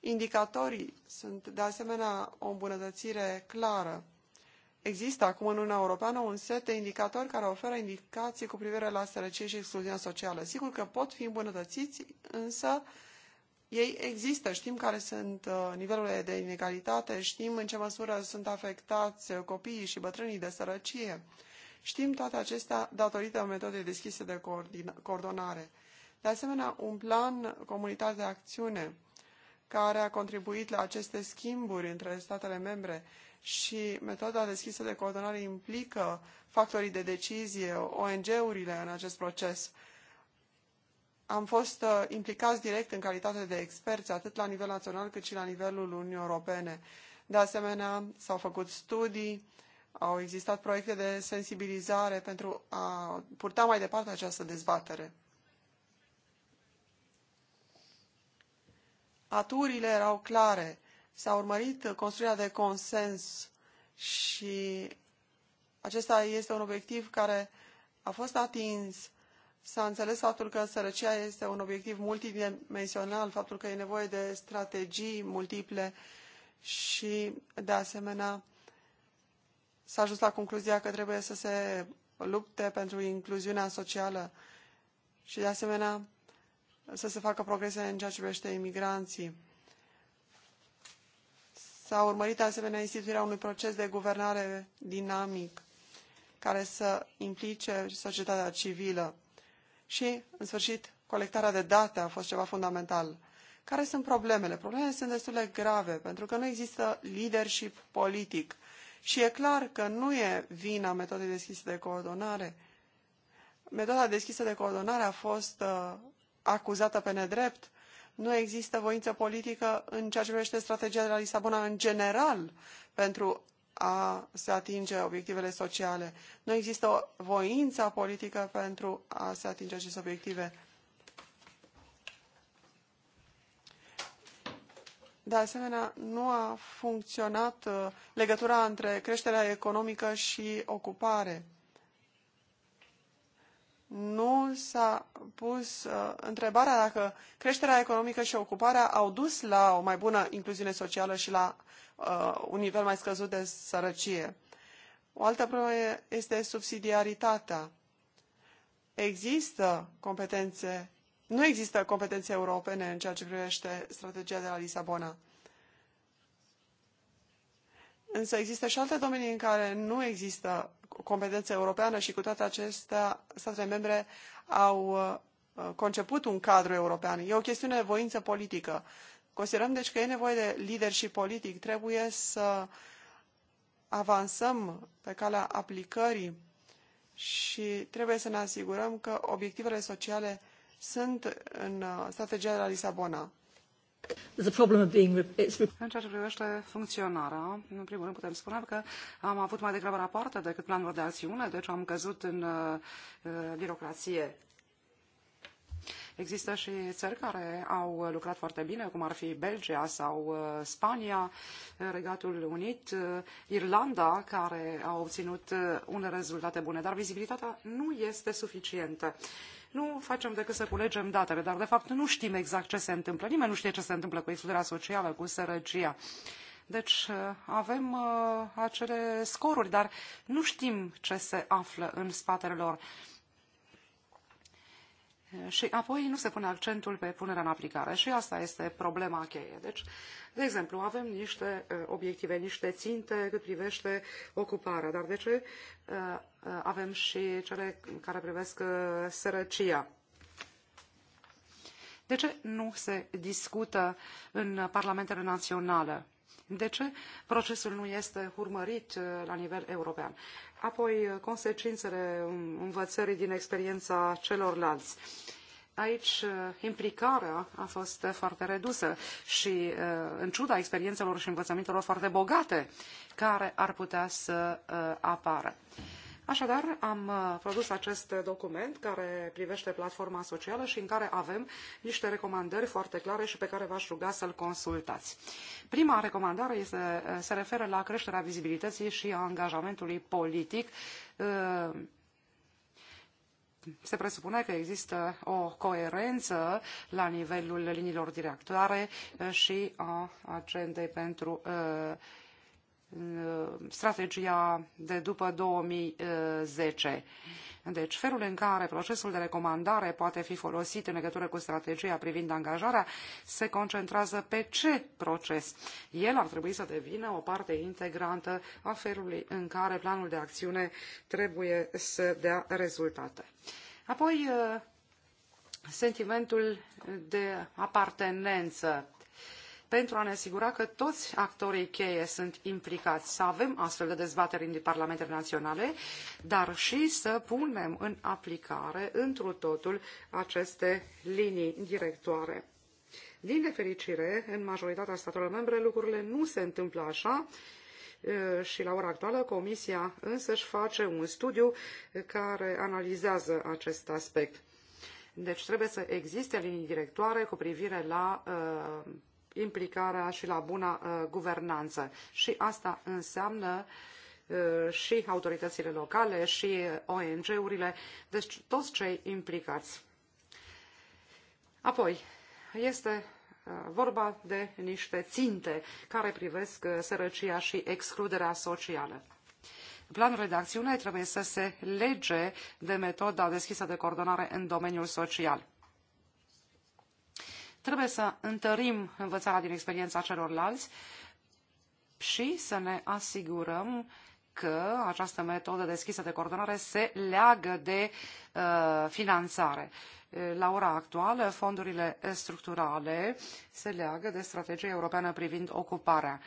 Indicatorii sunt de asemenea o îmbunătățire clară. Există acum în Uniunea Europeană un set de indicatori care oferă indicații cu privire la sărăcie și excluziunea socială. Sigur că pot fi îmbunătățiți, însă ei există. Știm care sunt uh, nivelurile de inegalitate, știm în ce măsură sunt afectați uh, copiii și bătrânii de sărăcie. Știm toate acestea datorită metodei deschise de coordonare. De asemenea, un plan comunitar de acțiune care a contribuit la aceste schimburi între statele membre și metoda deschisă de coordonare implică factorii de decizie, ONG-urile în acest proces. Am fost uh, implicați direct în calitate de experți, atât la nivel național cât și la nivelul Uniunii Europene. De asemenea, s-au făcut studii, au existat proiecte de sensibilizare pentru a purta mai departe această dezbatere. Aturile erau clare S-a urmărit uh, construirea de consens și acesta este un obiectiv care a fost atins. S-a înțeles faptul că sărăcia este un obiectiv multidimensional, faptul că e nevoie de strategii multiple și, de asemenea, s-a ajuns la concluzia că trebuie să se lupte pentru incluziunea socială și, de asemenea, să se facă progrese în ceea ce privește imigranții. S-a urmărit asemenea instituirea unui proces de guvernare dinamic care să implice societatea civilă. Și, în sfârșit, colectarea de date a fost ceva fundamental. Care sunt problemele? Problemele sunt destul de grave, pentru că nu există leadership politic. Și e clar că nu e vina metodei deschise de coordonare. Metoda deschisă de coordonare a fost uh, acuzată pe nedrept. Nu există voință politică în ceea ce privește strategia de la Lisabona în general pentru a se atinge obiectivele sociale. Nu există voința politică pentru a se atinge aceste obiective. De asemenea, nu a funcționat uh, legătura între creșterea economică și ocupare nu s-a pus uh, întrebarea dacă creșterea economică și ocuparea au dus la o mai bună incluziune socială și la uh, un nivel mai scăzut de sărăcie. O altă problemă este subsidiaritatea. Există competențe, nu există competențe europene în ceea ce privește strategia de la Lisabona. Însă există și alte domenii în care nu există competență europeană și cu toate acestea statele membre au uh, conceput un cadru european. E o chestiune de voință politică. Considerăm deci că e nevoie de lider și politic. Trebuie să avansăm pe calea aplicării și trebuie să ne asigurăm că obiectivele sociale sunt în uh, strategia de la Lisabona. În ceea ce privește funcționarea, în primul rând putem spune că am avut mai degrabă rapoarte decât planuri de acțiune, deci am căzut în uh, uh birocrație. Există și țări care au lucrat foarte bine, cum ar fi Belgia sau uh, Spania, uh, Regatul Unit, Irlanda, care au obținut unele rezultate bune, dar vizibilitatea nu este suficientă. Uh, nu facem decât să culegem datele, dar de fapt nu știm exact ce se întâmplă. Nimeni nu știe ce se întâmplă cu excluderea socială, cu sărăcia. Deci uh, avem uh, acele scoruri, dar nu știm ce se află în spatele lor și apoi nu se pune accentul pe punerea în aplicare și asta este problema cheie. Deci, de exemplu, avem niște uh, obiective, niște ținte cât privește ocuparea, dar de ce uh, uh, avem și cele care privesc sărăcia? De ce nu se discută în parlamentele naționale? De ce procesul nu este urmărit uh, la nivel european? Apoi, uh, consecințele um, învățării din experiența celorlalți. Aici uh, implicarea a fost foarte redusă și în ciuda experiențelor și învățămintelor foarte bogate care ar putea să apară. Așadar, am uh, produs acest document care privește platforma socială și în care avem niște recomandări foarte clare și pe care v-aș ruga să-l consultați. Prima recomandare este, uh, se referă la creșterea vizibilității și a angajamentului politic uh, se presupune că există o coerență la nivelul liniilor directoare și a agendei pentru Uh, strategia de după 2010. Uh, deci, felul în care procesul de recomandare poate fi folosit în legătură cu strategia privind angajarea se concentrează pe ce proces. El ar trebui să devină o parte integrantă a felului în care planul de acțiune trebuie să dea rezultate. Apoi, uh, sentimentul de apartenență pentru a ne asigura că toți actorii cheie sunt implicați, să avem astfel de dezbateri în parlamentele naționale, dar și să punem în aplicare întru totul aceste linii directoare. Din nefericire, în majoritatea statelor membre lucrurile nu se întâmplă așa, și la ora actuală Comisia însă își face un studiu care analizează acest aspect. Deci trebuie să existe linii directoare cu privire la uh, implicarea și la buna uh, guvernanță. Și asta înseamnă uh, și autoritățile locale, și ONG-urile, deci toți cei implicați. Apoi, este uh, vorba de niște ținte care privesc sărăcia și excluderea socială. Planul de trebuie să se lege de metoda deschisă de coordonare în domeniul social. Trebuie să întărim învățarea din experiența celorlalți și să ne asigurăm că această metodă deschisă de coordonare se leagă de uh, finanțare. La ora actuală, fondurile structurale se leagă de strategia europeană privind ocuparea.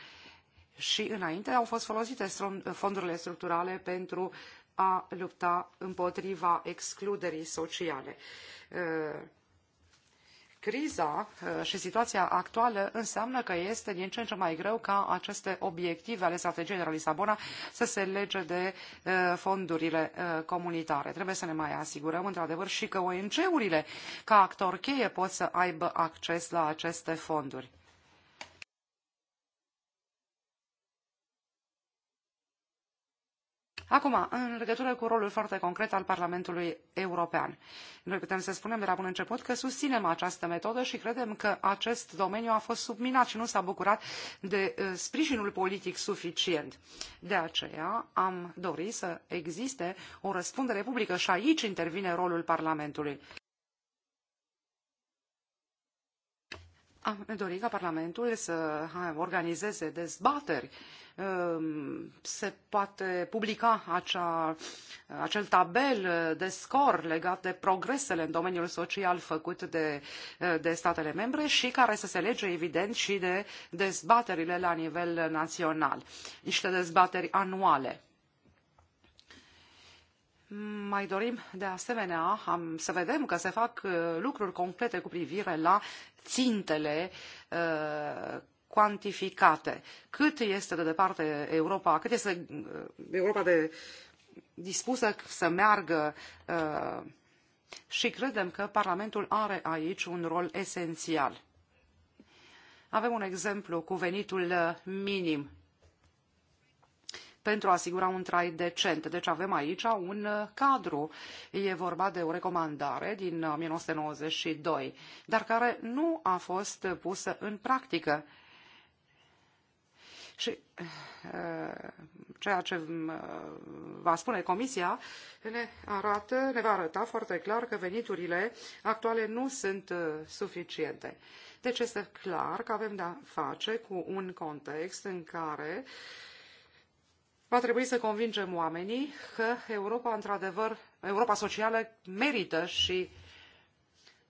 Și înainte au fost folosite fondurile structurale pentru a lupta împotriva excluderii sociale. Uh, Criza uh, și situația actuală înseamnă că este din ce în ce mai greu ca aceste obiective ale strategiei de la Lisabona să se lege de uh, fondurile uh, comunitare. Trebuie să ne mai asigurăm, într-adevăr, și că ONG-urile, ca actor cheie, pot să aibă acces la aceste fonduri. Acum, în legătură cu rolul foarte concret al Parlamentului European, noi putem să spunem de la bun început că susținem această metodă și credem că acest domeniu a fost subminat și nu s-a bucurat de uh, sprijinul politic suficient. De aceea am dorit să existe o răspundere publică și aici intervine rolul Parlamentului. Am dorit ca Parlamentul să organizeze dezbateri. Ehm, se poate publica acea, acel tabel de scor legat de progresele în domeniul social făcut de, de statele membre și care să se lege, evident, și de dezbaterile la nivel național. Niște dezbateri anuale mai dorim, de asemenea, am, să vedem că se fac uh, lucruri complete cu privire la țintele uh, cuantificate. Cât este de departe Europa, cât este uh, Europa de dispusă să meargă uh, și credem că Parlamentul are aici un rol esențial. Avem un exemplu cu venitul uh, minim pentru a asigura un trai decent. Deci avem aici un uh, cadru. E vorba de o recomandare din 1992, uh, dar care nu a fost pusă în practică. Și uh, ceea ce va spune Comisia ne, arată, ne va arăta foarte clar că veniturile actuale nu sunt suficiente. Deci este clar că avem de-a face cu un context în care uh, Va trebui să convingem oamenii că Europa, într-adevăr, Europa socială merită și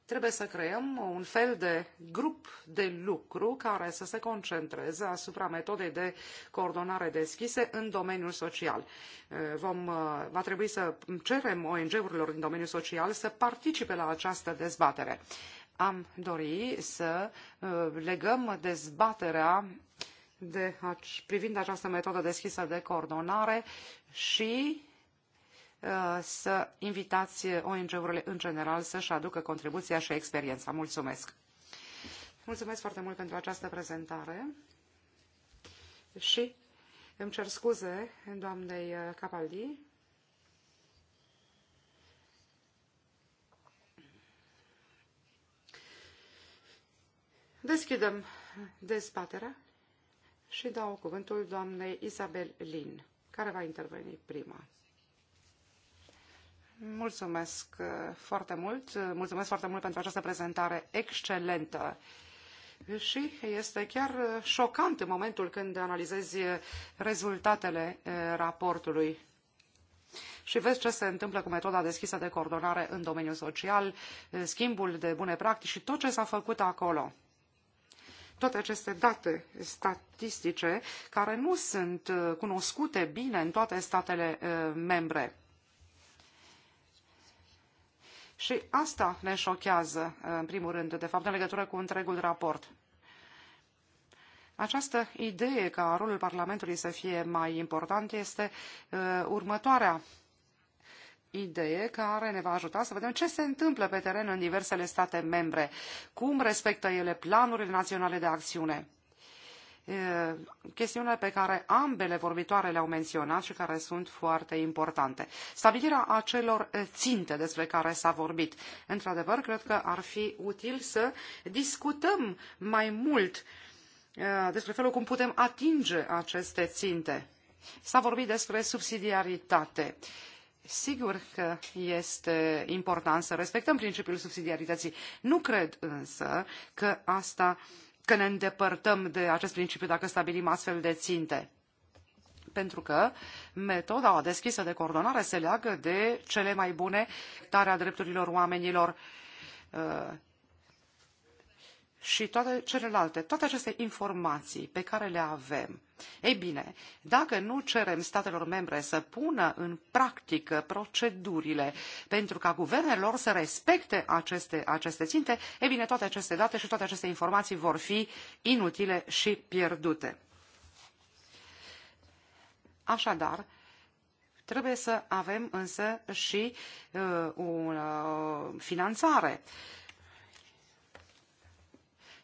trebuie să creăm un fel de grup de lucru care să se concentreze asupra metodei de coordonare deschise în domeniul social. Eh, vom, eh, va trebui să cerem ONG-urilor din domeniul social să participe la această dezbatere. Am dori să eh, legăm dezbaterea de, privind această metodă deschisă de coordonare și uh, să invitați ONG-urile în general să-și aducă contribuția și experiența. Mulțumesc! Mulțumesc foarte mult pentru această prezentare și îmi cer scuze doamnei uh, Capaldi. Deschidem dezbaterea și dau cuvântul doamnei Isabel Lin, care va interveni prima. Mulțumesc uh, foarte mult, mulțumesc foarte mult pentru această prezentare excelentă. Și este chiar uh, șocant în momentul când analizezi uh, rezultatele raportului și vezi ce se întâmplă cu metoda deschisă de coordonare în domeniul social, schimbul de bune practici și tot ce s-a făcut acolo toate aceste date statistice care nu sunt uh, cunoscute bine în toate statele uh, membre. Și asta ne șochează, uh, în primul rând, de fapt, în legătură cu întregul raport. Această idee ca rolul Parlamentului să fie mai important este uh, următoarea idee care ne va ajuta să vedem ce se întâmplă pe teren în diversele state membre, cum respectă ele planurile naționale de acțiune. Chestiunile pe care ambele vorbitoare le-au menționat și care sunt foarte importante. Stabilirea acelor ținte despre care s-a vorbit. Într-adevăr, cred că ar fi util să discutăm mai mult despre felul cum putem atinge aceste ținte. S-a vorbit despre subsidiaritate. Uh, Sigur că este important să respectăm principiul subsidiarității. Nu cred însă că asta că ne îndepărtăm de acest principiu dacă stabilim astfel de ținte. Pentru că metoda deschisă de coordonare se leagă de cele mai bune tare a drepturilor oamenilor uh, și toate celelalte, toate aceste informații pe care le avem. Ei bine, dacă nu cerem statelor membre să pună în practică procedurile pentru ca guvernele lor să respecte aceste, aceste ținte, ei bine, toate aceste date și toate aceste informații vor fi inutile și pierdute. Așadar, trebuie să avem însă și uh, o uh, finanțare. Uh,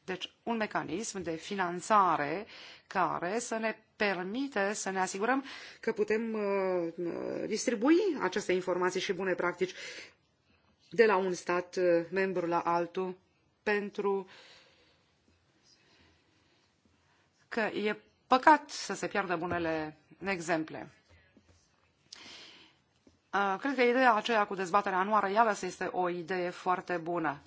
deci un mecanism de finanțare care să ne permite să ne asigurăm că putem uh, uh, distribui aceste informații și bune practici de la un stat uh, membru la altul pentru că e păcat să se piardă bunele exemple. Cred că ideea aceea cu dezbaterea anuară, iarăși, este o idee foarte bună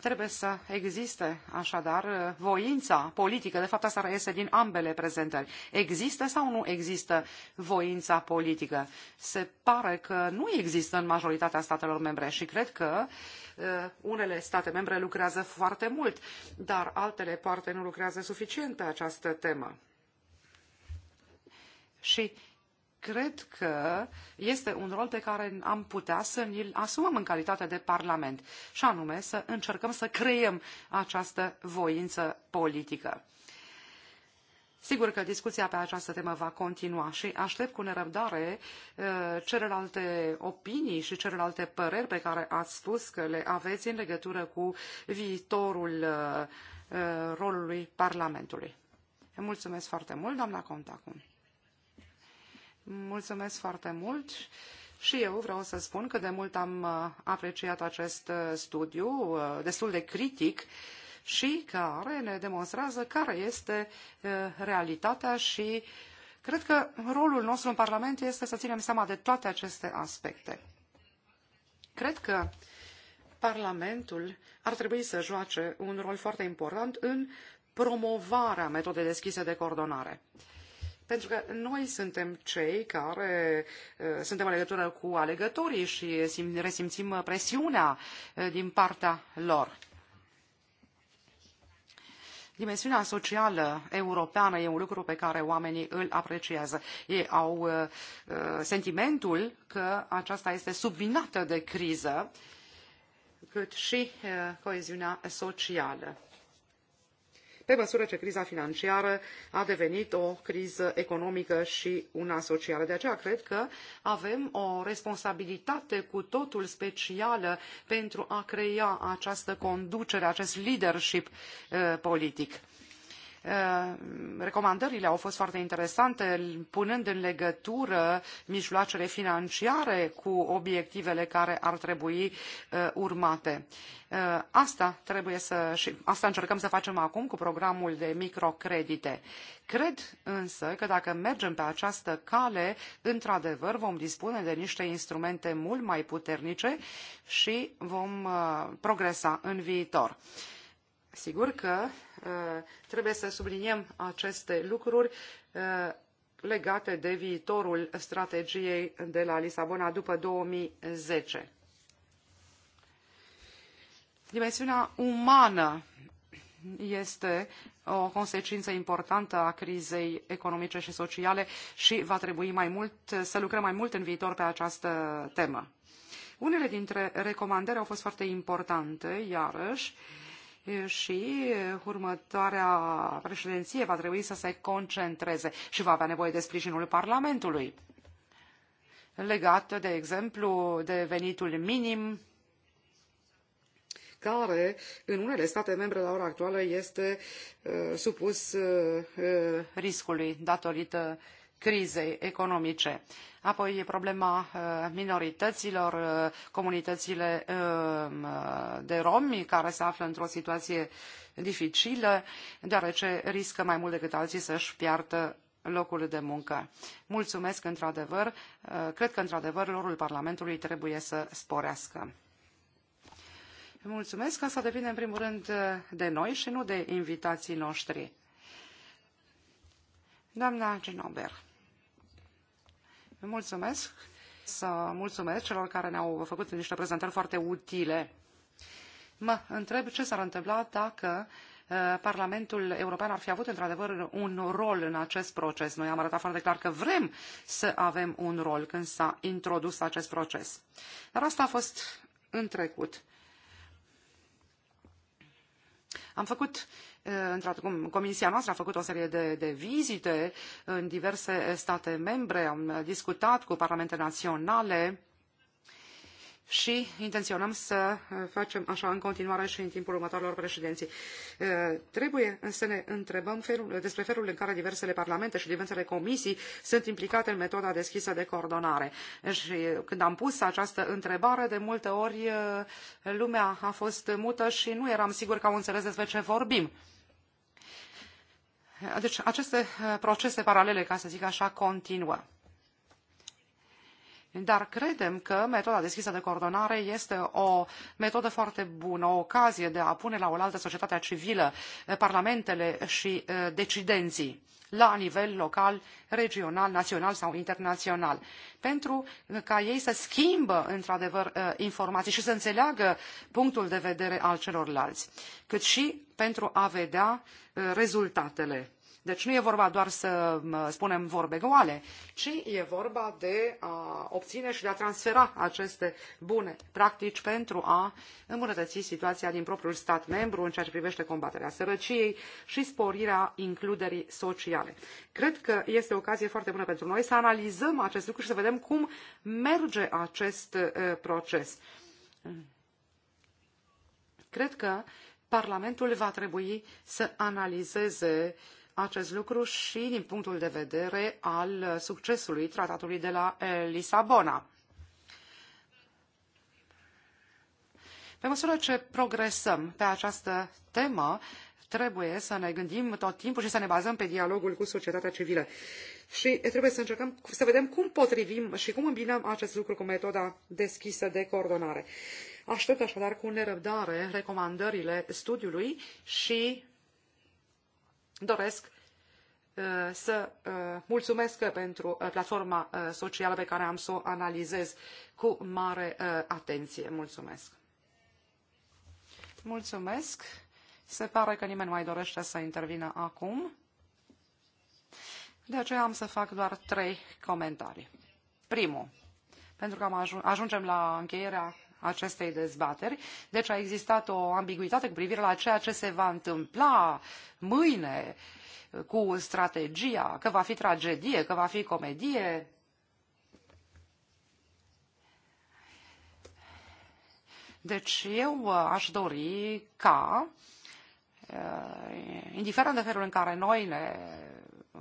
Trebuie să existe, așadar, voința politică. De fapt, asta reiese din ambele prezentări. Există sau nu există voința politică? Se pare că nu există în majoritatea statelor membre și cred că uh, unele state membre lucrează foarte mult, dar altele poate nu lucrează suficient pe această temă. Și cred că este un rol pe care am putea să ni-l asumăm în calitate de Parlament, și anume să încercăm să creăm această voință politică. Sigur că discuția pe această temă va continua și aștept cu nerăbdare uh, celelalte opinii și celelalte păreri pe care ați spus că le aveți în legătură cu viitorul uh, uh, rolului Parlamentului. Mulțumesc foarte mult, doamna Contacum. Mulțumesc foarte mult și eu vreau să spun că de mult am uh, apreciat acest uh, studiu, uh, destul de critic, și care ne demonstrează care este realitatea și cred că rolul nostru în Parlament este să ținem seama de toate aceste aspecte. Cred că Parlamentul ar trebui să joace un rol foarte important în promovarea metodei deschise de coordonare. Pentru că noi suntem cei care uh, suntem în legătură cu alegătorii și resimțim presiunea uh, din partea lor. Dimensiunea socială europeană e un lucru pe care oamenii îl apreciază. Ei au uh, sentimentul că aceasta este subminată de criză, cât și coeziunea socială pe măsură ce criza financiară a devenit o criză economică și una socială. De aceea cred că avem o responsabilitate cu totul specială pentru a crea această conducere, acest leadership eh, politic Uh, recomandările au fost foarte interesante, punând în legătură mijloacele financiare cu obiectivele care ar trebui uh, urmate. Uh, asta trebuie să și asta încercăm să facem acum cu programul de microcredite. Cred însă că dacă mergem pe această cale, într-adevăr vom dispune de niște instrumente mult mai puternice și vom progresa în viitor. Sigur că Uh, trebuie să subliniem aceste lucruri uh, legate de viitorul strategiei de la Lisabona după 2010. Dimensiunea umană este o consecință importantă a crizei economice și sociale și va trebui mai mult să lucrăm mai mult în viitor pe această temă. Unele dintre recomandări au fost foarte importante, iarăși, uh, și următoarea președinție va trebui să se concentreze și va avea nevoie de sprijinul Parlamentului legat, de exemplu, de venitul minim care în unele state membre la ora actuală este uh, supus uh, uh riscului datorită crizei economice apoi problema uh, minorităților, uh, comunitățile um, uh, de romi care se află într-o situație dificilă, deoarece riscă mai mult decât alții să-și piardă locul de muncă. Mulțumesc într-adevăr, cred că într-adevăr rolul Parlamentului trebuie să sporească. Mulțumesc, asta depinde în primul rând de noi și nu de invitații noștri. Doamna Genober. Mulțumesc să mulțumesc celor care ne-au făcut niște prezentări foarte utile. Mă întreb ce s-ar întâmpla dacă uh, Parlamentul European ar fi avut într-adevăr un rol în acest proces. Noi am arătat foarte clar că vrem să avem un rol când s-a introdus acest proces. Dar asta a fost în trecut. Am făcut Într-adevăr, comisia noastră a făcut o serie de, de vizite în diverse state membre, am discutat cu parlamente naționale și intenționăm să facem așa în continuare și în timpul următoarelor președinții. Uh, trebuie să ne întrebăm felul, despre felul în care diversele parlamente și diversele comisii sunt implicate în metoda deschisă de coordonare. Și când am pus această întrebare, de multe ori uh, lumea a fost mută și nu eram sigur că au înțeles despre ce vorbim. Deci aceste eh, procese paralele, ca să zic așa, continuă. Dar credem că metoda deschisă de coordonare este o metodă foarte bună, o ocazie de a pune la oaltă societatea civilă, eh, parlamentele și eh, decidenții la nivel local, regional, național sau internațional, pentru ca ei să schimbă într-adevăr informații și să înțeleagă punctul de vedere al celorlalți, cât și pentru a vedea rezultatele deci nu e vorba doar să spunem vorbe goale, ci e vorba de a obține și de a transfera aceste bune practici pentru a îmbunătăți situația din propriul stat membru în ceea ce privește combaterea sărăciei și sporirea includerii sociale. Cred că este o ocazie foarte bună pentru noi să analizăm acest lucru și să vedem cum merge acest proces. Cred că Parlamentul va trebui să analizeze uh, acest lucru și din punctul de vedere al succesului tratatului de la eh, Lisabona. Pe măsură ce progresăm pe această temă, trebuie să ne gândim tot timpul și să ne bazăm pe dialogul cu societatea civilă. Și trebuie să încercăm să vedem cum potrivim și cum îmbinăm acest lucru cu metoda deschisă de coordonare. Aștept așadar cu nerăbdare recomandările studiului și doresc uh, să uh, mulțumesc pentru uh, platforma socială pe care am să o analizez cu mare atenție. Mulțumesc! Mulțumesc! Se pare că nimeni nu mai dorește să intervină acum. De aceea am să fac doar trei comentarii. Primul, pentru că am ajungem la încheierea acestei dezbateri. Deci a existat o ambiguitate cu privire la ceea ce se va întâmpla mâine cu strategia, că va fi tragedie, că va fi comedie. Deci eu uh, aș dori ca, uh, indiferent de felul în care noi ne uh,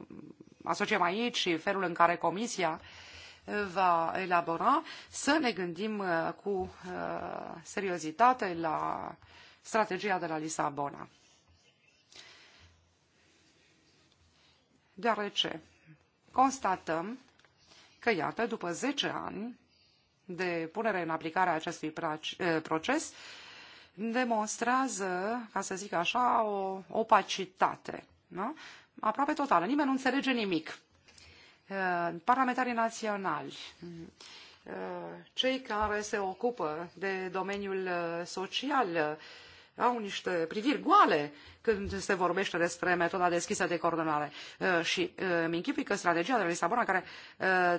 asociem aici și felul în care Comisia uh, va elabora, să ne gândim uh, cu uh, seriozitate la strategia de la Lisabona. Deoarece constatăm că, iată, după 10 ani de punere în aplicare a acestui uh, proces, demonstrează, ca să zic așa, o opacitate. Da? Aproape totală. Nimeni nu înțelege nimic. Uh, parlamentarii naționali, uh, cei care se ocupă de domeniul uh, social, au niște priviri goale când se vorbește despre metoda deschisă de coordonare. Și îmi închipui că strategia de la Lisabona, care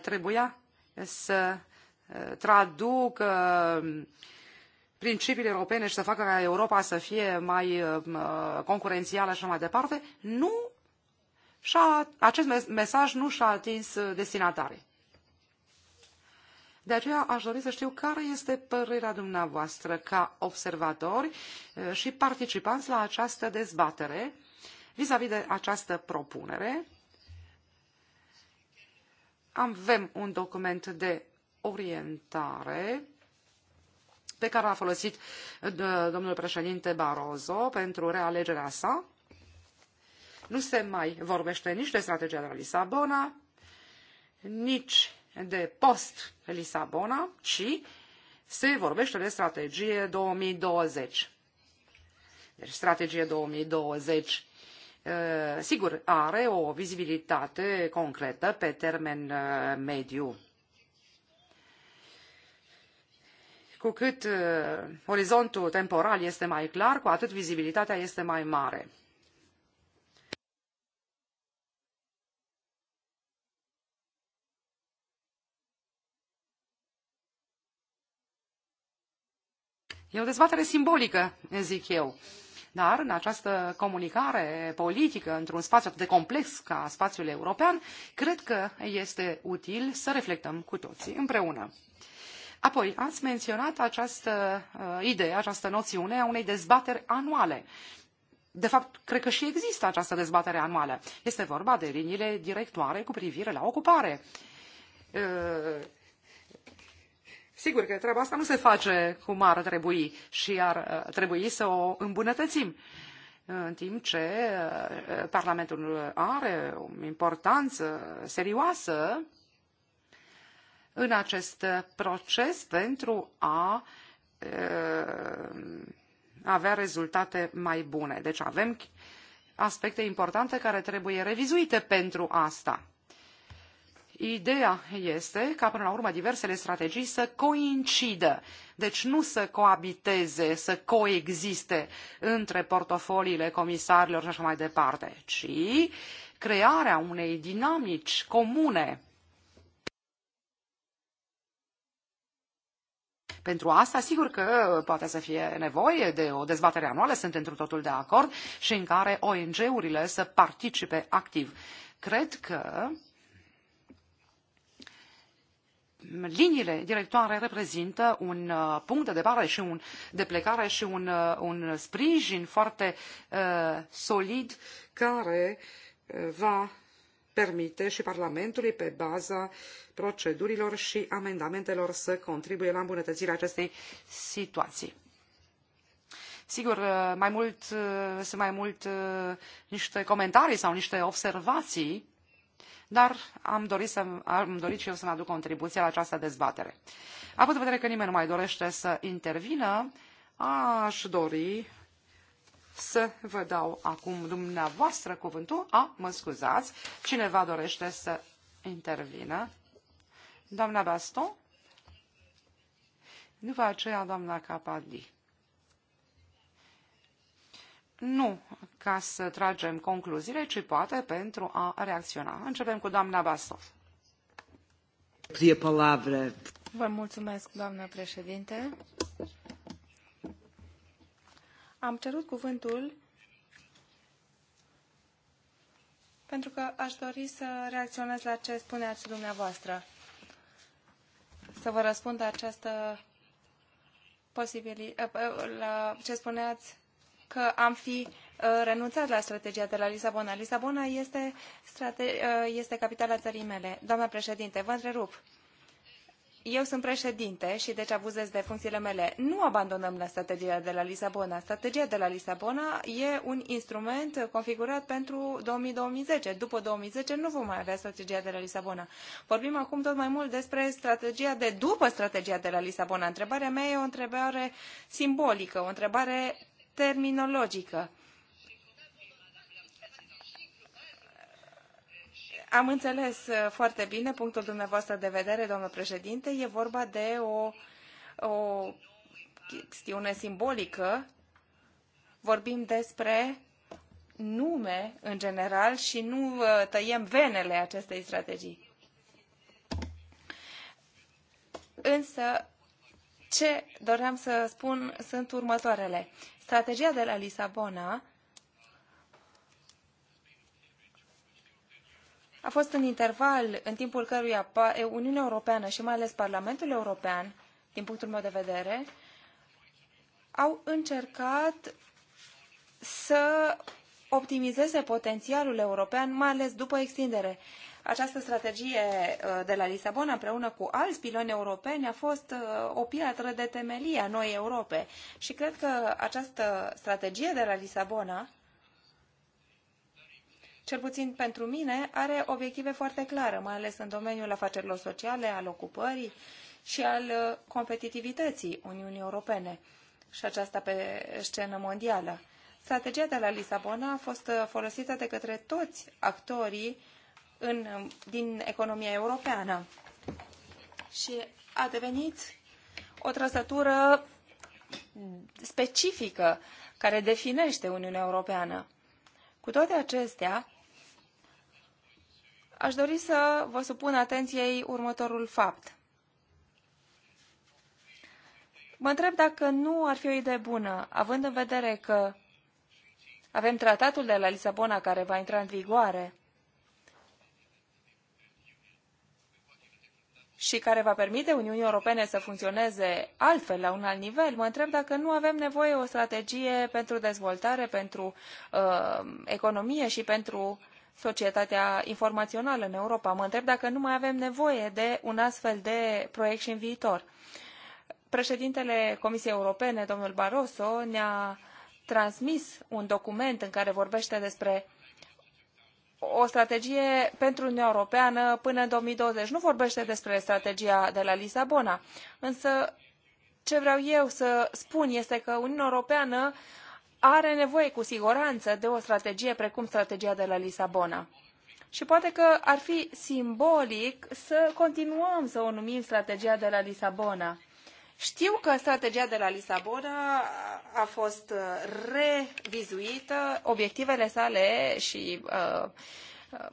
trebuia să traducă principiile europene și să facă ca Europa să fie mai concurențială și mai departe, nu și acest mesaj nu și-a atins uh, destinatarii. De aceea aș dori să știu care este părerea dumneavoastră ca observatori uh, și participanți la această dezbatere vis-a-vis -vis de această propunere. Avem un document de orientare pe care l-a folosit uh, domnul președinte Barroso pentru realegerea sa nu se mai vorbește nici de strategia de la Lisabona, nici de post-Lisabona, ci se vorbește de strategie 2020. Deci strategie 2020 uh, sigur are o vizibilitate concretă pe termen uh, mediu. Cu cât uh, orizontul temporal este mai clar, cu atât vizibilitatea este mai mare. E o dezbatere simbolică, zic eu. Dar în această comunicare politică, într-un spațiu atât de complex ca spațiul european, cred că este util să reflectăm cu toții împreună. Apoi, ați menționat această uh, idee, această noțiune a unei dezbateri anuale. De fapt, cred că și există această dezbatere anuală. Este vorba de liniile directoare cu privire la ocupare. Uh, Sigur că treaba asta nu se face cum ar trebui și ar uh, trebui să o îmbunătățim în timp ce uh, Parlamentul are o importanță serioasă în acest proces pentru a uh, avea rezultate mai bune. Deci avem aspecte importante care trebuie revizuite pentru asta. Ideea este ca, până la urmă, diversele strategii să coincidă, deci nu să coabiteze, să coexiste între portofoliile comisarilor și așa mai departe, ci crearea unei dinamici comune. Pentru asta, sigur că poate să fie nevoie de o dezbatere anuală, sunt într totul de acord, și în care ONG-urile să participe activ. Cred că liniile directoare reprezintă un uh, punct de departe și un de plecare și un, uh, un sprijin foarte uh, solid care uh, va permite și Parlamentului, pe baza procedurilor și amendamentelor, să contribuie la îmbunătățirea acestei situații. Sigur, mai mult, sunt mai mult niște comentarii sau niște observații dar am dorit, să, am dorit și eu să-mi aduc contribuția la această dezbatere. Având în vedere că nimeni nu mai dorește să intervină, aș dori să vă dau acum dumneavoastră cuvântul. A, mă scuzați, cineva dorește să intervină. Doamna Baston? După aceea, doamna Capadi. Nu, ca să tragem concluziile, ci poate pentru a reacționa. Începem cu doamna Basov. Vă mulțumesc, doamnă președinte. Am cerut cuvântul pentru că aș dori să reacționez la ce spuneați dumneavoastră. Să vă răspund la această posibilitate, la ce spuneați că am fi Uh, renunțat la strategia de la Lisabona. Lisabona este, uh, este capitala țării mele. Doamna președinte, vă întrerup. Eu sunt președinte și deci abuzez de funcțiile mele. Nu abandonăm la strategia de la Lisabona. Strategia de la Lisabona e un instrument configurat pentru 2010. După 2010 nu vom mai avea strategia de la Lisabona. Vorbim acum tot mai mult despre strategia de după strategia de la Lisabona. Întrebarea mea e o întrebare simbolică, o întrebare terminologică Am înțeles uh, foarte bine punctul dumneavoastră de vedere, domnul președinte. E vorba de o, o chestiune simbolică. Vorbim despre nume în general și nu uh, tăiem venele acestei strategii. Însă, ce doream să spun sunt următoarele. Strategia de la Lisabona a fost un interval în timpul căruia Uniunea Europeană și mai ales Parlamentul European, din punctul meu de vedere, au încercat să optimizeze potențialul european, mai ales după extindere. Această strategie uh, de la Lisabona împreună cu alți piloni europeni a fost uh, o piatră de temelie a noii Europe și cred că această strategie de la Lisabona cel puțin pentru mine, are obiective foarte clare, mai ales în domeniul afacerilor sociale, al ocupării și al uh, competitivității Uniunii Europene și aceasta pe scenă mondială. Strategia de la Lisabona a fost uh, folosită de către toți actorii în, uh, din economia europeană și a devenit o trăsătură specifică care definește Uniunea Europeană. Cu toate acestea, Aș dori să vă supun atenției următorul fapt. Mă întreb dacă nu ar fi o idee bună, având în vedere că avem tratatul de la Lisabona care va intra în vigoare și care va permite Uniunii Europene să funcționeze altfel, la un alt nivel. Mă întreb dacă nu avem nevoie o strategie pentru dezvoltare, pentru uh, economie și pentru uh, societatea informațională în Europa. Mă întreb dacă nu mai avem nevoie de un astfel de proiect și în viitor. Președintele Comisiei Europene, domnul Barroso, ne-a transmis un document în care vorbește despre o strategie pentru Uniunea Europeană până în 2020. Nu vorbește despre strategia de la Lisabona, însă ce vreau eu să spun este că Uniunea Europeană are nevoie cu siguranță de o strategie precum strategia de la Lisabona. Și poate că ar fi simbolic să continuăm să o numim strategia de la Lisabona. Știu că strategia de la Lisabona a fost uh, revizuită, obiectivele sale și uh, uh,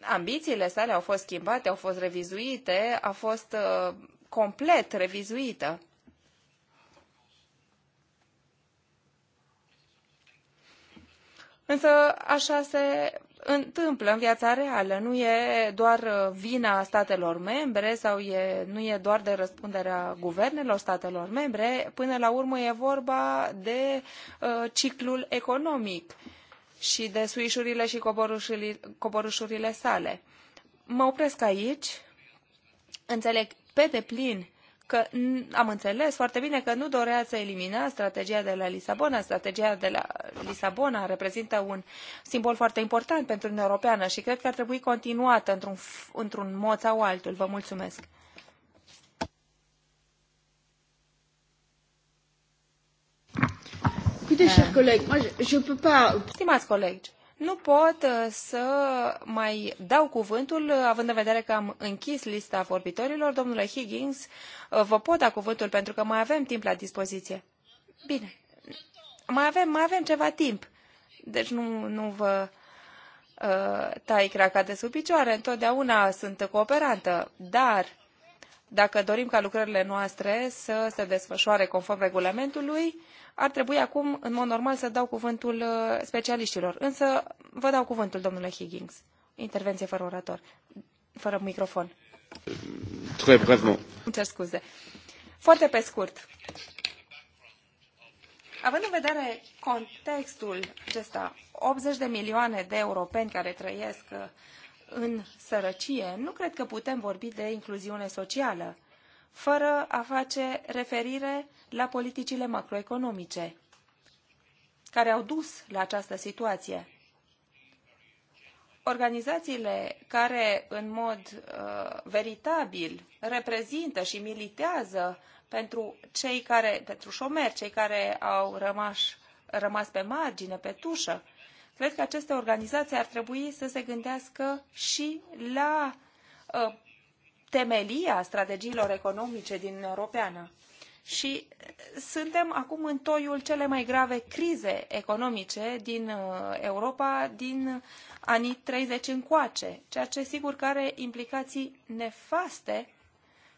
ambițiile sale au fost schimbate, au fost revizuite, a fost uh, complet revizuită. Însă așa se întâmplă în viața reală. Nu e doar uh, vina statelor membre sau e, nu e doar de răspunderea guvernelor statelor membre. Până la urmă e vorba de uh, ciclul economic și de suișurile și coborușurile, sale. Mă opresc aici. Înțeleg pe deplin că am înțeles foarte bine că nu dorea să elimina strategia de la Lisabona. Strategia de la Lisabona reprezintă un simbol foarte important pentru Uniunea Europeană și cred că ar trebui continuată într-un, într-un mod sau altul. Vă mulțumesc! je peux pas. Stimați colegi, nu pot uh, să mai dau cuvântul, uh, având în vedere că am închis lista vorbitorilor. Domnule Higgins, uh, vă pot da cuvântul pentru că mai avem timp la dispoziție. Bine, mai avem, mai avem ceva timp. Deci nu, nu vă uh, tai craca de sub picioare. Întotdeauna sunt cooperantă, dar dacă dorim ca lucrările noastre să se desfășoare conform regulamentului, ar trebui acum, în mod normal, să dau cuvântul uh, specialiștilor. Însă, vă dau cuvântul, domnule Higgins. Intervenție fără orator, fără microfon. Îmi cer scuze. Foarte pe scurt. Având în vedere contextul acesta, 80 de milioane de europeni care trăiesc uh, în sărăcie, nu cred că putem vorbi de incluziune socială fără a face referire la politicile macroeconomice care au dus la această situație. Organizațiile care în mod uh, veritabil reprezintă și militează pentru cei care, pentru șomeri, cei care au rămas, rămas pe margine, pe tușă, cred că aceste organizații ar trebui să se gândească și la uh, temelia strategiilor economice din Europeană. Și eh, suntem acum în toiul cele mai grave crize economice din eh, Europa din eh, anii 30 încoace, ceea ce sigur că are implicații nefaste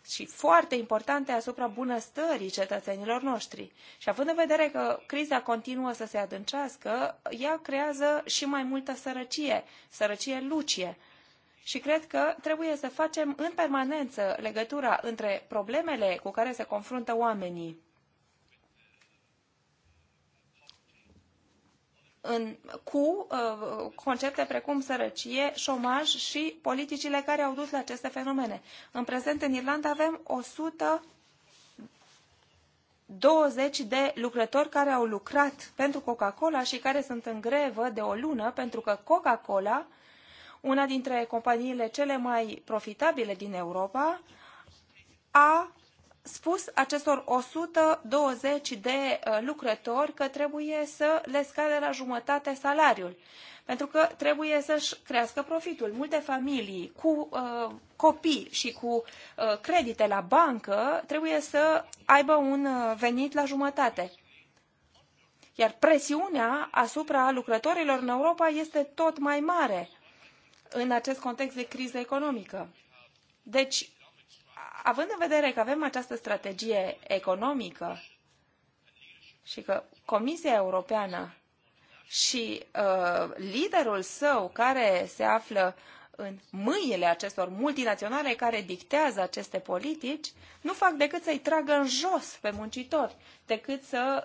și foarte importante asupra bunăstării cetățenilor noștri. Și având în vedere că criza continuă să se adâncească, ea creează și mai multă sărăcie, sărăcie lucie, și cred că trebuie să facem în permanență legătura între problemele cu care se confruntă oamenii în, cu uh, concepte precum sărăcie, șomaj și politicile care au dus la aceste fenomene. În prezent, în Irlanda avem 120 de lucrători care au lucrat pentru Coca-Cola și care sunt în grevă de o lună pentru că Coca-Cola uh, una dintre companiile cele mai profitabile din Europa a spus acestor 120 de uh, lucrători că trebuie să le scade la jumătate salariul, pentru că trebuie să-și crească profitul. Multe familii cu uh, copii și cu uh, credite la bancă trebuie să aibă un uh, venit la jumătate. Iar presiunea asupra lucrătorilor în Europa este tot mai mare în acest context de criză economică. Deci, având în vedere că avem această strategie economică și că Comisia Europeană și uh, liderul său care se află uh, în mâinile acestor multinaționale care dictează aceste politici, nu fac decât să-i tragă în jos pe muncitori, decât să,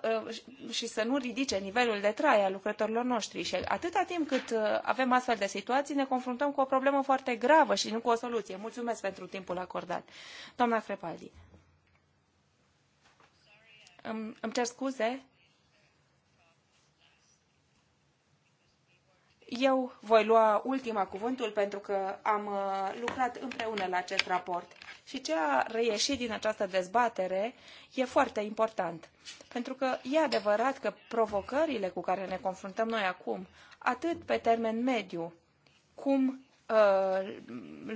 uh, și să nu ridice nivelul de trai al lucrătorilor noștri. Și atâta timp cât uh, avem astfel de situații, ne confruntăm cu o problemă foarte gravă și nu cu o soluție. Mulțumesc pentru timpul acordat. Doamna Crepaldi. Îmi, îmi cer scuze, Eu voi lua ultima cuvântul pentru că am uh, lucrat împreună la acest raport. Și ce a reieșit din această dezbatere e foarte important. Pentru că e adevărat că provocările cu care ne confruntăm noi acum, atât pe termen mediu, cum Uh,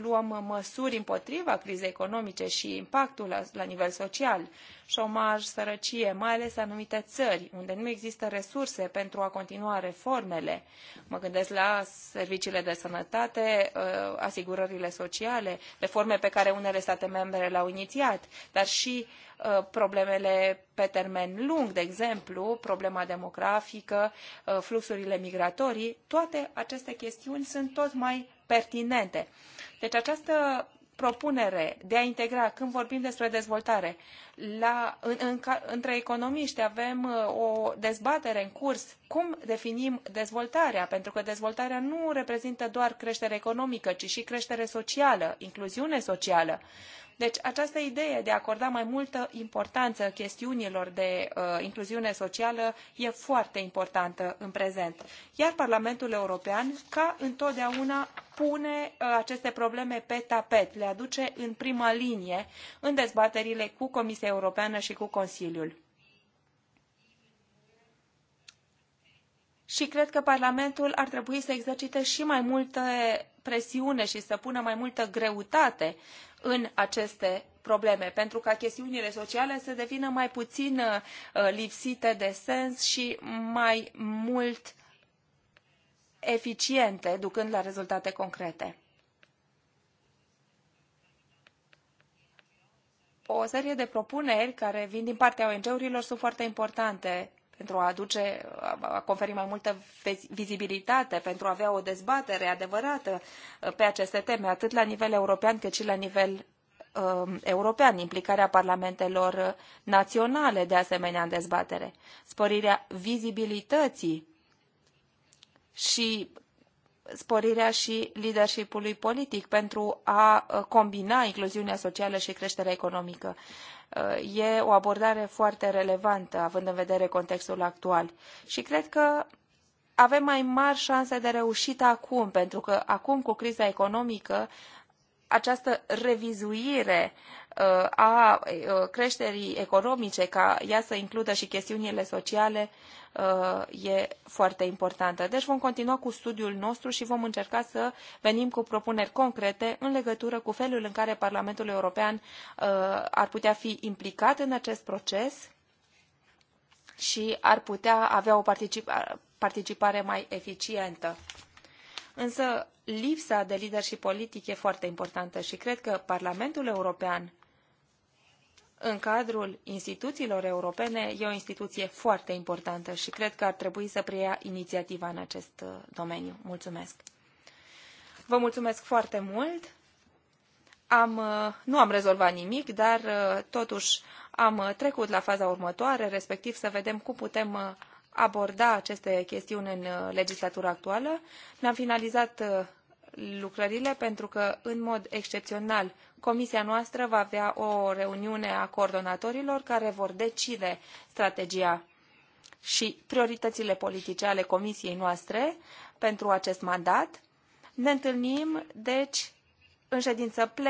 luăm măsuri împotriva crizei economice și impactul la, nivel social, șomaj, sărăcie, mai ales anumite țări unde nu există resurse pentru a continua reformele. Mă gândesc la serviciile de sănătate, uh, asigurările sociale, reforme pe care unele state membre le-au inițiat, dar și uh, problemele pe termen lung, de exemplu, problema demografică, fluxurile migratorii, toate aceste chestiuni sunt tot mai pertinente. Deci această propunere de a integra, când vorbim despre dezvoltare, la, în, în, între economiști avem uh, o dezbatere în curs, cum definim dezvoltarea, pentru că dezvoltarea nu reprezintă doar creștere economică, ci și creștere socială, incluziune socială. Deci această idee de a acorda mai multă importanță chestiunilor de uh, incluziune socială e foarte importantă în prezent. Iar Parlamentul European, ca întotdeauna, pune uh, aceste probleme pe tapet, le aduce în prima linie în dezbaterile cu Comisia Europeană și cu Consiliul și cred că Parlamentul ar trebui să exercite și mai multă presiune și să pună mai multă greutate în aceste probleme, pentru ca chestiunile sociale să devină mai puțin uh, lipsite de sens și mai mult eficiente, ducând la rezultate concrete. O serie de propuneri care vin din partea ONG-urilor sunt foarte importante pentru a aduce, a conferi mai multă vizibilitate, pentru a avea o dezbatere adevărată uh, pe aceste teme, atât la nivel european cât și la nivel um, european, implicarea parlamentelor uh, naționale de asemenea în dezbatere, sporirea vizibilității și sporirea și leadership politic pentru a uh, combina incluziunea socială și creșterea economică e o abordare foarte relevantă, având în vedere contextul actual. Și cred că avem mai mari șanse de reușită acum, pentru că acum, cu criza economică, această revizuire uh, a uh, creșterii economice, ca ea să includă și chestiunile sociale, uh, e foarte importantă. Deci vom continua cu studiul nostru și vom încerca să venim cu propuneri concrete în legătură cu felul în care Parlamentul European ar putea fi implicat în acest proces și ar putea avea o participare mai eficientă. Însă lipsa de leadership politic e foarte importantă și cred că Parlamentul European, în cadrul instituțiilor europene, e o instituție foarte importantă și cred că ar trebui să preia inițiativa în acest uh, domeniu. Mulțumesc! Vă mulțumesc foarte mult! Am, uh, nu am rezolvat nimic, dar uh, totuși am trecut la faza următoare, respectiv să vedem cum putem aborda aceste chestiuni în legislatura actuală. Ne-am finalizat lucrările pentru că, în mod excepțional, comisia noastră va avea o reuniune a coordonatorilor care vor decide strategia și prioritățile politice ale comisiei noastre pentru acest mandat. Ne întâlnim, deci, în ședință plenă.